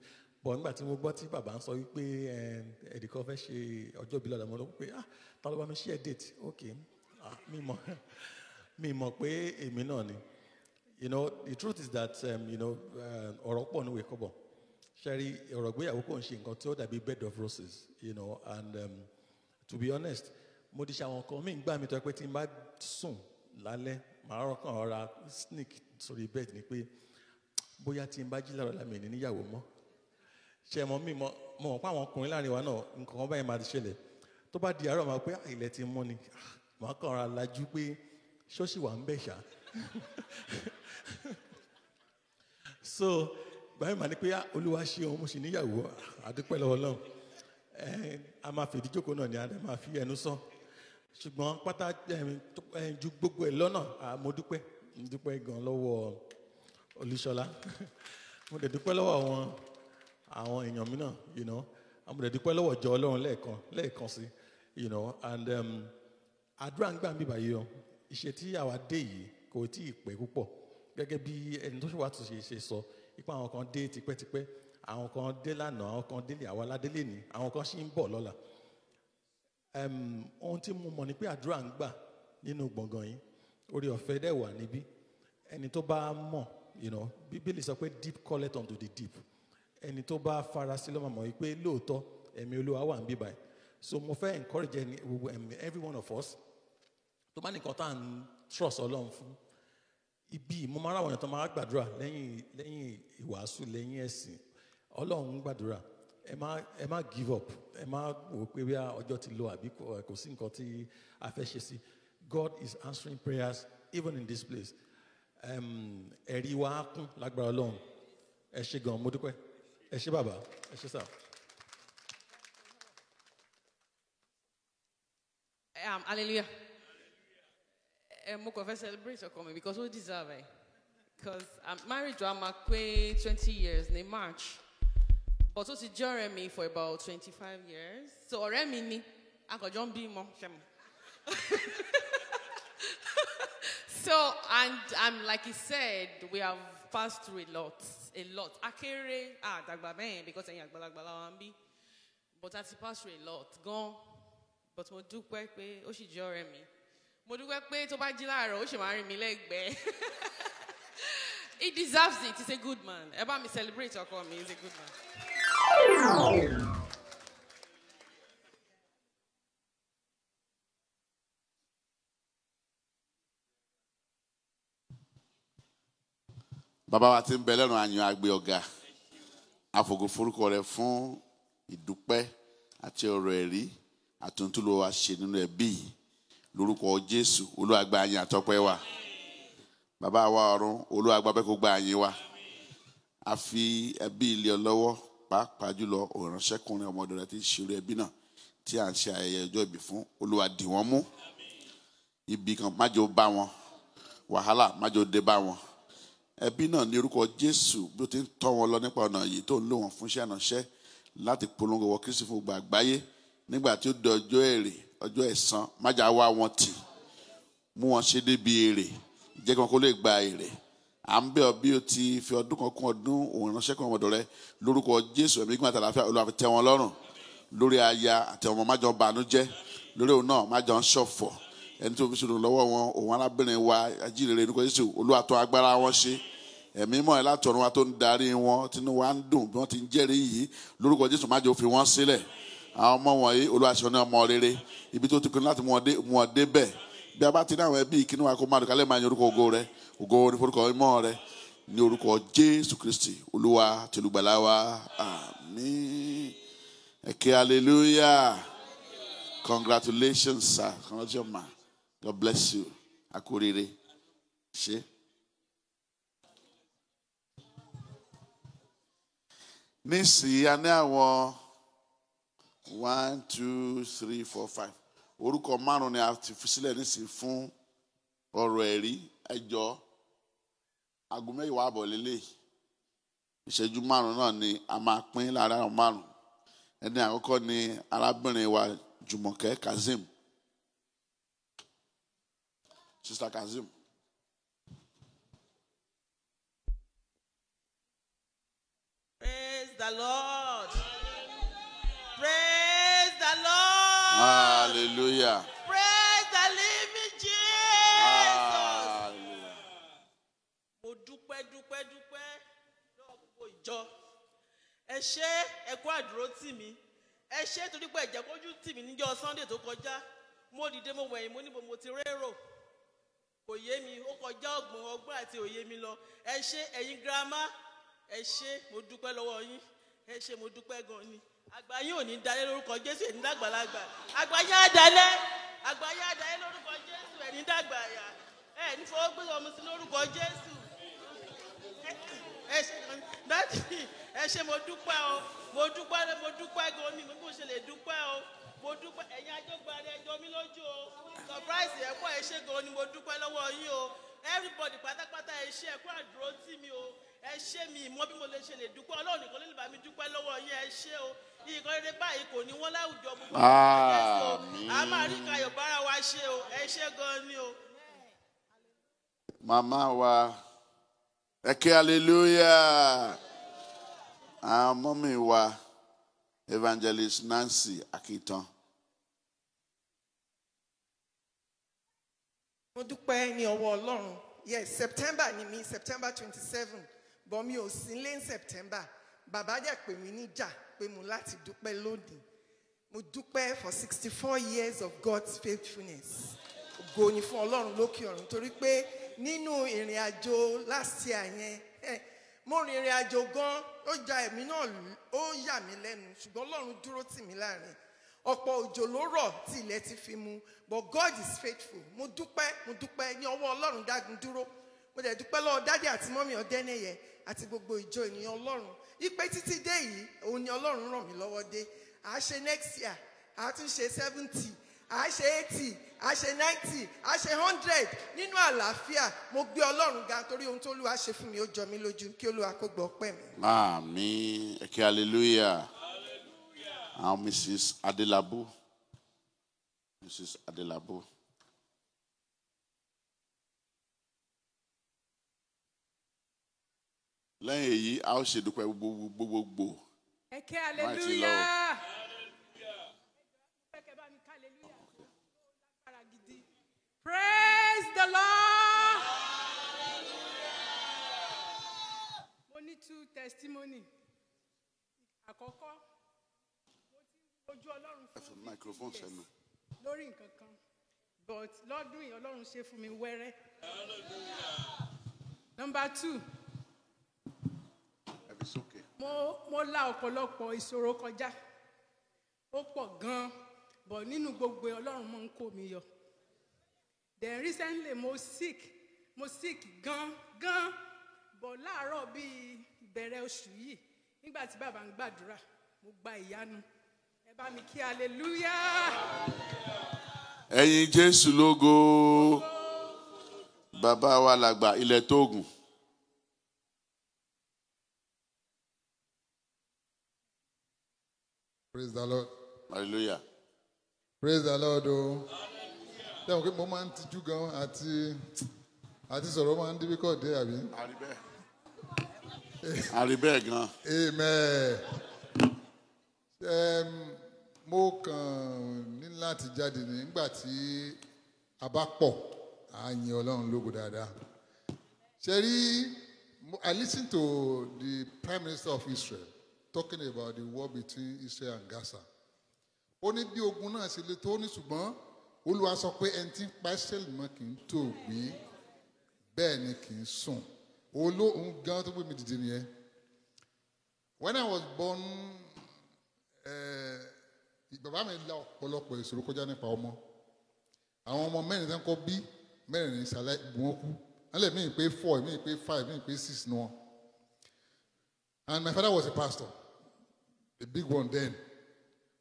bọ̀ nígbà tí mo gbọ́ tí bàbá ń sọ wípé ẹ̀ẹ́dìkan fẹ́ ṣe ọjọ́ ìbílẹ̀ ọ̀dọ̀ mo lọ pé ah ta ló bá mi ṣe date okay ah mi mọ̀ mi mọ̀ pé èmi náà ni you know the truth is that um, you know uh, ọ̀rọ̀ pọ̀ níwèé kọ́bọ̀ ṣẹ́rí ọ̀rọ̀ ìgbéyàwó kò ń ṣe nǹkan tí ó dàbí bed of roses you know and um, to be honest mo ti ṣe àwọn nǹkan mí gbà mí tó pé tí n bá sùn lálẹ́ màá rọ̀kàn ọ̀ra sneak Sorry, bed ni pé bóyá tí n bá jí lára lámì ní níyàwó mọ́ ṣe mọ mí mọ mọ pa àwọn ọkùnrin láàrin wa náà nǹkan kan báyìí máa ti ṣẹlẹ̀ tó bá di àárọ̀ máa pé ah, ilẹ̀ ti mọ́ ni ah, màá kàn ra lajú pé ṣọ́ọ̀ṣì wà ń bẹ̀ ṣá so gbàmí màá ní pé ah, olúwa ṣe òun mo sì níyàwó àdúpẹ́ lọ́wọ́ náà eh, a máa fìdí jókòó náà ni a máa fi ẹnu sọ ṣùgbọ́n pátá eh, eh, ju gbogbo ẹ̀ lọ́nà mo dúpẹ́ dúpẹ́ gan lọ́wọ́ olúṣọlá mo dẹ̀ dúpẹ́ lọ́wọ́ àwọn àwọn èèyàn mi náà you know àmọ̀dé dúpẹ́ lọ́wọ́ ìjọ ọlọ́run lẹ́ẹ̀kan lẹ́ẹ̀kan sí you know and um, àdúrà ń gbà ń bíbà yìí o ìṣe tí àwa dé yìí kò tí ì pẹ́ púpọ̀ gẹ́gẹ́ bí ẹni tó ṣe wà tó ṣe ṣe sọ ipa àwọn kan dé tipẹ́tipẹ́ àwọn kan dé lánàá àwọn kan délé àwa ládélé ni àwọn kan ṣì ń bọ̀ lọ́la um, ohun tí mo mọ̀ ni pé àdúrà ń gbà nínú gbọ̀ngàn yìí orí ọ̀fẹ́ dẹ̀ wà níbí ẹni tó bá mọ̀ you know bíbélì sọ pé deep calleth unto the deep. ẹni tó bá farasí ló máa mọ̀ wípé lóòótọ́ ẹ̀mí olúwa wà ń bí báyìí so mo fẹ́ encourage ẹni gbogbo ẹ̀mí every one of us tó bá nìkan tá à ń trust ọlọ́run fún ibi mo máa ń ráwọn èèyàn tó máa gbàdúrà lẹ́yìn lẹ́yìn ìwàásù lẹ́yìn ẹ̀sìn ọlọ́run gbàdúrà ẹ má ẹ má give up ẹ má wò pé bí ọjọ́ ti lọ àbí kò sí nǹkan tí a fẹ́ ṣe sí God is answering prayers even in this place ẹ̀rí wa á kún lágbára ọlọ́run ẹ ṣe mo dúpẹ́ ẹ ṣé bàbá ẹ ṣé sà. Um, hallelujah. Eh, mo kàn celebrate ọkọ mi because we deserve it. Because I'm um, married to Amakwe twenty years in March. But ó ti jẹ́ for about twenty-five years. So ọ̀rẹ́ I got akọ̀jọ́ ń bímọ ṣe mọ̀. So and, and like he said, we have passed through a lot. a lot ah, àdàgbà bẹ́ẹ̀ because ẹ̀yin àgbàlagbà la wà ń bí but a ti pass through a lot gan but mo dúpẹ́ pé ó sì jẹ́ ọ̀rẹ́ mi mo dúpẹ́ pé tó bá jí láàárọ̀ ó sì máa rìn mí lẹ́gbẹ̀ẹ́ he deserves it he's a good man ẹ bá mi celebrate ọkọ mi he's a good man. bàbá wa ti ń bẹ lẹ́nu àyàn àgbé ọ̀gá àfògò forúkọ rẹ fún ìdúpẹ́ àti ọ̀rọ̀ ẹ̀rí àtúntúlò wa ṣe nínú ẹbí yìí lórúkọ Jésù olúwàgbà àyàn àtọ́pẹ́ wa bàbá wa ọ̀run olúwàgbà bẹ́ẹ̀ kó gba àyàn wa a fi ẹbí ilé ọ lọ́wọ́ pàápàá jùlọ òrànṣẹ́kùnrin ọmọdé rẹ ti ń ṣeré ẹbí náà tí à ń ṣe ayẹyẹ ọjọ́ ìbí fún olúwa dì wọ́n mú ibi kan májò bá wọn wàhálà májò dé bá wọn ẹbí náà ní orúkọ jésù bí ó ti ń tọ́ wọn lọ nípa ọ̀nà yìí tó ń lò wọ́n fúnṣẹ́ ànàṣẹ́ láti polongo wọ kristu fún gbogbo àgbáyé nígbà tí ó di ọjọ́ èrè ọjọ́ ẹ̀san májà wá wọn tì mú wọn ṣe débi èrè jẹ́ kí wọn kó lè gba èrè à ń bẹ̀ ọ́ bí o ti fi ọdún kan kún ọdún òun ránṣẹ́ kan ọmọdọ̀ rẹ lórúkọ jésù ẹ̀mí gbọ́n àtàlàfíà olúwa fi tẹ́ wọn lọ́rùn lórí aya àti ọmọ májọ bànújẹ́ lórí òun náà májọ ń ṣọ̀fọ̀ ẹni tó fi ṣòro lọ́wọ́ wọn òun arábìnrin wa ajínrere nípa Jésù Olúwa tọ́ agbára wọn ṣe ẹ̀mí mọ́ ẹ̀ látọ̀run wa tó ń darí wọn tínú wa ń dùn bí wọ́n ti ń jẹ́rìí yìí lórúkọ Jésù má jẹ́ ó fi wọ́n sílẹ̀ àwọn ọmọ wọ̀nyí Olúwa ṣe ní ọmọ rere ibi tó ti kún láti mú wọn dé bẹ́ẹ̀ bí a bá ti ní àwọn ẹbí kí ni wàá kó má dùn kálẹ̀ máa yan orúkọ ògo rẹ ògo ní forúkọ mímọ́ rẹ ní orúkọ Jésù Kristi Olúwa tìlúgbàlà wa àmín ẹ̀kẹ́ hallelujah congratulations sir congratulations ma. God bless you. Akuriri. She. Nísìnyí, a one two three four five. Orúkọ márùn on the a ti fi already. nísìnyí fún ọ̀rọ̀ ẹ̀rí ẹjọ́ aago mẹ́wàá àbọ̀ lélẹ̀. Ìṣẹ́jú márùn-ún náà ni a máa pín láàárín àwọn Ẹni àkọ́kọ́ ni arábìnrin wa jumoke Kazeem. Sister Kazim. Praise the Lord. Praise the Lord. Hallelujah. Praise the living Jesus. Mo Ẹ ṣé ẹ torí pé ẹ̀jẹ̀ kójú tì mí níjọ́ Sunday tó kọjá. Mo dìde mo wẹ̀yìn mo níbo mo ti rérò òye mi ó kọjá ọgbọ̀n ọgbọ́n àti òye mi lọ ẹ ṣé ẹ̀yin girama ẹ ṣé mo dúpẹ́ lọ́wọ́ yín ẹ ṣé mo dúpẹ́ gan ni àgbáyé ò ní dalẹ̀ lórúkọ jésù ẹ̀ ní dàgbàlagbà àgbáyé àdalẹ̀ àgbáyé àdalẹ̀ lórúkọ jésù ẹ̀ ní ẹ̀ ní gbé ọmọ sí lórúkọ jésù ẹ ṣé mo dúpẹ́ o mo dúpẹ́ mo dúpẹ́ gan ni mo kò ṣe lè dúpẹ́ o mo dúpẹ́ ẹ̀yin ajógbàre ẹjọ́ mi lójú o surprise ẹ̀ pọ̀ ni mo dúpẹ́ lọ́wọ́ yín o everybody pátápátá ẹ ṣe ẹ̀kọ́ àdúró tì mí o ẹ ṣe mi ìmọ̀ bí mo lè ṣe lè dúpẹ́ ọlọ́run nìkan lè bá mi dúpẹ́ lọ́wọ́ yín ẹ ṣe o nǹkan rere báyìí kò ní wọ́n láwùjọ gbogbo àmín a máa rí kayọ̀ bára wa ṣe o ẹ hallelujah àwọn mọ́mí wa. Evangelist Nancy Akitan. mo dúpẹ́ ní ọwọ́ Ọlọ́run yes September ni mi September twenty seven bọ́ mi ò sí lé ní September bàbá jẹ́ pè mí níjà pé mo láti dúpẹ́ lónìí mo dúpẹ́ for sixty four years of God's faithfulness ògo ni fún Ọlọ́run lókè ọ̀run torí pé nínú ìrìn àjò last year yẹn. Eh, mo rìnrìn àjò gan ó ja ẹ̀mí náà ó yà mí lẹ́nu ṣùgbọ́n ọlọ́run dúró tì mí láàrin ọ̀pọ̀ òjò ló rọ̀ tí ilẹ̀ ti fi mu but God is faithful mo dúpẹ́ mo dúpẹ́ ní ọwọ́ ọlọ́run dágun dúró mo dẹ̀ dúpẹ́ lọ́wọ́ dádì àti mọ́mí ọ̀dẹ́nẹ̀yẹ àti gbogbo ìjọ ènìyàn ọlọ́run ipe títí dé yìí òun ni ọlọ́run ràn mí lọ́wọ́ dé à á ṣe next year à á tún ṣe seventy a ṣe eighty a ṣe ninety a ṣe hundred nínú àlàáfíà mo gbé ọlọ́run ga torí ohun tó olúwa ṣe fún mi ó jọ mí lójú kí olúwa kó gbọ́ pẹ̀ mí. Àmín ẹ̀kẹ́ hallelujah àwọn Mrs. Adelabu Mrs. Adelabu. lẹ́yìn èyí a ó ṣèdúpẹ́ gbogbogbò. ẹ̀kẹ́ hallelujah. Praise the Lord. Mo ní two testimony. Àkọ́kọ́, mo ti ojú Ọlọ́run fún mi lórí nǹkan kan but lọ́dún yìí Ọlọ́run ṣe fún mi wẹ́rẹ́. Number two. Mo mo la ọ̀pọ̀lọpọ̀ ìṣòro kọjá. Ó pọ̀ gan-an, but nínú gbogbo Ọlọ́run máa ń kó mi yọ then recently mo sick mo sick gan gan but láàárọ̀ bíi ìbẹ̀rẹ̀ oṣù yìí nígbà tí bàbá ń gbàdúrà mo gba ìyanu ẹ bá mi kí hallelujah. ẹ̀yin jésù lógo bàbá wa làgbà ilẹ̀ tóògùn. praise the lord. hallelujah. praise the lord o. Oh ṣé o pé mo máa ń tijú gan àti àti sọ̀rọ̀ máa ń dí bíkọ̀ dé àbí. àríbẹ̀ àríbẹ̀ gan. amen. mo kàn ní láti jáde nígbà tí a bá pọ̀ á yin ọlọ́run lógo dáadáa. ṣe rí I listen to the Prime Minister of Israel talking about the war between Israel and Gaza. ó ní bí ogun náà ṣe le tó ní ṣùgbọ́n olúwa sọ pé ẹni tí ń pa Ísírẹ́lì mọ́ kì í tó gbé bẹ́ẹ̀ ni kì í sùn olóhùn gan tó gbé mi dìde nìyẹn when I was born bàbá mi la ọ̀pọ̀lọpọ̀ ìṣòro kọjá nípa ọmọ àwọn ọmọ mẹ́rin tán kọ́ bí mẹ́rin ìsàlẹ̀ wọn kú wọ́n lè mí pé four mí pé five mí pé six ni wọn and my father was a pastor a big one then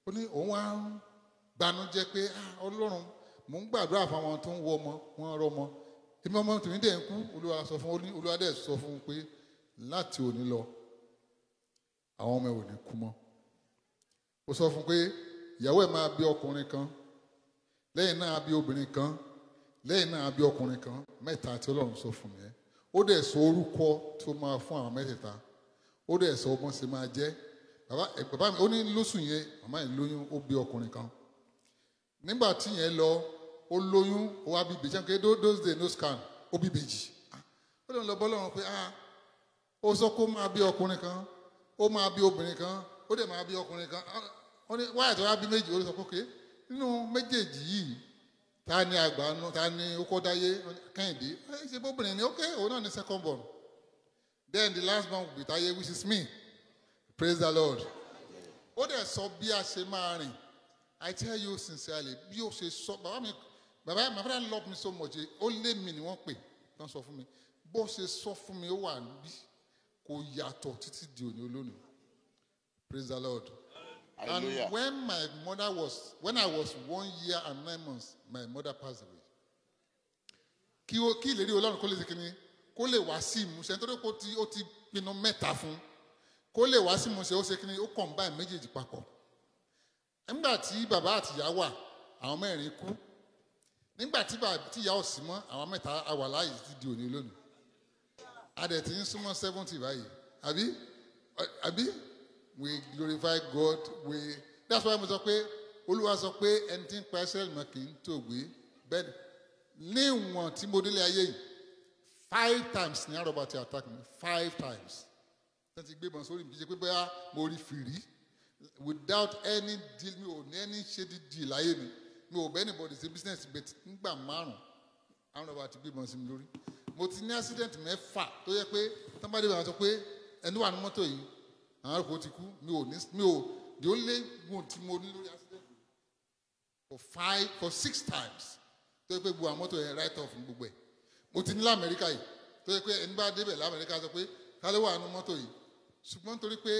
ó ní òun á gbanú jẹ́ pé ah, ọlọ́run mò ń gbàdúrà fáwọn tó ń wọ ọmọ wọn rọmọ tí mọ́mọ́ tèmi dẹ̀ ń kú olúwa sọ fún olúwa dẹ̀ sọ fún un pé láti òní lọ àwọn ọmọ ẹ ò ní kú mọ́ ó sọ fún un pé ìyàwó ẹ máa bí ọkùnrin kan lẹ́yìn náà bí obìnrin kan lẹ́yìn náà bí ọkùnrin kan mẹ́ta tí ọlọ́run sọ fún mi ẹ́ ó dẹ̀ sọ orúkọ tí máa fún àwọn mẹ́tẹ̀ẹ̀ta ó dẹ̀ sọ ọgbọ́n sì máa jẹ́ bàbá mi ó ní lóṣù yẹn màmá yẹn ó bí ọkùnrin kan nígbà tí yẹn lọ ó lóyún ó wá bí ìbejì ṣe those days no scan ó bí ìbejì ah, ó lè lọ bọ́ lọ́run pé ah ó sọ kó máa bí ọkùnrin kan ó máa bí obìnrin kan ó dẹ̀ máa bí ọkùnrin kan ó ah, ní wáyà tó wá bí méjì ó lè sọ pé okay nínú méjèèjì yìí ta ni àgbà ta ni ó kọ́ dáyé kẹ́hìndé ẹ ṣe bóbìnrin ni okay òun náà ni second born then the last born will be which is me praise the lord ó dẹ̀ sọ bí a ṣe máa rìn i tell you sincerely bí o ṣe sọ bàbá mi bàbá my father love me so much ó lé mi ni wọ́n pè wọ́n sọ fún mi bó ṣe sọ fún mi ó wà níbí kò yàtọ̀ títí di òní olónìí praise the lord and when my mother was when I was one year and nine months my mother passed away kí o kí ìlérí ọlọ́run kó lè kíni kó lè wá sí ìmúṣẹ nítorí pé ó ti ó ti pinnu mẹ́ta fún kó lè wá sí ìmúṣẹ ó ṣe kíni ó combine méjèèjì papọ̀ nígbà tí bàbá àtìyá wà àwọn mẹ́rin kú nígbà tí ìyá òsì mọ́ àwọn mẹ́ta àwà láàyè ti di òní lónìí adẹ̀ ti ń súnmọ́ seventy báyìí àbí àbí we glorify God we that's why mo sọ pé olúwa sọ pé ẹni tí ń pa Israel mọ́ kì í tòògbé bẹ́ẹ̀ ní ìwọ̀n tí mo délé ayé yìí five times ní àrọ̀bà ti attack me five times ṣé ti gbé bọ̀ sórí mi kì í ṣe pé bóyá mo rí fìrí without any deal mi ò ní any shady deal láyé mi mi ò bẹ́ anybody ṣe business bet nígbà márùn àwọn ọba ti gbébọn sí mi lórí mo ti ní accident mẹ́fà tó yẹ pé tábàdé bàbá sọ pé ẹni wà ní mọ́tò yìí àwọn àrùkò ti kú mi ò ní mi ò the only one tí mo ní lórí accident for five for six times tó yẹ pé gbogbo àwọn mọ́tò yẹn right off gbogbo ẹ̀ mo ti ní lamẹ́ríkà yìí tó yẹ pé ẹni bá débẹ̀ lamẹ́ríkà sọ pé kálí wà ní mọ́tò yìí ṣùgbọ́n nítorí pé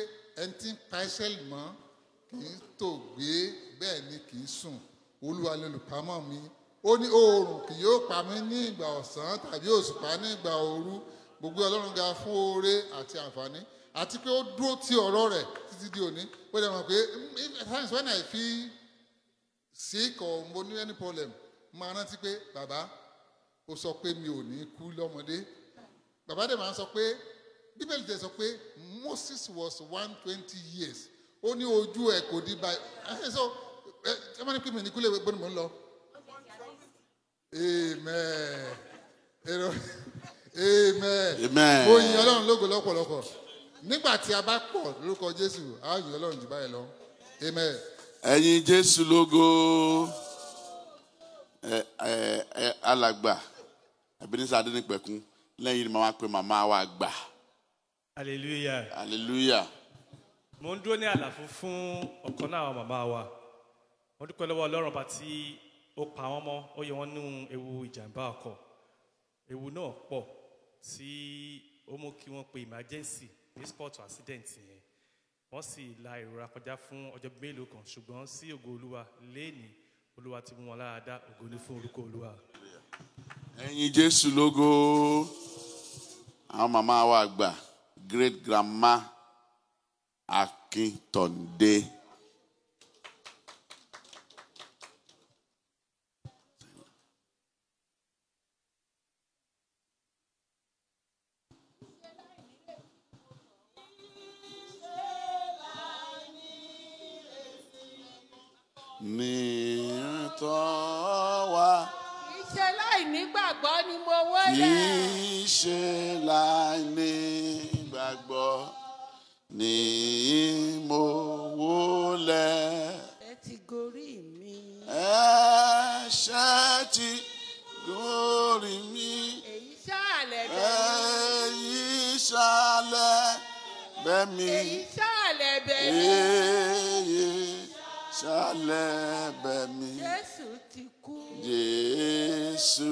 ẹni tí ń pa ẹsẹ̀ mọ́ kì í tò gbé bẹ́ẹ̀ ni kì í sùn olúwa lolùpamọ́ mi ó ní oòrùn kì yóò pa mí ní ìgbà ọ̀sán tàbí òṣùpá ní ìgbà òru gbogbo ọlọ́run ga fún oore àti àǹfààní àti pé ó dúró ti ọ̀rọ̀ rẹ̀ títí di òní ó dẹ̀ mọ̀ pé mm, times when I feel sick or mo ní any problem máa rántí pé bàbá ó sọ pé mi ò ní kú lọ́mọdé bàbá dẹ̀ máa sọ pé bíbélì dẹ̀ sọ pé Moses was one twenty years ó ní ojú ẹ̀ kò dí báyìí ṣé wọ́n ní pé ní kúlẹ̀ gbóni mò ń lọ. amen amen mo yin ọlọ́run lógo lọ́pọ̀lọpọ̀ nígbà tí a bá pọ̀ lórúkọ jésù a yin ọlọ́run jù báyìí lọ amen. ẹyin jésù lógo alàgbà ebenezer adenipẹkun lẹ́yìn ni màmá pe màmá wa gbà. hallelujah. hallelujah. mo ń dúró ní àlàfo fún ọ̀kan náà àwọn màmá wa mo dúpẹ́ lọ́wọ́ ọlọ́run bá tí ó pa wọ́n mọ́ ó yọ wọ́n nú ewu ìjàmbá ọkọ̀ ewu náà pọ̀ tí ó mú kí wọ́n pe emergency ní accident yẹn wọ́n sì la ìrora kọjá fún ọjọ́ mélòó kan ṣùgbọ́n sí ògo olúwa léènì olúwa ti mú wọn láàdá ògo ní fún orúkọ olúwa. ẹyin jésù lógo àwọn màmá wa àgbà great grandma akíntọ́ndé. Níṣe láì ní gbàgbọ́ ni mo wólẹ̀. Ẹ ti gorí mi. Ẹ̀ṣẹ̀ ti gorí mi. Èyí ṣàlẹ̀ bẹ́ẹ̀ mi. Èyí ṣàlẹ̀ bẹ́ẹ̀ mi. Èyí ṣàlẹ̀ bẹ́ẹ̀ mi. Èyí ṣàlẹ̀ bẹ́ẹ̀ mi. Jésù ti kú. Jésù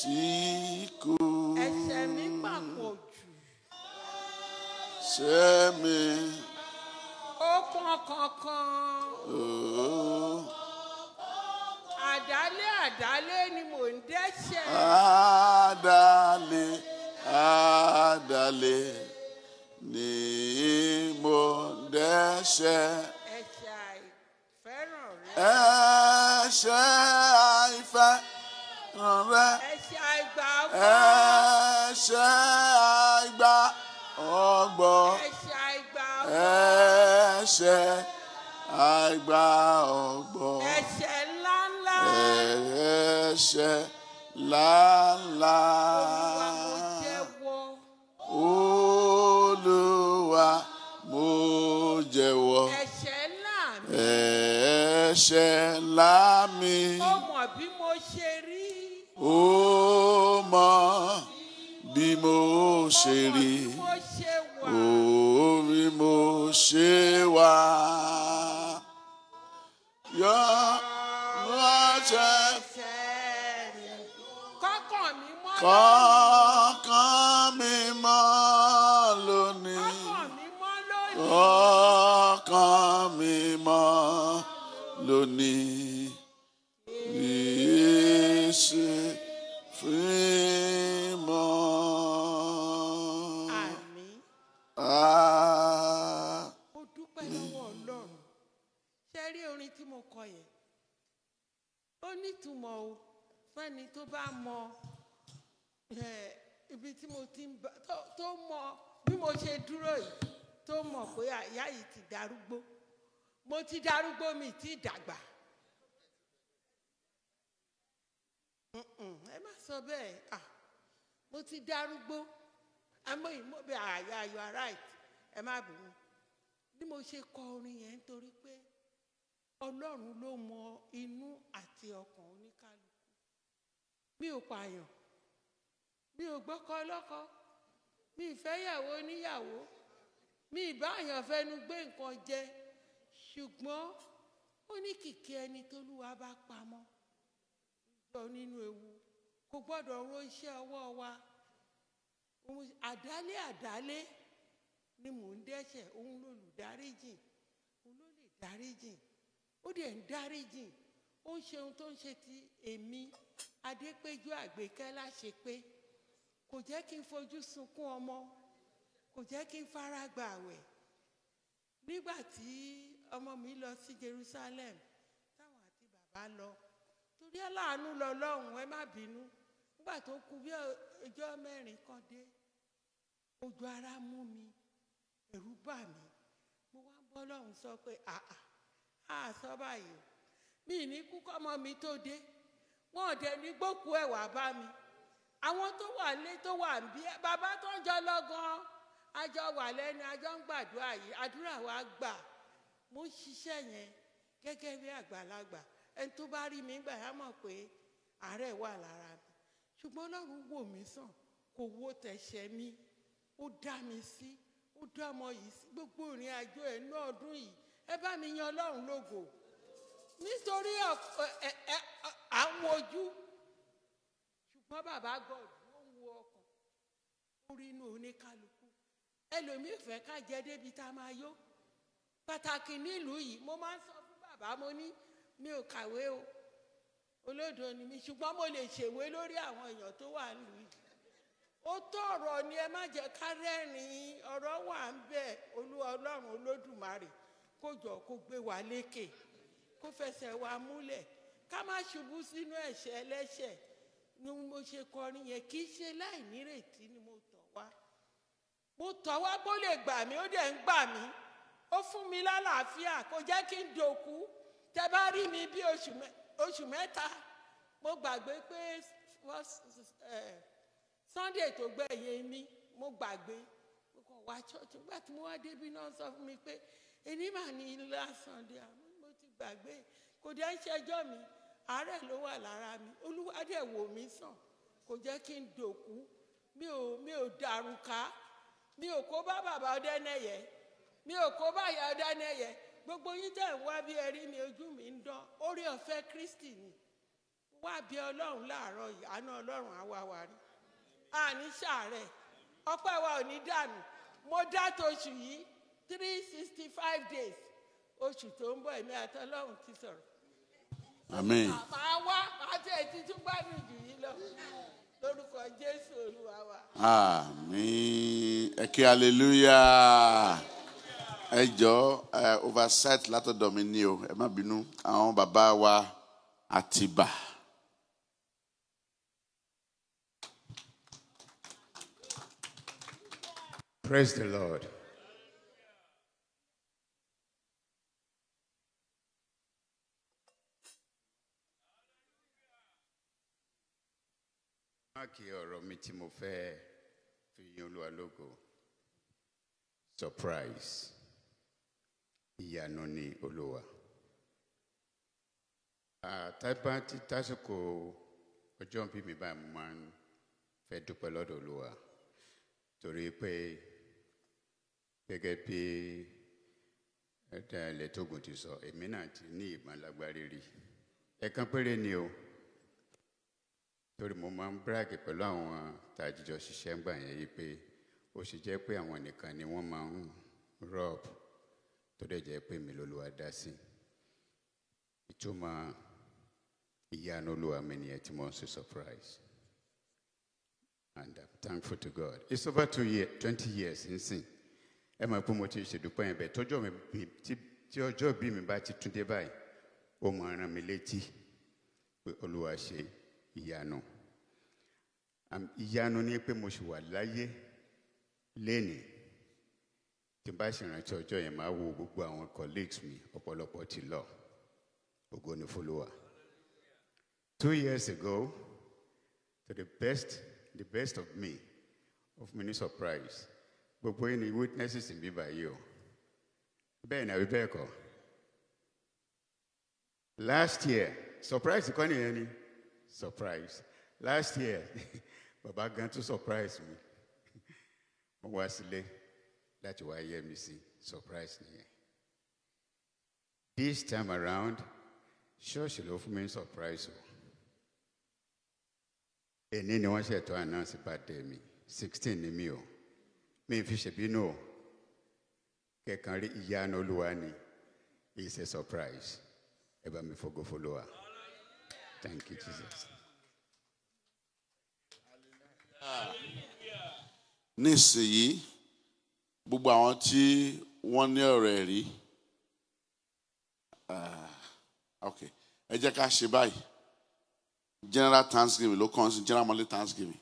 tí kú. ẹ̀ṣẹ̀ mi pàpọ̀ jù. ṣé mi. ó pọn kankan. àdálé àdálé ni mò ń dẹ́ṣẹ̀. àdálé àdálé ni mò ń dẹ́ṣẹ̀. ẹ̀ṣẹ̀ àìfẹ́ràn rẹ. ẹ̀ṣẹ̀ àìfẹ́ràn rẹ fún rẹ. ẹ̀ṣẹ̀ àìgbà ọgbọ́n. ẹ̀ṣẹ̀ àìgbà ọgbọ́n. ẹ̀ṣẹ̀ àìgbà ọgbọ́n. ẹ̀ṣẹ̀ ńláńlá. ẹ̀ṣẹ̀ ńláńlá. olúwa mo jẹ́wọ́. ẹ̀ṣẹ̀ ńlá mi. ẹ̀ṣẹ̀ ńlá mi. ó mo ṣe rí òun ni mo ṣe wá. yọ lọ́jọ́ kọ́kàn mi mọ́ lónìí kọ́kàn mi mọ́ lónìí. fẹ́ni tó bá mọ ibi tí mo ti ń bá tó mọ bí mo ṣe dúró yìí tó mọ̀ pé àyà yìí ti darúgbó mo ti darúgbó mi ti dàgbà. ẹ má sọ bẹ́ẹ̀ mo ti darúgbó àmọ́ ìmọ̀bẹ àyà you are right ẹ má bínú bí mo ṣe kọ orin yẹn nítorí pé ọlọ́run ló mọ inú àti ọkàn mi ò pààyàn mi ò gbọ́kọ lọ́kọ mi ìfẹ́yàwó níyàwó mi ìbáàyàn fẹnu gbé nǹkan jẹ ṣùgbọ́n ó ní kìkì ẹni tólúwa bá pamọ́ jọ nínú ewu kò gbọ́dọ̀ ro iṣẹ́ ọwọ́ wa àdálé àdálé ni mò ń dẹ́ṣẹ̀ òun lolùdáríjìn òun ló lè dáríjìn ó dẹ̀ ń dáríjìn ó ń ṣe ohun tó ń ṣe ti èmi adépéjú àgbékẹ́ láṣẹ pé kò jẹ́ kí n fojú sunkún ọmọ kò jẹ́ kí n fara gba àwẹ̀ nígbà tí ọmọ mi lọ sí Jerusalem táwọn àti bàbá lọ torí aláàánú lọlọ́run ẹ má bínú nígbà tó kù bí ọjọ́ mẹ́rin kan dé ojú ara mú mi ẹ̀rù bà mí mo wá bọ́ lọ́hùn sọ pé àà àà sọ báyìí mi ní kú kọ́mọ mi tó dé wọn ò dẹ̀ ní gbókù ẹ̀ bá mi àwọn tó wà lé tó wà ń bí bàbá tó ń jọ lọ́gán àjọ wà lẹ́nu àjọ ń gbàdúrà yìí àdúrà wa gbà mo ń ṣiṣẹ́ yẹn gẹ́gẹ́ bí àgbàlagbà ẹni tó bá rí mi gbà yá mọ̀ pé àárẹ̀ wà lára mi ṣùgbọ́n ọlọ́run wò mí sàn kò wo tẹ̀sẹ̀ mi ó dá mi sí ó dá ọmọ yìí sí gbogbo ìrìn àjò ẹ̀ ní ọdún yìí ẹ bá mi yan ọlọ́run lógo nítorí à ń wojú ṣùgbọ́n bàbá gọ̀ọ̀dù ó ń wo ọkàn ó rí inú oníkálukú ẹlòmíì fẹ́ ká jẹ débi tá a máa yó pàtàkì nílùú yìí mo máa ń sọ fún bàbá mo ní mi ò kàwé o olódò ni mi ṣùgbọ́n mo lè ṣèwé lórí àwọn èèyàn tó wà nílùú yìí ó tó ọ̀rọ̀ ni ẹ má jẹ́ ká rẹ́rìn-ín ọ̀rọ̀ wà ń bẹ olú ọlọ́run olódùmarè kó jọ kó gbé wa lékè kó fẹsẹ̀ wa múlẹ̀ ká má ṣubú sínú ẹ̀ṣẹ̀ ẹlẹ́ṣẹ̀ ni mo ṣe kọrin yẹn kì í ṣe láì nírètí ni mo tọ̀ wá mo tọ̀ wá bó lè gbà mí ó dẹ̀ ń gbà mí ó fún mi lálàáfíà kò jẹ́ kí n dòkú tẹ bá rí mi bí oṣù mẹ́ta mo gbàgbé pé Sunday tó gbẹ̀yìn mi mo gbàgbé mo kàn wá church nígbà tí mo wá débi náà sọ fún mi pé èyí mà ní last Sunday àmọ́ gbàgbé kò dẹ́ ń ṣẹjọ́ mi àárẹ̀ ló wà lára mi olúwa dẹ̀ wò mí sàn kò jẹ́ kí n dòkú mi ò mi ò dàrú ká mi ò kó bá bàbá ọdẹ́nẹ̀yẹ mi ò kó bá ìyá ọdẹ́nẹ̀yẹ gbogbo yín tẹ̀ ń wá bí ẹrí mi ojú mi ń dán orí ọ̀fẹ́ kristi ni wá bí ọlọ́run láàárọ̀ ìyáná ọlọ́run àwa wà rí àní sàárẹ̀ ọpẹ́ wa ò ní dànù mo dá toṣù yìí three sixty five days oṣù tó ń bọ̀ èmi àtọ́lọ́hún ti sọ̀rọ̀. àmín. màá wá màá ẹtí tún gbádùn jù yín lọ lórúkọ jésù olúwa wa. àmín ẹ kí ẹ jọ oversight látọ̀dọ̀ mi ni o ẹ má bínú àwọn bàbá wa àtìbà. Praise the Lord. máàkì ọ̀rọ̀ mi tí mo fẹ́ fi yìn Olúwa lógo surprise ìyanu ni Olúwa àtàbá tí tásìkò ọjọ́ bí mi báyìí mo máa ń fẹ́ dúpẹ́ lọ́dọ̀ Olúwa torí pé gẹ́gẹ́ bí ẹ̀dá ilẹ̀ tógun ti sọ èmi náà ti ní ìmọ̀lágbárí rí ẹ̀kan péré ni o. torí mo máa ń brag pẹ̀lú àwọn tá a jíjọ ṣiṣẹ́ ńgbà yẹn yìí pé ó ṣe jẹ́ pé àwọn nìkan ni wọ́n máa ń rọ́ọ̀b tó dẹ̀ jẹ́ pé mi lolúwa dá sí ìtumọ̀ ìyanu olúwa mi nìyẹn tí mo ń ṣe surprise and I'm thankful to God it's over two years twenty years since ẹ máa pé mo ti ṣèdúpẹ́ yẹn bẹ́ẹ̀ tọ́jọ́ mi tí ọjọ́ bí mi bá ti tún dé báyìí ó máa rán mi létí pé olúwa ṣe é. ìyanu ìyanu ni pé mo ṣì wà láyé lénìí tí n bá sì rántí ọjọ́ yẹn máa wo gbogbo àwọn colleagues mi ọ̀pọ̀lọpọ̀ ti lọ ògo ni fúlùwà. Two years ago to the best the best of me of many surprise gbogbo yìí ni witnesses ń bí báyìí o bẹ́ẹ̀ ni àbí bẹ́ẹ̀ kọ́ last year surprise kọ́ nìyẹn ni. Yani. surprise. Last year, Bàbá gan to surprise mi. Mo wá sílé láti wá yẹ surprise me. This time around, sure she fún mi surprise And then ni wọ́n ṣètò announce about me, sixteen ni mi o. Mi fi ṣèbínú o. Kẹ̀kan no Luani, Anolúwa ni, it's a surprise. Ẹ bá mi fọgọ́fọlọ́wà. Thank you, Jesus. Nisi gbogbo àwọn tí wọ́n ní ah, okay ẹ jẹ́ general thanksgiving ló general monthly thanksgiving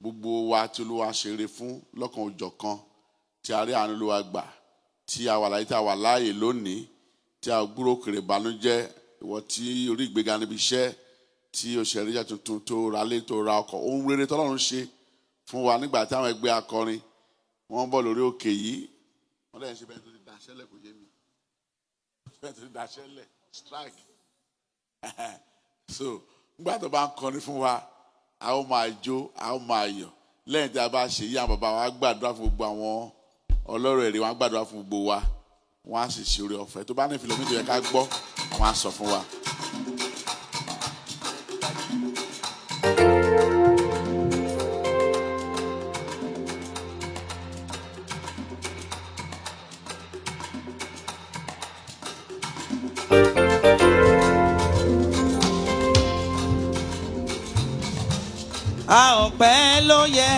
Bubu wa tí olúwa ṣeré fún lọ́kàn òjọ̀ kan tí a rí àánú ti gbà tí a wà láyé tí a wà ìwọ tí orí ìgbéga níbi iṣẹ́ tí òṣèré tuntun tó ra lé tó ra ọkọ̀ ohun rere tọ́lọ́run ṣe fún wa nígbà tí àwọn ẹgbẹ́ akọrin wọ́n bọ̀ lórí òkè yìí wọ́n lẹ́yìn ṣe bẹ́ẹ̀ tó ti daṣẹ́lẹ̀ kò yé mi bẹ́ẹ̀ tó ti daṣẹ́lẹ̀ strike so nígbà tó bá ń kọrin fún wa a ó máa jó a ó máa yọ̀ lẹ́yìn tí a bá ṣe yí àwọn bàbá wa gbàdúrà fún gbogbo àwọn ọlọ́rọ̀ èrè wa gbàdúrà fún gbogbo wa wọ́n á sì ṣeré ọ̀fẹ́ tó bá ní ìfìlẹ̀ nítorí ká gbọ́ wọ́n á sọ fún wa. a ọpẹ́ ló yẹ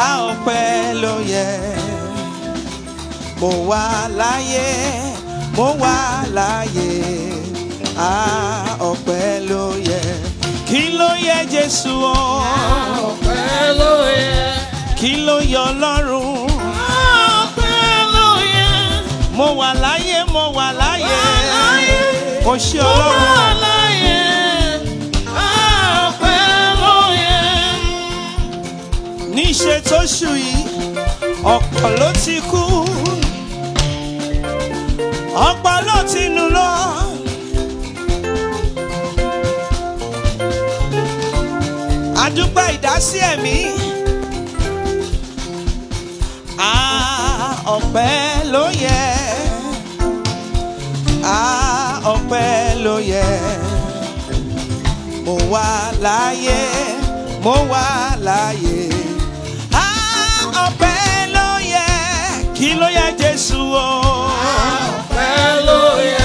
a ọpẹ́ ló yẹ mo wà láyé mo wà láyé a ọpẹ́ ló yẹ kí ló yẹ Jésù o ọpẹ́ ló yẹ kí ló yẹ Ọlọ́run ọpẹ́ ló yẹ mo wà láyé mo wà láyé o ṣé Ọlọ́run. níṣe tó ṣù yìí ọ̀pọ̀ ló ti kú ọ̀pọ̀ ló ti nù lọ. àdúgbò ìdásí ẹ̀mí ọpẹ́ ló yẹ ọpẹ́ ló yẹ mo wà láyé mo kí ló yẹ Jésù o. Hallelujah.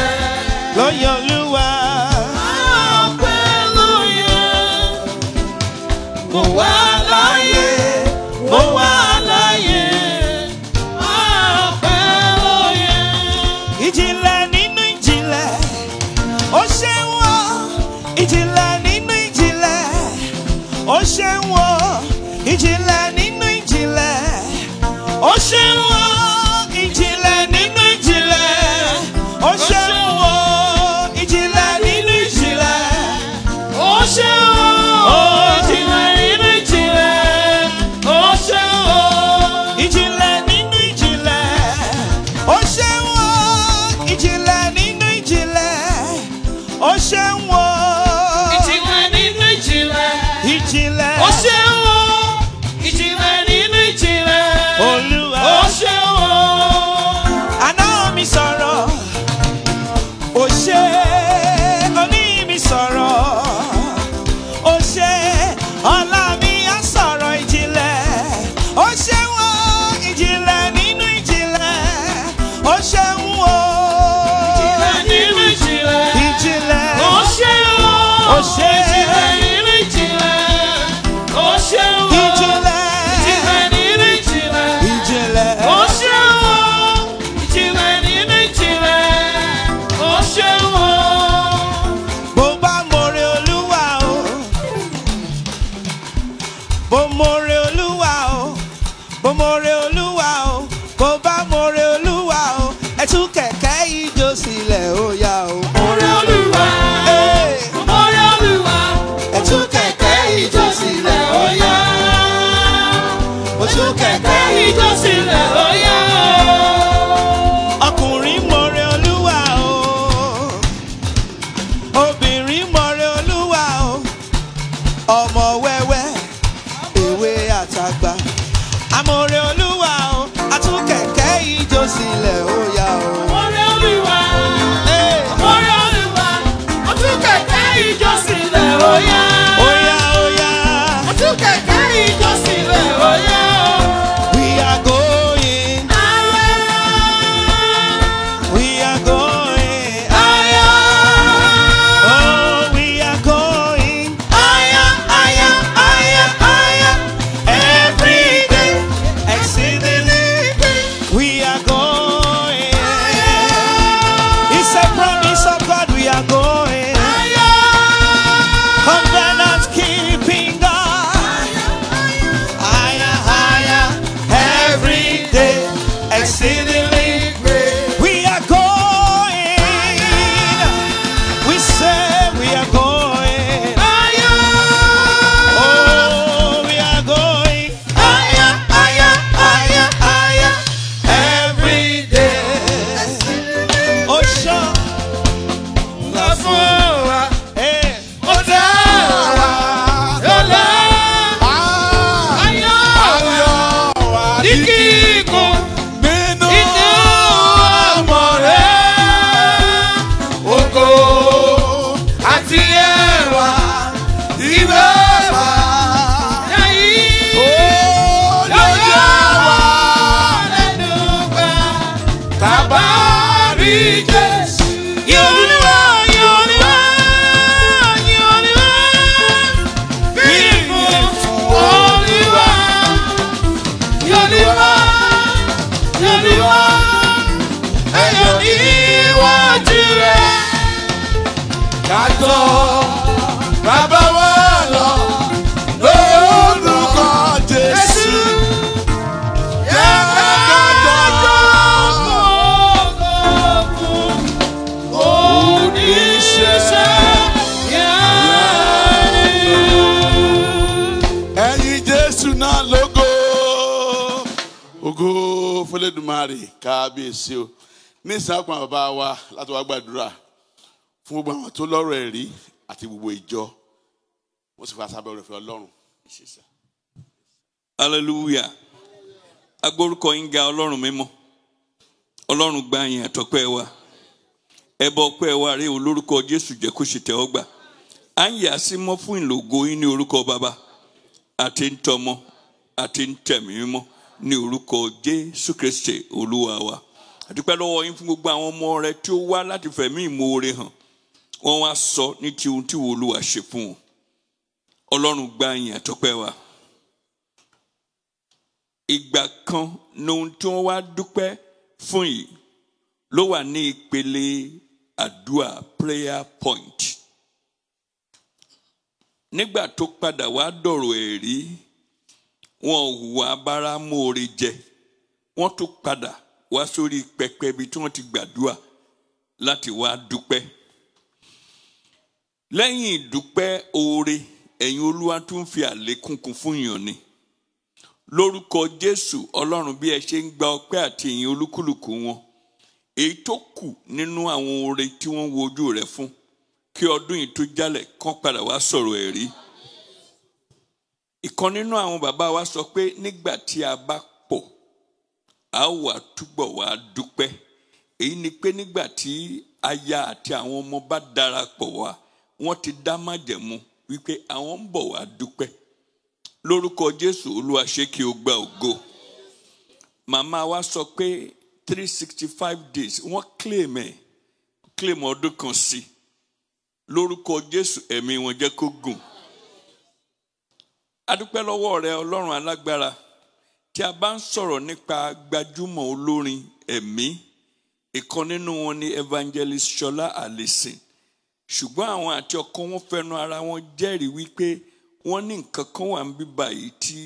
ọ̀fẹ́ ọlọ́run. hallelujah agbórúkọ yín ga ọlọ́run mímọ́ ọlọ́run gba yín àtọ́pẹ́ wa ẹbọ ọpẹ́ wa rèé olórúkọ jésù jẹ́ kó sì tẹ́ ọ gbà à ń yà sí mọ́ fún ìlògo yín ní orúkọ bàbá àti ń tọmọ àti ń tẹ̀mí mímọ́ ní orúkọ jésù kristi olúwa wa àdúpẹ́ lọ́wọ́ yín fún gbogbo àwọn ọmọ rẹ tí ó wá láti fẹ̀mí ìmoore hàn wọ́n wá sọ ní ti ohun tí wo ṣe fún wọn ọlọ́run gba ìyìn àtọ́pẹ́ wa ìgbà kan lohun tí wọ́n wá dúpẹ́ fún yìí ló wà ní ìpele àdúrà prayer point nígbà tó padà wá dọ̀rọ̀ ẹ̀rí wọn ò wá bára mọ́ọ̀rẹ́ jẹ wọ́n tún padà wá sórí pẹpẹ ibi tí wọ́n ti gbàdúrà láti wá dúpẹ́ lẹ́yìn ìdúpẹ́ oore ẹ̀yin olúwa tún fi àlékún kún fún yàn ni lórúkọ jésù ọlọ́run bí ẹ ṣe ń gba ọpẹ́ àti ìyìn olúkúlùkù wọn èyí tó kù nínú àwọn oore tí wọ́n wo ojú rẹ̀ fún kí ọdún yìí tó jálẹ̀ kán padà wá sọ̀rọ̀ ẹ̀rí ìkan nínú àwọn bàbá wa sọ pé nígbà tí a bá pọ̀ a ó wà túbọ̀ wá dúpẹ́ èyí ni pé nígbà tí aya àti àwọn ọmọ bá darapọ̀ wá wọ́n ti dá májẹ̀mú wípé àwọn ń bọ̀ wá dúpẹ́ lórúkọ Jésù Olúwa ṣé kí o gba ògo màmá wa sọ pé three sixty five days wọ́n claim ẹ̀ claim ọdún kan sí lórúkọ Jésù ẹ̀mí wọn jẹ́ kó gùn adúpẹ́ lọ́wọ́ rẹ Ọlọ́run alágbára tí a bá ń sọ̀rọ̀ nípa gbajúmọ̀ olórin ẹ̀mí ìkan nínú wọn ni evangelist Ṣọlá Allyson ṣùgbọ́n àwọn àti ọkọ wọn fẹnu ara wọn jẹ́rìí wípé wọ́n ní nǹkan kan wà ń bí báyìí tí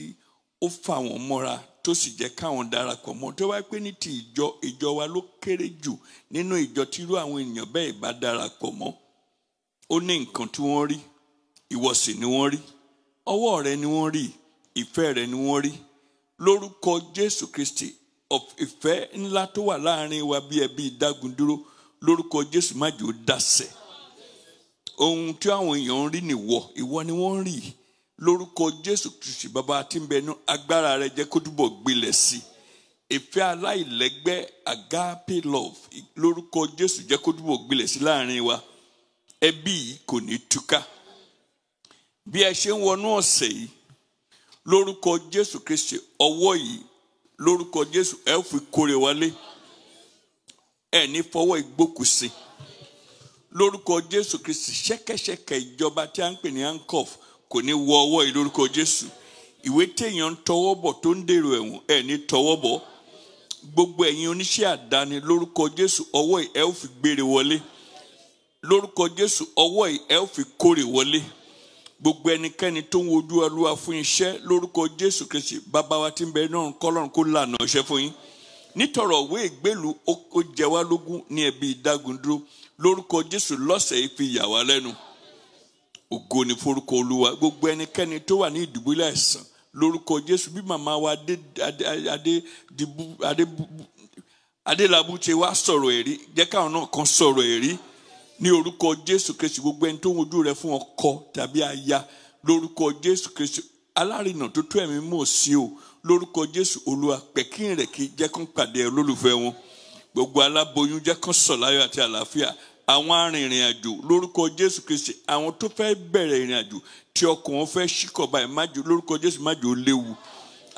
ó fà wọ́n mọ́ra tó sì jẹ́ káwọn darapọ̀ mọ́ tó bá pé ní ti ìjọ ìjọ wa ló kéré jù nínú ìjọ tírú àwọn èèyàn bẹ́ẹ̀ bá darapọ̀ mọ́ ó ní nǹkan tí wọ́n rí ìwọ ni wọ́n rí ọwọ́ rẹ ni wọ́n rí ìfẹ́ rẹ ni wọ́n rí lórúkọ Jésù Kristi ìfẹ́ ńlá tó wà láàrin wa bí ẹbí ìdágundúró lórúkọ Jésù má jò ohun tí àwọn èèyàn rí nìwọ ìwọ ni wọ́n ń rí lórúkọ Jésù Kristi bàbá tí ń bẹnu agbára rẹ jẹ́ kó túbọ̀ gbilẹ̀ sí i ìfẹ́ aláìlẹ́gbẹ́ agape love lórúkọ Jésù jẹ́ kó túbọ̀ gbilẹ̀ sí láàrin wa ẹbí yìí kò ní túká bí ẹ ṣe ń wọnú ọ̀sẹ̀ yìí lórúkọ Jésù Kristi ọwọ́ yìí lórúkọ Jésù ẹ fi kórè wálé ẹ ní fọwọ́ ìgbókùsí lórúkọ jésù kristi ṣẹ́kẹ́ṣẹkẹ̀ ìjọba tí a ń pè ní ankoff kò ní wọ ọwọ́ yìí lórúkọ jésù ìwé téèyàn ń tọwọ́ bọ̀ tó ń dèrò ẹ̀wọ̀n ẹ̀ ní tọwọ́ bọ̀ gbogbo ẹ̀yin oníṣẹ́ àdáni lórúkọ jésù ọwọ́ yìí ẹ ó fi gbére wọlé lórúkọ jésù ọwọ́ yìí ẹ ó fi kórè wọlé gbogbo ẹnikẹ́ni tó ń wojú olúwa fún iṣẹ́ lórúkọ jésù kristi bàbá wa tí ń bẹ náà kọ́lọ́run kó lànà iṣẹ́ fún yín nítorọ̀ òwe ìgbélú ó jẹ wá lógún ní ẹbí ìdágundúró lórúkọ jésù lọ́sẹ̀ yìí fi yà wá lẹ́nu ògo ni forúkọ olúwa gbogbo ẹnikẹ́ni tó wà ní ìdùbúlẹ̀ àìsàn lórúkọ jésù bí màmá wa adé adé adé dìbú adé adélábù ṣe wá sọ̀rọ̀ ẹ̀rí jẹ́ káwọn náà kan sọ̀rọ̀ ẹ̀rí ní orúkọ jésù kristu gbogbo ẹni tó ń wojú rẹ fún ọkọ tàbí aya lórúkọ jésù kristu alárinà tó tó ẹ̀mí mọ̀ sí o lórúkọ jésù olúwa pẹ̀kín jẹ́ kán pàdé olólùfẹ́ wọn gbogbo aláboyún jẹ́ kán sọ̀ láyọ̀ àti àlàáfíà àwọn arìnrìn àjò lórúkọ jésù kristi àwọn tó fẹ́ bẹ̀rẹ̀ ìrìn àjò tí ọkàn wọn fẹ́ ṣíkọ̀ báyìí májò lórúkọ jésù májò léwu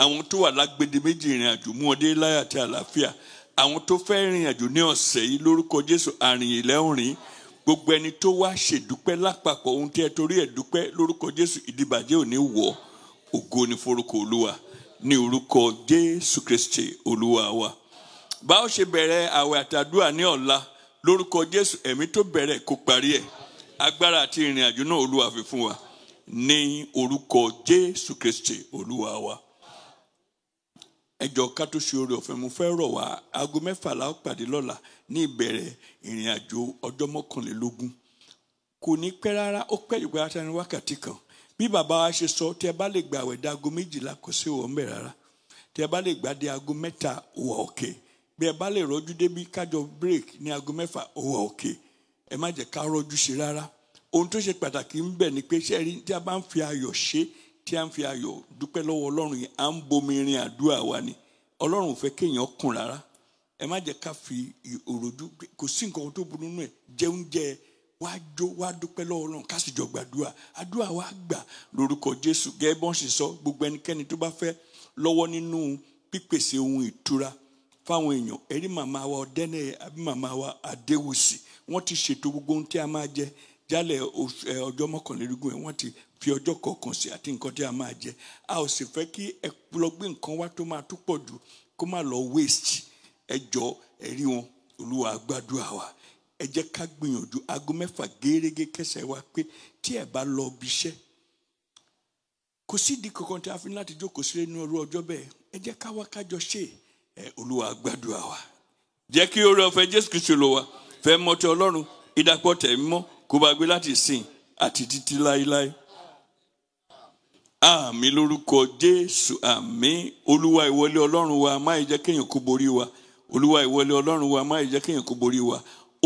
àwọn tó wà lágbede méjì ìrìn àjò mú ọdẹ láyọ̀ àti àlàáfíà àwọn tó fẹ́ rìn àjò ní ọ̀sẹ̀ yìí lórúkọ jésù àrìn ìlẹ́ọ̀rìn gbogbo ẹni tó wá ṣèdúpẹ́ lápapọ̀ ohun tí ẹ torí ẹ̀ dúpẹ́ lórúkọ jésù ìdìbàjẹ́ ò ní ògo ni forúkọ olúwa ní orúkọ jésù kristi olúwa wa. bá ó ṣe bẹ̀rẹ̀ àwẹ̀ àtàdúrà ní ọ̀la lórúkọ jésù ẹ̀mí tó bẹ̀rẹ̀ kó parí ẹ̀ agbára àti ìrìn àjò náà olúwa fi fún wa ní orúkọ jésù kristi olúwa wa ẹjọ ká tó ṣe mo fẹ́ rọ̀ wá aago mẹ́fà la pàdé lọ́la ní ìbẹ̀rẹ̀ ìrìn àjò kò ní rárá kan bí bàbá wa ṣe sọ tí ẹ bá lè gbà aago méjìlá sí ìwọ̀n bí ẹ bá lè rọjú débi kájọ break ní aago mẹ́fà ó wà òkè ẹ má jẹ́ ká rọjú ṣe rárá ohun tó ṣe pàtàkì ń bẹ ni pé ṣe rí tí a bá ń fi ayọ̀ ṣe tí a ń fi ayọ̀ dúpẹ́ lọ́wọ́ ọlọ́run yìí à ń bomi rin àdúrà wa ni ọlọ́run ò fẹ́ kéèyàn kùn rárá ẹ má jẹ́ ká fi òròjú kò sí nǹkan tó burú nù ẹ̀ jẹ oúnjẹ wá jó wá dúpẹ́ lọ́wọ́ ọlọ́run ká sì jọ gbàdúrà àdúrà wa gbà lórúkọ jésù gẹ́gẹ́ bọ́n ṣe sọ gbogbo ẹnikẹ́ni tó bá fẹ́ lọ́wọ́ nínú pípèsè ohun ìtura fáwọn èèyàn ẹ̀rí màmá wa ọ̀dẹ́nẹ̀ àbí màmá wa Adéwùsì wọ́n ti ṣètò gbogbo ohun tí a máa jẹ jálẹ̀ ọjọ́ mọ́kànlélógún ẹ̀ wọ́n ti fi ọjọ́ kọ̀ọ̀kan sí àti nǹkan tí a máa jẹ a ò sì fẹ́ kí ẹ lọ gbé nǹkan wá tó máa tó pọ̀ jù kó má lọ waste ẹ jọ ẹ̀rí wọn Olúwa gbàdúrà wa ẹ jẹ́ ká gbìyànjú aago mẹ́fà gẹ́rẹ́gẹ́ kẹsẹ̀ wa pé tí ẹ bá lọ bí iṣẹ́ kò sídìí kankan tí a fi láti jókòó sílé ní ọrú ọjọ́ bẹ́ẹ̀ ẹ jẹ́ ká wá ká ṣe é olúwa gbàdúrà wa jẹ́ kí oore ọ̀fẹ́ jésù kìí ṣe lò wá fẹ́ mọ́tò ọlọ́run ìdàpọ̀ tẹ̀mí mọ́ kó bá gbé láti sìn àti títí láéláé àmì lórúkọ jésù àmì olúwa ìwọlé ọlọ́run wa má jẹ́ kéèyàn kó borí wa olúwa ìwọlé ọlọ́run wa má jẹ́ kéèyàn kó borí wa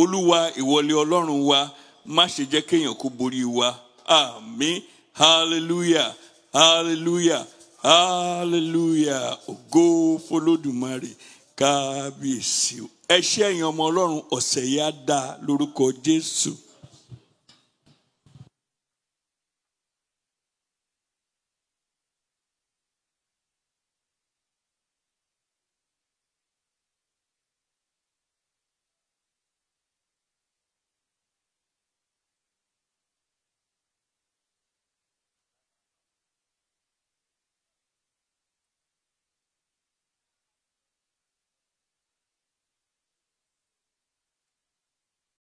olúwa ìwọlé ọlọ́run wa má ṣe jẹ́ kéèyàn kó borí wa àmì hallelujah hallelujah hallelujah ògo fọlọ́dùmarè kábíyèsí ẹ̀ṣẹ̀ ẹ̀yàn ọmọ ọlọ́run ọ̀sẹ̀ yá dáa lórúkọ jésù.